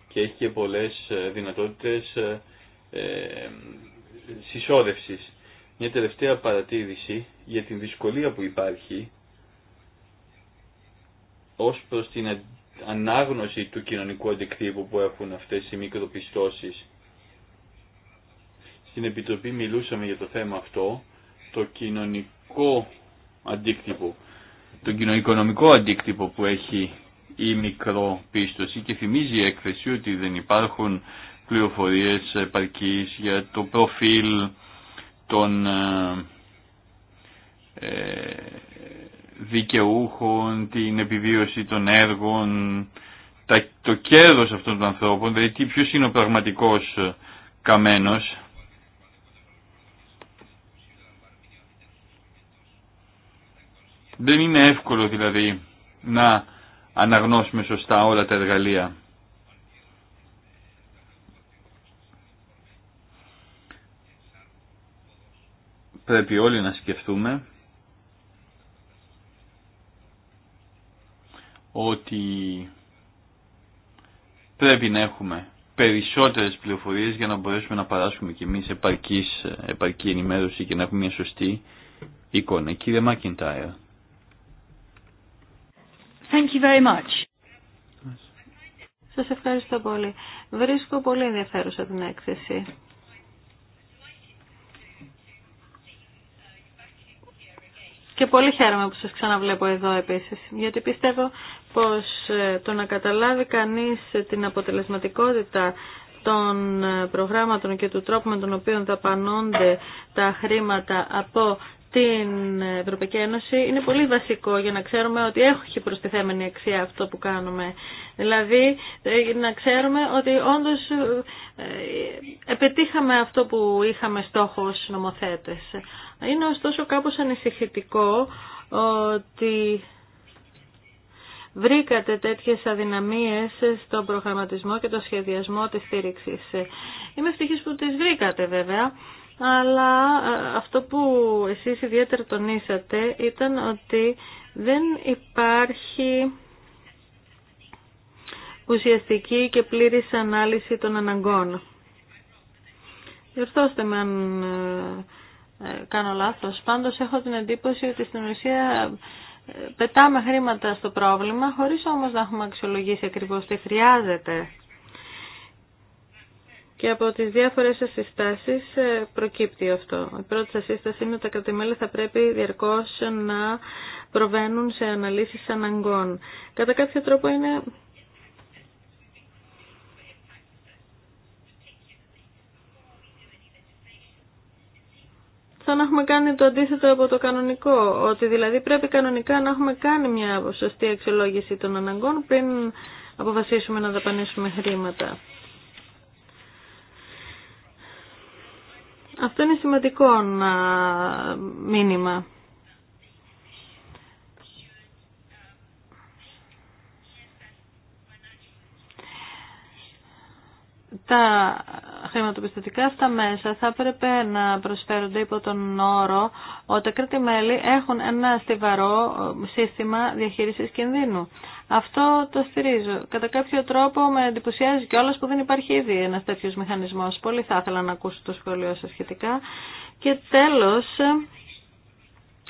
και έχει και πολλές ε, δυνατότητες ε, ε Μια τελευταία παρατήρηση για την δυσκολία που υπάρχει ως προς την ανάγνωση του κοινωνικού αντικτύπου που έχουν αυτές οι μικροπιστώσεις. Στην Επιτροπή μιλούσαμε για το θέμα αυτό. Το κοινωνικό αντίκτυπο, τον κοινοοικονομικό αντίκτυπο που έχει η μικροπίστωση και θυμίζει η έκθεση ότι δεν υπάρχουν πληροφορίες επαρκής για το προφίλ των ε, ε, δικαιούχων, την επιβίωση των έργων, το κέρδος αυτών των ανθρώπων, δηλαδή ποιος είναι ο πραγματικός καμένος Δεν είναι εύκολο δηλαδή να αναγνώσουμε σωστά όλα τα εργαλεία. Πρέπει όλοι να σκεφτούμε ότι πρέπει να έχουμε περισσότερες πληροφορίες για να μπορέσουμε να παράσχουμε και εμείς επαρκής, επαρκή ενημέρωση και να έχουμε μια σωστή εικόνα. Κύριε Μάκιντάιρ. Thank you very much. Σας ευχαριστώ πολύ. Βρίσκω πολύ ενδιαφέρουσα την έκθεση. Και πολύ χαίρομαι που σας ξαναβλέπω εδώ επίσης, γιατί πιστεύω πως ε, το να καταλάβει κανείς ε, την αποτελεσματικότητα των ε, προγράμματων και του τρόπου με τον οποίο δαπανώνται τα χρήματα από την Ευρωπαϊκή Ένωση είναι πολύ βασικό για να ξέρουμε ότι έχει προστιθέμενη αξία αυτό που κάνουμε. Δηλαδή ε, να ξέρουμε ότι όντως ε, επιτύχαμε αυτό που είχαμε στόχο ως νομοθέτες. Είναι ωστόσο κάπως ανησυχητικό ότι βρήκατε τέτοιες αδυναμίες στον προγραμματισμό και το σχεδιασμό της στήριξης. Είμαι ευτυχής που τις βρήκατε βέβαια αλλά ε, αυτό που εσείς ιδιαίτερα τονίσατε ήταν ότι δεν υπάρχει ουσιαστική και πλήρης ανάλυση των αναγκών. Διορθώστε με αν ε, ε, κάνω λάθος. Πάντως έχω την εντύπωση ότι στην ουσία πετάμε χρήματα στο πρόβλημα, χωρίς όμως να έχουμε αξιολογήσει ακριβώς τι χρειάζεται και από τις διάφορες σας συστάσεις ε, προκύπτει αυτό. Η πρώτη σας σύσταση είναι ότι τα κρατημέλη θα πρέπει διαρκώς να προβαίνουν σε αναλύσεις αναγκών. Κατά κάποιο τρόπο είναι θα να έχουμε κάνει το αντίθετο από το κανονικό. Ότι δηλαδή πρέπει κανονικά να έχουμε κάνει μια σωστή αξιολόγηση των αναγκών πριν αποφασίσουμε να δαπανίσουμε χρήματα. Αυτό είναι σημαντικό μήνυμα. Τα χρηματοπιστωτικά στα μέσα θα έπρεπε να προσφέρονται υπό τον όρο ότι τα κράτη-μέλη έχουν ένα στιβαρό ε, σύστημα διαχείρισης κινδύνου. Αυτό το στηρίζω. Κατά κάποιο τρόπο με εντυπωσιάζει κιόλα που δεν υπάρχει ήδη ένα τέτοιο μηχανισμό. Πολύ θα ήθελα να ακούσω το σχολείο σα σχετικά. Και τέλο,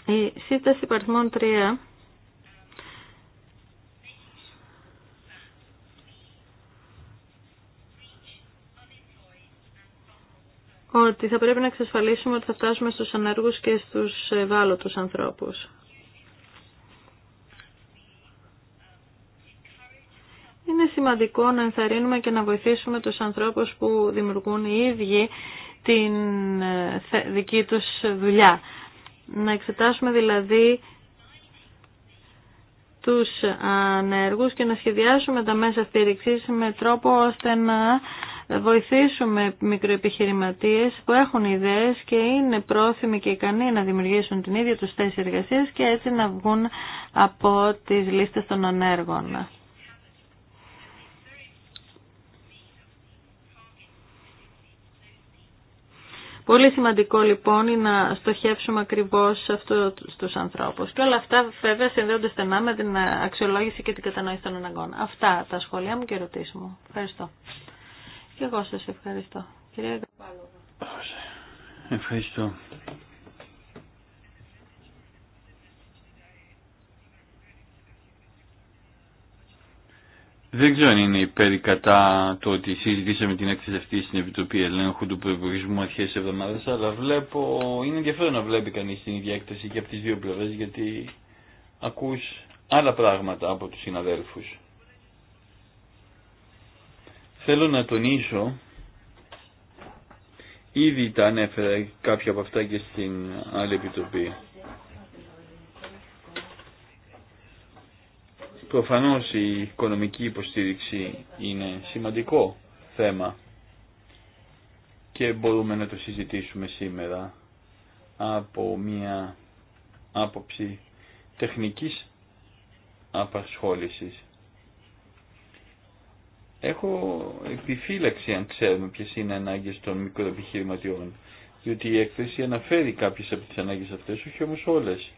η σύσταση παρθμών 3 ότι θα πρέπει να εξασφαλίσουμε ότι θα φτάσουμε στους ανέργους και στους ευάλωτους ανθρώπους. Είναι σημαντικό να ενθαρρύνουμε και να βοηθήσουμε τους ανθρώπους που δημιουργούν οι ίδιοι την ε, δική τους δουλειά. Να εξετάσουμε δηλαδή τους ανέργους και να σχεδιάσουμε τα μέσα στήριξης με τρόπο ώστε να βοηθήσουμε μικροεπιχειρηματίες που έχουν ιδέες και είναι πρόθυμοι και ικανοί να δημιουργήσουν την ίδια τους θέση εργασίας και έτσι να βγουν από τις λίστες των ανέργων. Πολύ σημαντικό λοιπόν είναι να στοχεύσουμε ακριβώς αυτού στους ανθρώπους. Και όλα αυτά βέβαια συνδέονται στενά με την αξιολόγηση και την κατανόηση των αναγκών. Αυτά τα σχόλιά μου και ερωτήσεις μου. Ευχαριστώ. Και εγώ σας ευχαριστώ. Κυρία Ευχαριστώ. Δεν ξέρω αν είναι υπέρ κατά το ότι συζητήσαμε την έκθεση αυτή στην Επιτροπή Ελέγχου του Προπολογισμού αρχέ τη εβδομάδα, αλλά βλέπω, είναι ενδιαφέρον να βλέπει κανεί την ίδια έκθεση και από τι δύο πλευρέ, γιατί ακού άλλα πράγματα από του συναδέλφου. Θέλω να τονίσω, ήδη τα ανέφερα κάποια από αυτά και στην άλλη επιτροπή. Προφανώς η οικονομική υποστήριξη είναι σημαντικό θέμα και μπορούμε να το συζητήσουμε σήμερα από μια άποψη τεχνικής απασχόλησης. Έχω επιφύλαξη αν ξέρουμε ποιες είναι οι ανάγκες των μικροεπιχειρηματιών, διότι η έκθεση αναφέρει κάποιες από τις ανάγκες αυτές, όχι όμως όλες.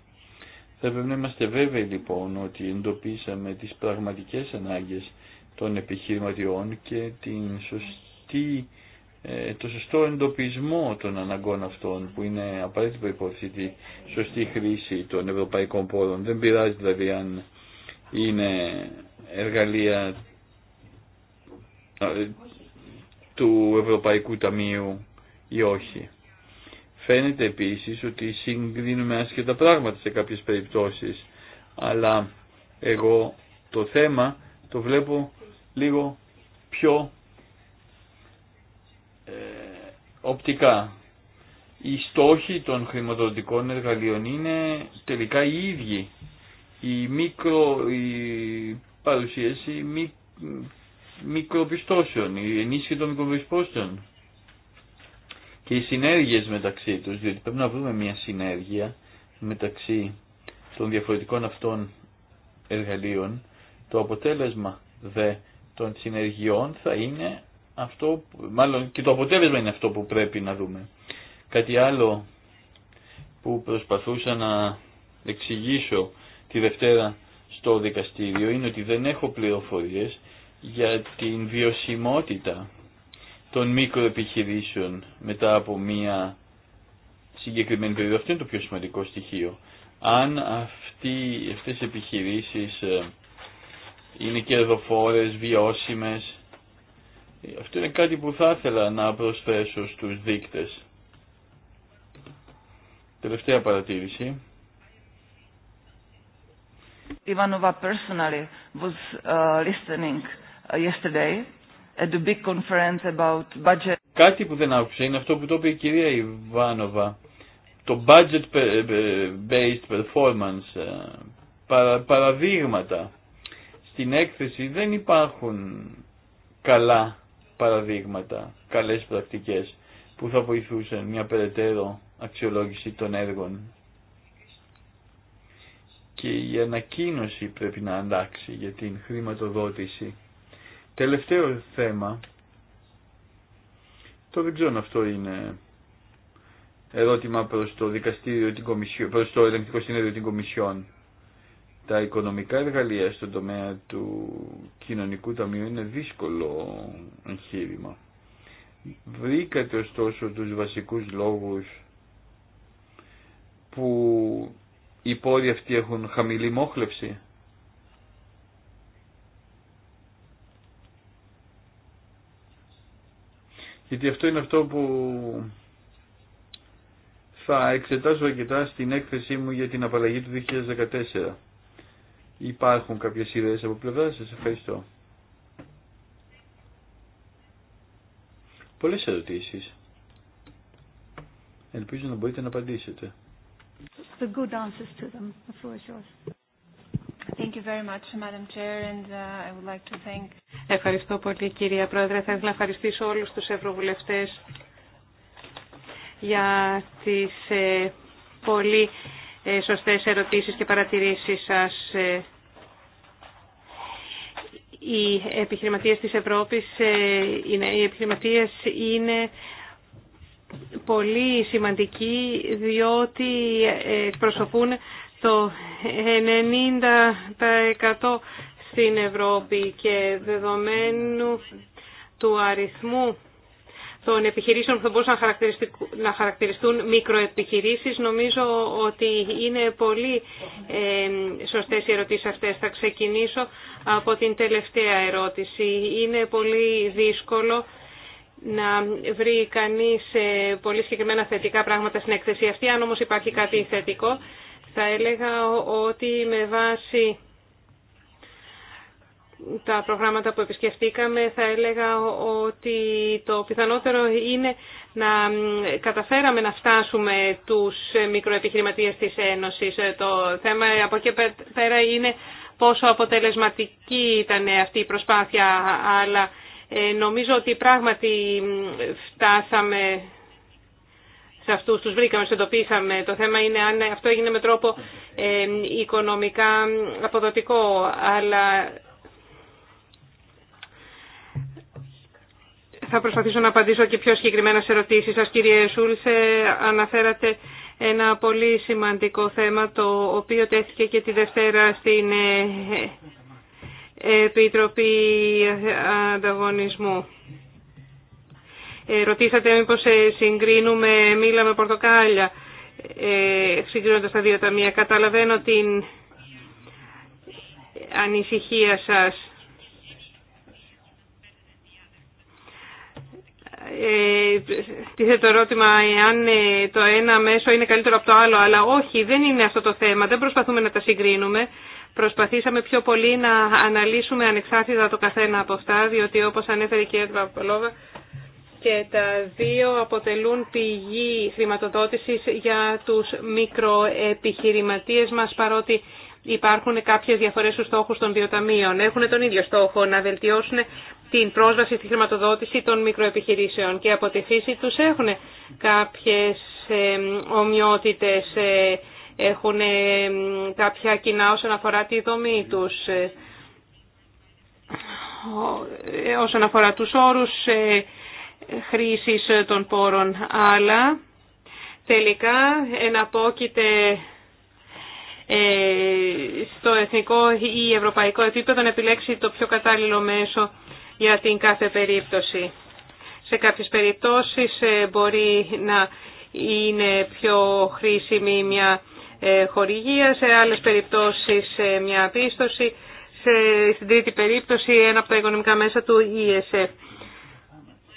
Θα πρέπει να είμαστε βέβαιοι λοιπόν ότι εντοπίσαμε τις πραγματικές ανάγκες των επιχειρηματιών και την σωστή, ε, το σωστό εντοπισμό των αναγκών αυτών που είναι απαραίτητη προϋπόθεση σωστή χρήση των ευρωπαϊκών πόρων. Δεν πειράζει δηλαδή αν είναι εργαλεία ε, του Ευρωπαϊκού Ταμείου ή όχι. Φαίνεται επίσης ότι συγκρίνουμε άσχετα πράγματα σε κάποιες περιπτώσεις, αλλά εγώ το θέμα το βλέπω λίγο πιο ε, οπτικά. Οι στόχοι των χρηματοδοτικών εργαλείων είναι τελικά οι ίδιοι. Η, μικρο, η παρουσίαση μη, μικροπιστώσεων, η ενίσχυση των μικροπιστώσεων και οι συνέργειες μεταξύ τους, διότι πρέπει να βρούμε μια συνέργεια μεταξύ των διαφορετικών αυτών εργαλείων, το αποτέλεσμα δε των συνεργειών θα είναι αυτό, μάλλον και το αποτέλεσμα είναι αυτό που πρέπει να δούμε. Κάτι άλλο που προσπαθούσα να εξηγήσω τη Δευτέρα στο δικαστήριο είναι ότι δεν έχω πληροφορίες για την βιωσιμότητα των μικροεπιχειρήσεων μετά από μία συγκεκριμένη περίοδο. Αυτό είναι το πιο σημαντικό στοιχείο. Αν αυτοί, αυτές οι επιχειρήσεις ε, είναι κερδοφόρες, βιώσιμες, αυτό είναι κάτι που θα ήθελα να προσθέσω στους δείκτες. Τελευταία παρατήρηση. Ivanova personally was uh, listening Uh, yesterday at about budget. Κάτι που δεν άκουσα είναι αυτό που το είπε η κυρία Ιβάνοβα. Το budget based performance ε, παραδείγματα. Στην έκθεση δεν υπάρχουν καλά παραδείγματα, καλές πρακτικές που θα βοηθούσαν μια περαιτέρω αξιολόγηση των έργων. Και η ανακοίνωση πρέπει να αλλάξει για την χρηματοδότηση Τελευταίο θέμα, το δεν ξέρω αν αυτό είναι ερώτημα προς το, δικαστήριο, την Κομισιό, προς το ελεγκτικό συνέδριο την Κομισιόν. Τα οικονομικά εργαλεία στον τομέα του κοινωνικού ταμείου είναι δύσκολο εγχείρημα. Βρήκατε ωστόσο τους βασικούς λόγους που οι πόροι αυτοί έχουν χαμηλή μόχλευση. γιατί αυτό είναι αυτό που θα εξετάσω αρκετά στην έκθεσή μου για την απαλλαγή του 2014. Υπάρχουν κάποιες ιδέες από πλευρά σας. Ευχαριστώ. Πολλές ερωτήσεις. Ελπίζω να μπορείτε να απαντήσετε. The good answers to them. Ευχαριστώ πολύ, κυρία Πρόεδρε. Θα ήθελα να ευχαριστήσω όλους τους ευρωβουλευτές για τις ε, πολύ ε, σωστές ερωτήσεις και παρατηρήσεις σας. Ε. Οι επιχειρηματίες της Ευρώπης, οι είναι πολύ σημαντικοί διότι εκπροσωπούν το 90% στην Ευρώπη και δεδομένου του αριθμού των επιχειρήσεων που θα μπορούσαν να χαρακτηριστούν μικροεπιχειρήσεις. Νομίζω ότι είναι πολύ ε, σωστές οι ερωτήσεις αυτές. Θα ξεκινήσω από την τελευταία ερώτηση. Είναι πολύ δύσκολο να βρει κανείς ε, πολύ συγκεκριμένα θετικά πράγματα στην εκθεσία, αυτή. Αν όμως υπάρχει κάτι θετικό, θα έλεγα ότι με βάση τα προγράμματα που επισκεφτήκαμε θα έλεγα ότι το πιθανότερο είναι να καταφέραμε να φτάσουμε τους μικροεπιχειρηματίες της Ένωσης. Το θέμα από εκεί πέρα είναι πόσο αποτελεσματική ήταν αυτή η προσπάθεια, αλλά ε, νομίζω ότι πράγματι φτάσαμε σε αυτούς τους βρήκαμε, του εντοπίσαμε. Το θέμα είναι αν αυτό έγινε με τρόπο ε, οικονομικά αποδοτικό, αλλά θα προσπαθήσω να απαντήσω και πιο συγκεκριμένα σε ερωτήσεις σας. Κύριε Σούλσε, αναφέρατε ένα πολύ σημαντικό θέμα, το οποίο τέθηκε και τη Δευτέρα στην ε, ε, Επιτροπή Ανταγωνισμού. Ε, ρωτήσατε μήπως ε, συγκρίνουμε μήλα με πορτοκάλια ε, συγκρίνοντας τα δύο ταμεία. Καταλαβαίνω την ανησυχία σας. ε, τίθεται το ερώτημα εάν το ένα μέσο είναι καλύτερο από το άλλο, αλλά όχι, δεν είναι αυτό το θέμα, δεν προσπαθούμε να τα συγκρίνουμε. Προσπαθήσαμε πιο πολύ να αναλύσουμε ανεξάρτητα το καθένα από αυτά, διότι όπως ανέφερε η κυρία Τραπολόβα, και τα δύο αποτελούν πηγή χρηματοδότησης για τους μικροεπιχειρηματίες μας παρότι υπάρχουν κάποιες διαφορές στους στόχους των δύο ταμείων. Έχουν τον ίδιο στόχο να βελτιώσουν την πρόσβαση στη χρηματοδότηση των μικροεπιχειρήσεων και από τη φύση τους έχουν κάποιες ομοιότητες, ε, έχουν κάποια κοινά όσον αφορά τη δομή τους ε, ε, όσον αφορά τους όρους, χρήσης ε, των πόρων, αλλά τελικά εναπόκειται ε, στο εθνικό ή ευρωπαϊκό επίπεδο να επιλέξει το πιο κατάλληλο μέσο για την κάθε περίπτωση. Σε κάποιες περιπτώσεις ε, μπορεί να είναι πιο χρήσιμη μια χορηγία, σε άλλες περιπτώσεις μια πίστοση, σε, στην τρίτη περίπτωση ένα από τα οικονομικά μέσα του ESF.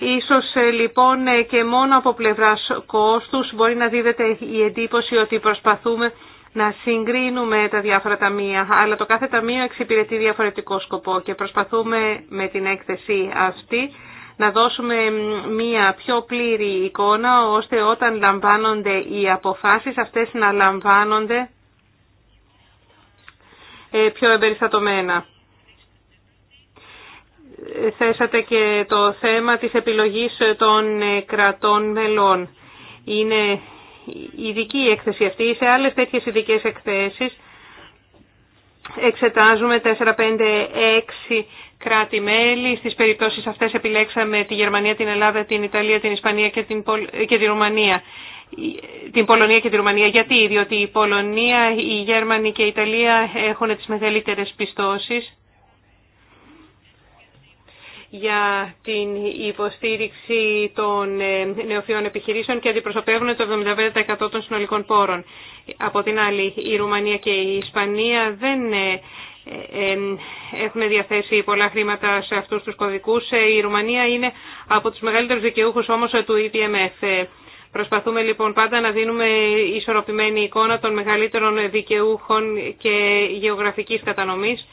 Ίσως ε, λοιπόν ε, και μόνο από πλευράς κόστους μπορεί να δίδεται η εντύπωση ότι προσπαθούμε να συγκρίνουμε τα διάφορα ταμεία, αλλά το κάθε ταμείο εξυπηρετεί διαφορετικό σκοπό και προσπαθούμε με την έκθεση αυτή να δώσουμε μία πιο πλήρη εικόνα, ώστε όταν λαμβάνονται οι αποφάσεις αυτές να λαμβάνονται ε, πιο εμπεριστατωμένα θέσατε και το θέμα της επιλογής των κρατών μελών. Είναι ειδική η έκθεση αυτή. Σε άλλες τέτοιες ειδικέ εκθέσεις εξετάζουμε 4, 5, 6 κράτη-μέλη. Στις περιπτώσεις αυτές επιλέξαμε τη Γερμανία, την Ελλάδα, την Ιταλία, την Ισπανία και την, και τη Ρουμανία. Την Πολωνία και τη Ρουμανία. Γιατί, διότι η Πολωνία, η Γέρμανη και η Ιταλία έχουν τις μεγαλύτερες πιστώσεις για την υποστήριξη των ε, νεοφιών επιχειρήσεων και αντιπροσωπεύουν το 75% των συνολικών πόρων. Από την άλλη, η Ρουμανία και η Ισπανία δεν ε, ε, έχουν διαθέσει πολλά χρήματα σε αυτούς τους κωδικούς. Η Ρουμανία είναι από τους μεγαλύτερους δικαιούχους όμως του EPMF. Προσπαθούμε λοιπόν πάντα να δίνουμε ισορροπημένη εικόνα των μεγαλύτερων δικαιούχων και γεωγραφικής κατανομής,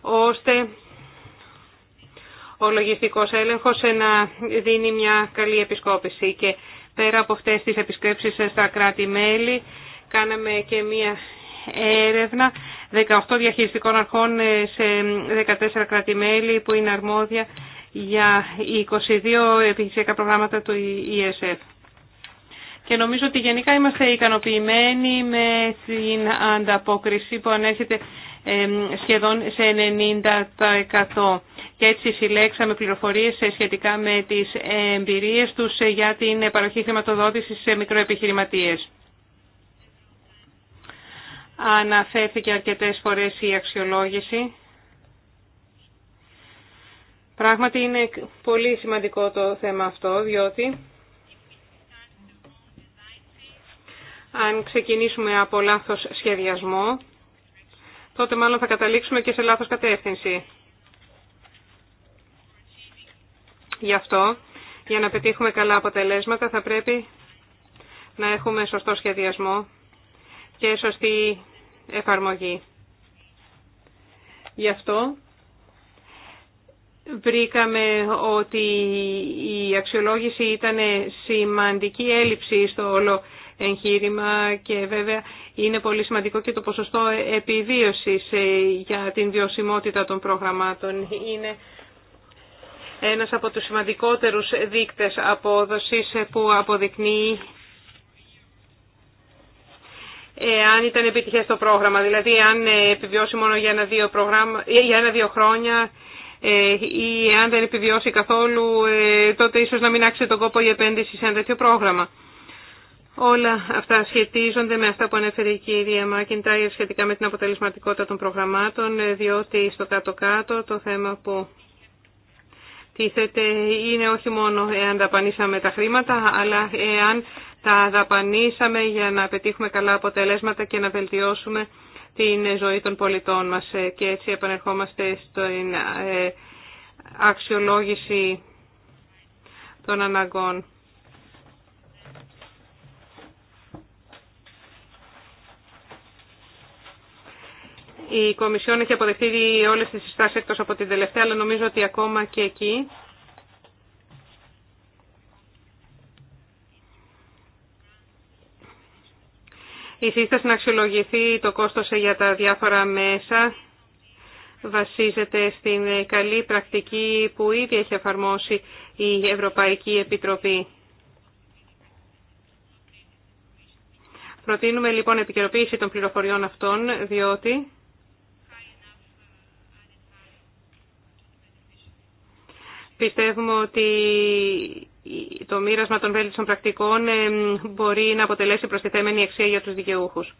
ώστε ο λογιστικός έλεγχος ε, να δίνει μια καλή επισκόπηση. Και πέρα από αυτές τις επισκέψεις στα κράτη-μέλη, κάναμε και μια έρευνα 18 διαχειριστικών αρχών ε, σε 14 κράτη-μέλη που είναι αρμόδια για 22 επιχειρησιακά προγράμματα του ESF. Και νομίζω ότι γενικά είμαστε ικανοποιημένοι με την ανταπόκριση που ανέρχεται ε, σχεδόν σε 90% και έτσι συλλέξαμε πληροφορίες σχετικά με τις εμπειρίες τους για την παροχή χρηματοδότησης σε μικροεπιχειρηματίες. Αναφέρθηκε αρκετές φορές η αξιολόγηση. Πράγματι είναι πολύ σημαντικό το θέμα αυτό, διότι αν ξεκινήσουμε από λάθος σχεδιασμό, τότε μάλλον θα καταλήξουμε και σε λάθος κατεύθυνση. Γι' αυτό, για να πετύχουμε καλά αποτελέσματα, θα πρέπει να έχουμε σωστό σχεδιασμό και σωστή εφαρμογή. Γι' αυτό βρήκαμε ότι η αξιολόγηση ήταν σημαντική έλλειψη στο όλο εγχείρημα και βέβαια είναι πολύ σημαντικό και το ποσοστό επιβίωσης ε, για την βιωσιμότητα των προγραμμάτων. Είναι ένας από τους σημαντικότερους δείκτες απόδοσης που αποδεικνύει ε, αν ήταν επιτυχές το πρόγραμμα. Δηλαδή αν ε, επιβιώσει μόνο για ε, ένα-δύο χρόνια ή αν δεν επιβιώσει καθόλου τότε ίσως να μην άξει τον κόπο για επένδυση σε ένα τέτοιο πρόγραμμα. Όλα αυτά σχετίζονται με αυτά που ανέφερε η κυρία Μάκιντάιερ σχετικά με την αποτελεσματικότητα των προγραμμάτων, διότι στο κάτω-κάτω το θέμα που τίθεται είναι όχι μόνο εάν δαπανίσαμε τα χρήματα, αλλά εάν τα δαπανίσαμε για να πετύχουμε καλά αποτελέσματα και να βελτιώσουμε την ζωή των πολιτών μας. Ε, και έτσι επανερχόμαστε στην ε, αξιολόγηση των αναγκών. Η Κομισιόν έχει αποδεχτεί όλες τις συστάσεις εκτό από την τελευταία, αλλά νομίζω ότι ακόμα και εκεί η σύσταση να αξιολογηθεί το κόστος για τα διάφορα μέσα βασίζεται στην καλή πρακτική που ήδη έχει εφαρμόσει η Ευρωπαϊκή Επιτροπή. Προτείνουμε λοιπόν επικαιροποίηση των πληροφοριών αυτών, διότι Πιστεύουμε ότι το μοίρασμα των βέλτιστων πρακτικών ε, μπορεί να αποτελέσει προστιθέμενη αξία για τους δικαιούχους.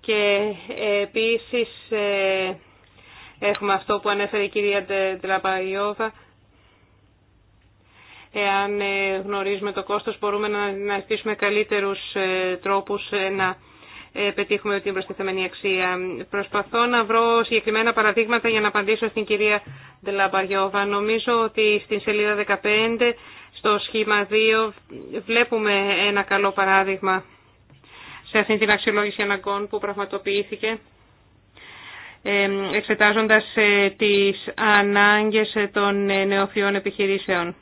Και ε, επίσης ε, έχουμε αυτό που ανέφερε η κυρία Τραπαϊόβα. Εάν γνωρίζουμε το κόστος μπορούμε να ζητήσουμε καλύτερους τρόπους να ε, πετύχουμε την προστιθεμένη αξία. Προσπαθώ να βρω συγκεκριμένα παραδείγματα για να απαντήσω στην κυρία Ντελαμπαγιώβα. Νομίζω ότι στην σελίδα 15 στο σχήμα 2 βλέπουμε ένα καλό παράδειγμα σε αυτή την αξιολόγηση αναγκών που πραγματοποιήθηκε ε, εξετάζοντας ε, τις ανάγκες των νεοφυών επιχειρήσεων.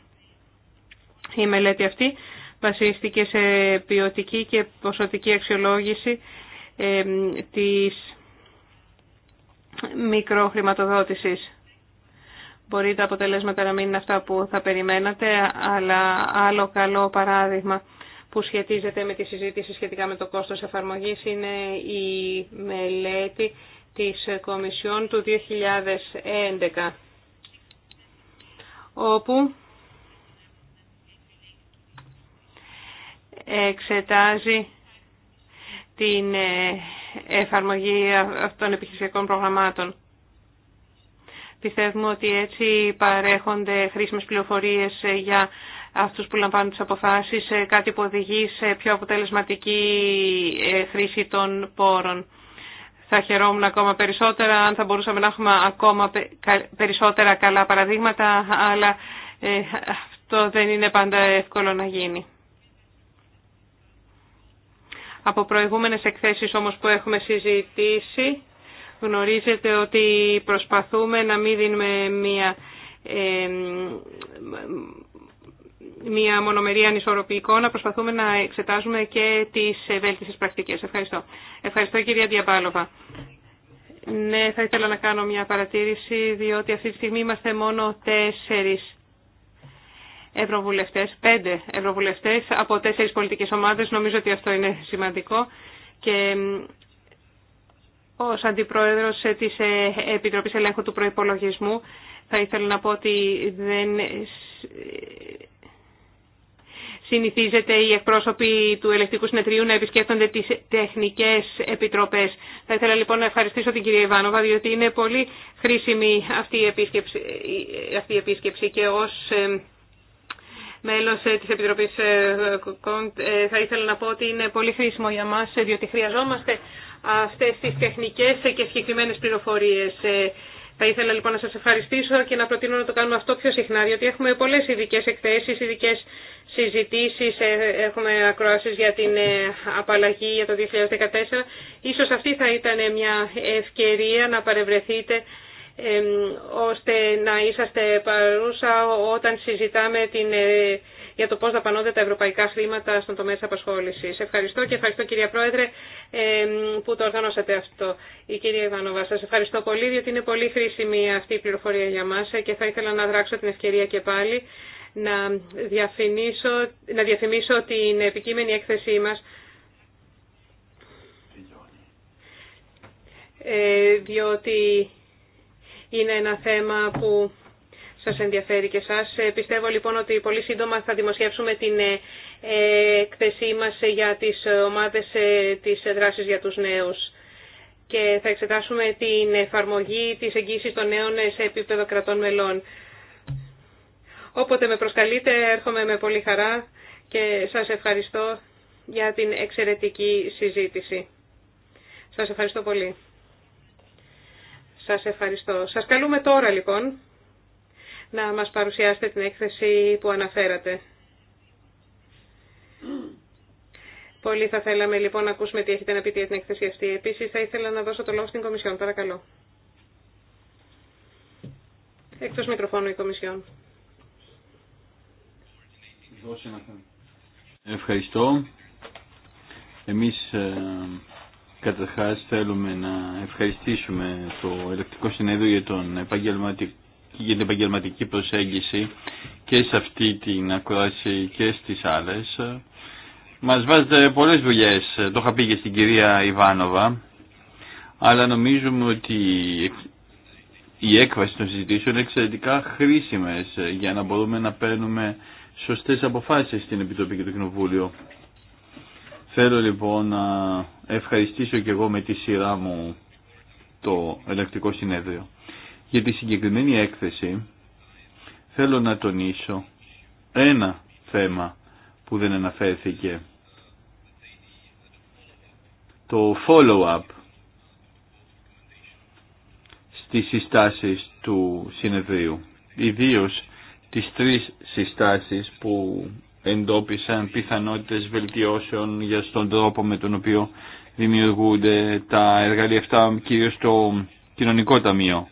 Η μελέτη αυτή βασίστηκε σε ποιοτική και ποσοτική αξιολόγηση της μικροχρηματοδότησης. Μπορεί τα αποτελέσματα να μην είναι αυτά που θα περιμένατε, αλλά άλλο καλό παράδειγμα που σχετίζεται με τη συζήτηση σχετικά με το κόστος εφαρμογής είναι η μελέτη της Κομισιόν του 2011, όπου εξετάζει την ε, εφαρμογή αυτών επιχειρησιακών προγραμμάτων. Πιστεύουμε ότι έτσι παρέχονται χρήσιμες πληροφορίες ε, για αυτούς που λαμβάνουν τις αποφάσεις, ε, κάτι που οδηγεί σε πιο αποτελεσματική χρήση των πόρων. Θα χαιρόμουν ακόμα περισσότερα, αν θα μπορούσαμε να έχουμε ακόμα περισσότερα καλά παραδείγματα, αλλά αυτό δεν είναι πάντα εύκολο να γίνει. Από προηγούμενες εκθέσεις όμως που έχουμε συζητήσει γνωρίζετε ότι προσπαθούμε να μην δίνουμε μία, ε, μία μονομερή ανισορροπή εικόνα. προσπαθούμε να εξετάζουμε και τις ευέλτιστες πρακτικές. Ευχαριστώ. Ευχαριστώ κυρία Διαμπάλοβα. Ναι, θα ήθελα να κάνω μια παρατήρηση, διότι αυτή τη στιγμή είμαστε μόνο τέσσερις Ευρωβουλευτέ, πέντε ευρωβουλευτέ από τέσσερις πολιτικές ομάδες. Νομίζω ότι αυτό είναι σημαντικό. Και ω Αντιπρόεδρος τη ε, Επιτροπής Ελέγχου του Προπολογισμού, θα ήθελα να πω ότι δεν συνηθίζεται οι εκπρόσωποι του Ελεκτικού Συνεδρίου να επισκέπτονται τις τεχνικές επιτροπές. Θα ήθελα λοιπόν να ευχαριστήσω την κυρία Ιβάνοβα, διότι είναι πολύ χρήσιμη αυτή η επίσκεψη, αυτή η επίσκεψη και ως ε, μέλος ε, της Επιτροπής ε, Κοντ, ε, θα ήθελα να πω ότι είναι πολύ χρήσιμο για μας, διότι χρειαζόμαστε αυτές τις τεχνικές και συγκεκριμένε πληροφορίες. Θα ήθελα λοιπόν να σας ευχαριστήσω και να προτείνω να το κάνουμε αυτό πιο συχνά, διότι έχουμε πολλές ειδικέ εκθέσεις, ειδικέ συζητήσεις, έχουμε ακροάσεις για την απαλλαγή για το 2014. Ίσως αυτή θα ήταν μια ευκαιρία να παρευρεθείτε ώστε να είσαστε παρούσα όταν συζητάμε την, ε, για το πώς δαπανώνται τα ευρωπαϊκά χρήματα στον τομέα της απασχόλησης. Ευχαριστώ και ευχαριστώ κυρία Πρόεδρε που το οργανώσατε αυτό. Η κυρία Ιβάνοβα, σας ευχαριστώ πολύ διότι είναι πολύ χρήσιμη αυτή η πληροφορία για μας και θα ήθελα να δράξω την ευκαιρία και πάλι να, διαφημίσω, να την επικείμενη έκθεσή μας ε, διότι είναι ένα θέμα που σας ενδιαφέρει και σας. Ε, πιστεύω λοιπόν ότι πολύ σύντομα θα δημοσιεύσουμε την ε, εκθεσή μας ε, για τις ομάδες της δράσης για τους νέους και θα εξετάσουμε την εφαρμογή της εγγύησης των νέων σε επίπεδο κρατών μελών. Όποτε με προσκαλείτε έρχομαι με πολύ χαρά και σας ευχαριστώ για την εξαιρετική συζήτηση. Σας ευχαριστώ πολύ. Σας ευχαριστώ. Σας καλούμε τώρα λοιπόν να μας παρουσιάσετε την έκθεση που αναφέρατε. Πολύ θα θέλαμε λοιπόν να ακούσουμε τι έχετε να πείτε για την έκθεση αυτή. Επίσης θα ήθελα να δώσω το λόγο στην Κομισιόν. Παρακαλώ. Εκτός μικροφώνου η Κομισιόν. Ευχαριστώ. Εμείς ε, Καταρχά θέλουμε να ευχαριστήσουμε το Ελεκτικό Συνέδριο για, τον για την επαγγελματική προσέγγιση και σε αυτή την ακρόαση και στις άλλες. Μας βάζετε πολλές δουλειές, το είχα πει και στην κυρία Ιβάνοβα, αλλά νομίζουμε ότι η έκβαση των συζητήσεων είναι εξαιρετικά χρήσιμες για να μπορούμε να παίρνουμε σωστές αποφάσεις στην Επιτροπή και το Κοινοβούλιο. Θέλω λοιπόν να ευχαριστήσω και εγώ με τη σειρά μου το ελεκτικό συνέδριο. Για τη συγκεκριμένη έκθεση θέλω να τονίσω ένα θέμα που δεν αναφέρθηκε. Το follow-up στις συστάσεις του συνεδρίου. Ιδίως τις τρεις συστάσεις που εντόπισαν πιθανότητες βελτιώσεων για στον τρόπο με τον οποίο δημιουργούνται τα εργαλεία αυτά κυρίως στο κοινωνικό ταμείο.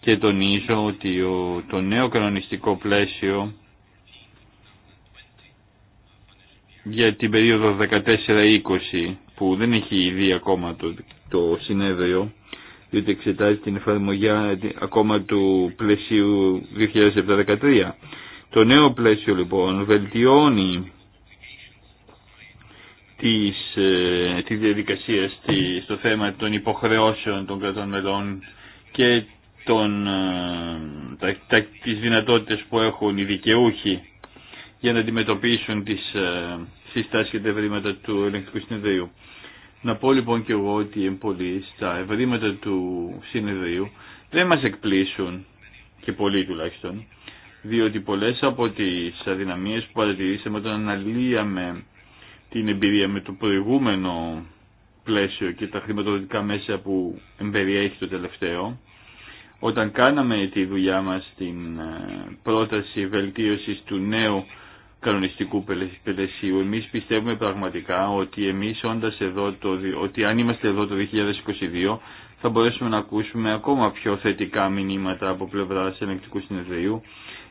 Και τονίζω ότι το νέο κανονιστικό πλαίσιο για την περίοδο 14-20 που δεν έχει δει ακόμα το, συνέδριο διότι εξετάζει την εφαρμογή ακόμα του πλαισίου 2013. Το νέο πλαίσιο λοιπόν βελτιώνει της, ε, της διαδικασίας στη στο θέμα των υποχρεώσεων των κρατών μελών και των, ε, τα, τις δυνατότητες που έχουν οι δικαιούχοι για να αντιμετωπίσουν τις ε, συστάσεις και τα ευρήματα του ελεγκτικού συνεδρίου. Να πω λοιπόν και εγώ ότι πολύ στα ευρήματα του συνεδρίου δεν μας εκπλήσουν και πολύ τουλάχιστον διότι πολλές από τις αδυναμίες που παρατηρήσαμε όταν αναλύαμε την εμπειρία με το προηγούμενο πλαίσιο και τα χρηματοδοτικά μέσα που εμπεριέχει το τελευταίο, όταν κάναμε τη δουλειά μας την ε, πρόταση βελτίωσης του νέου κανονιστικού πελεσίου, εμείς πιστεύουμε πραγματικά ότι εμείς όντας εδώ το, ότι αν είμαστε εδώ το 2022 θα μπορέσουμε να ακούσουμε ακόμα πιο θετικά μηνύματα από πλευράς ελεκτικού συνεδρίου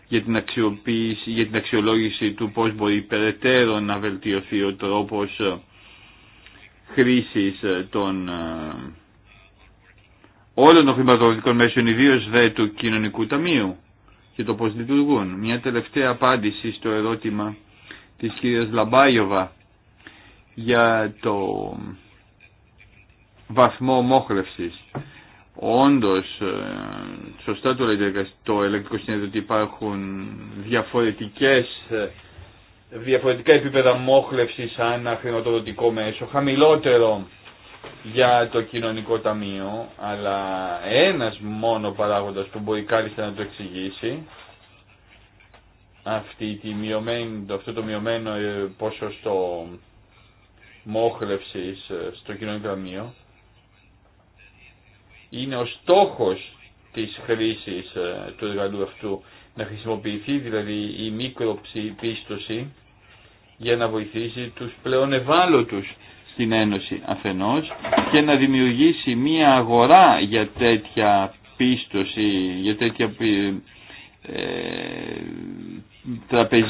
για την, αξιοποίηση, για την αξιολόγηση του πώς μπορεί περαιτέρω να βελτιωθεί ο τρόπος ε, χρήσης ε, των ε, όλων των χρηματοδοτικών μέσων, ιδίω δε του κοινωνικού ταμείου και το πώς λειτουργούν. Μια τελευταία απάντηση στο ερώτημα της κυρίας Λαμπάγιοβα για το βαθμό μόχλευσης. Όντω, ε, σωστά το λέτε ε, το ελεκτικό συνέδριο ότι υπάρχουν διαφορετικές ε, διαφορετικά επίπεδα μόχλευσης σαν χρηματοδοτικό μέσο, χαμηλότερο για το κοινωνικό ταμείο, αλλά ένας μόνο παράγοντας που μπορεί κάλλιστα να το εξηγήσει αυτή τη μειωμένη, αυτό το μειωμένο ποσοστό μόχλευσης στο κοινωνικό ταμείο είναι ο στόχος της χρήσης ε, του εργαλείου αυτού να χρησιμοποιηθεί δηλαδή η μικροψη πίστοση για να βοηθήσει τους πλέον ευάλωτους στην Ένωση αφενός και να δημιουργήσει μία αγορά για τέτοια πίστοση, για τέτοια ε,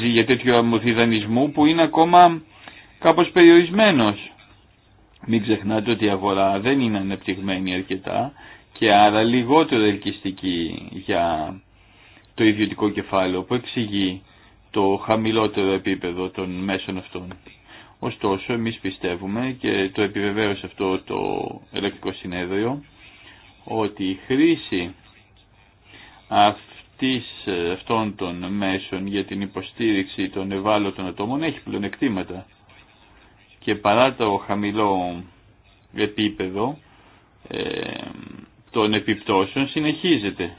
για τέτοιο αμορφιδανισμό που είναι ακόμα κάπως περιορισμένος. Μην ξεχνάτε ότι η αγορά δεν είναι ανεπτυγμένη αρκετά και άρα λιγότερο ελκυστική για το ιδιωτικό κεφάλαιο που εξηγεί το χαμηλότερο επίπεδο των μέσων αυτών. Ωστόσο, εμείς πιστεύουμε και το επιβεβαίωσε αυτό το ελεκτικό συνέδριο ότι η χρήση αυτής, αυτών των μέσων για την υποστήριξη των ευάλωτων ατόμων έχει πλεονεκτήματα και παρά το χαμηλό επίπεδο ε, των επιπτώσεων συνεχίζεται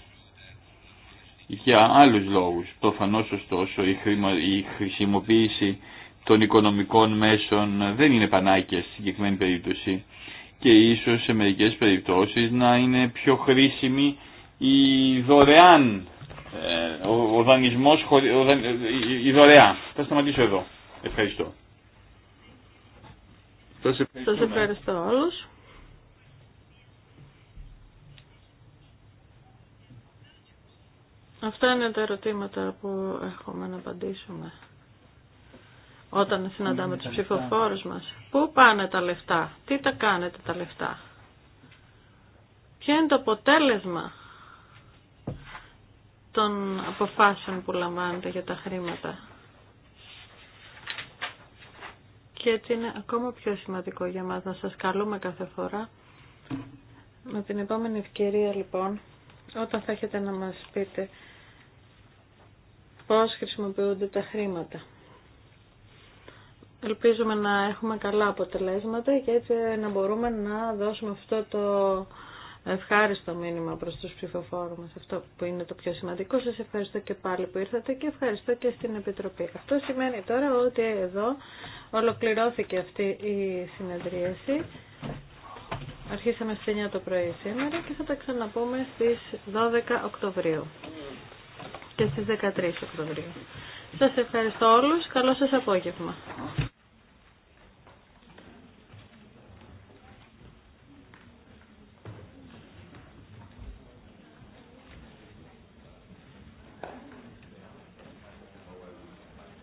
για άλλους λόγους. Προφανώς ωστόσο η χρησιμοποίηση των οικονομικών μέσων δεν είναι πανάκια στην συγκεκριμένη περίπτωση και ίσως σε μερικές περιπτώσεις να είναι πιο χρήσιμη η δωρεάν, ε, ο δανεισμός, ε, η δωρεά. Θα σταματήσω εδώ. Ευχαριστώ. Σας ευχαριστώ, Σας όλους. Αυτά είναι τα ερωτήματα που έχουμε να απαντήσουμε όταν συναντάμε τους ψηφοφόρους μας. Πού πάνε τα λεφτά, τι τα κάνετε τα λεφτά, ποιο είναι το αποτέλεσμα των αποφάσεων που λαμβάνετε για τα χρήματα. Και έτσι είναι ακόμα πιο σημαντικό για μας να σας καλούμε κάθε φορά. Με την επόμενη ευκαιρία λοιπόν, όταν θα έχετε να μας πείτε πώς χρησιμοποιούνται τα χρήματα. Ελπίζουμε να έχουμε καλά αποτελέσματα και έτσι να μπορούμε να δώσουμε αυτό το ευχάριστο μήνυμα προς τους ψηφοφόρους μας, αυτό που είναι το πιο σημαντικό. Σας ευχαριστώ και πάλι που ήρθατε και ευχαριστώ και στην Επιτροπή. Αυτό σημαίνει τώρα ότι εδώ ολοκληρώθηκε αυτή η συνεδρίαση. Αρχίσαμε στις 9 το πρωί σήμερα και θα τα ξαναπούμε στις 12 Οκτωβρίου και στις 13 Οκτωβρίου. Σας ευχαριστώ όλους. Καλό σας απόγευμα.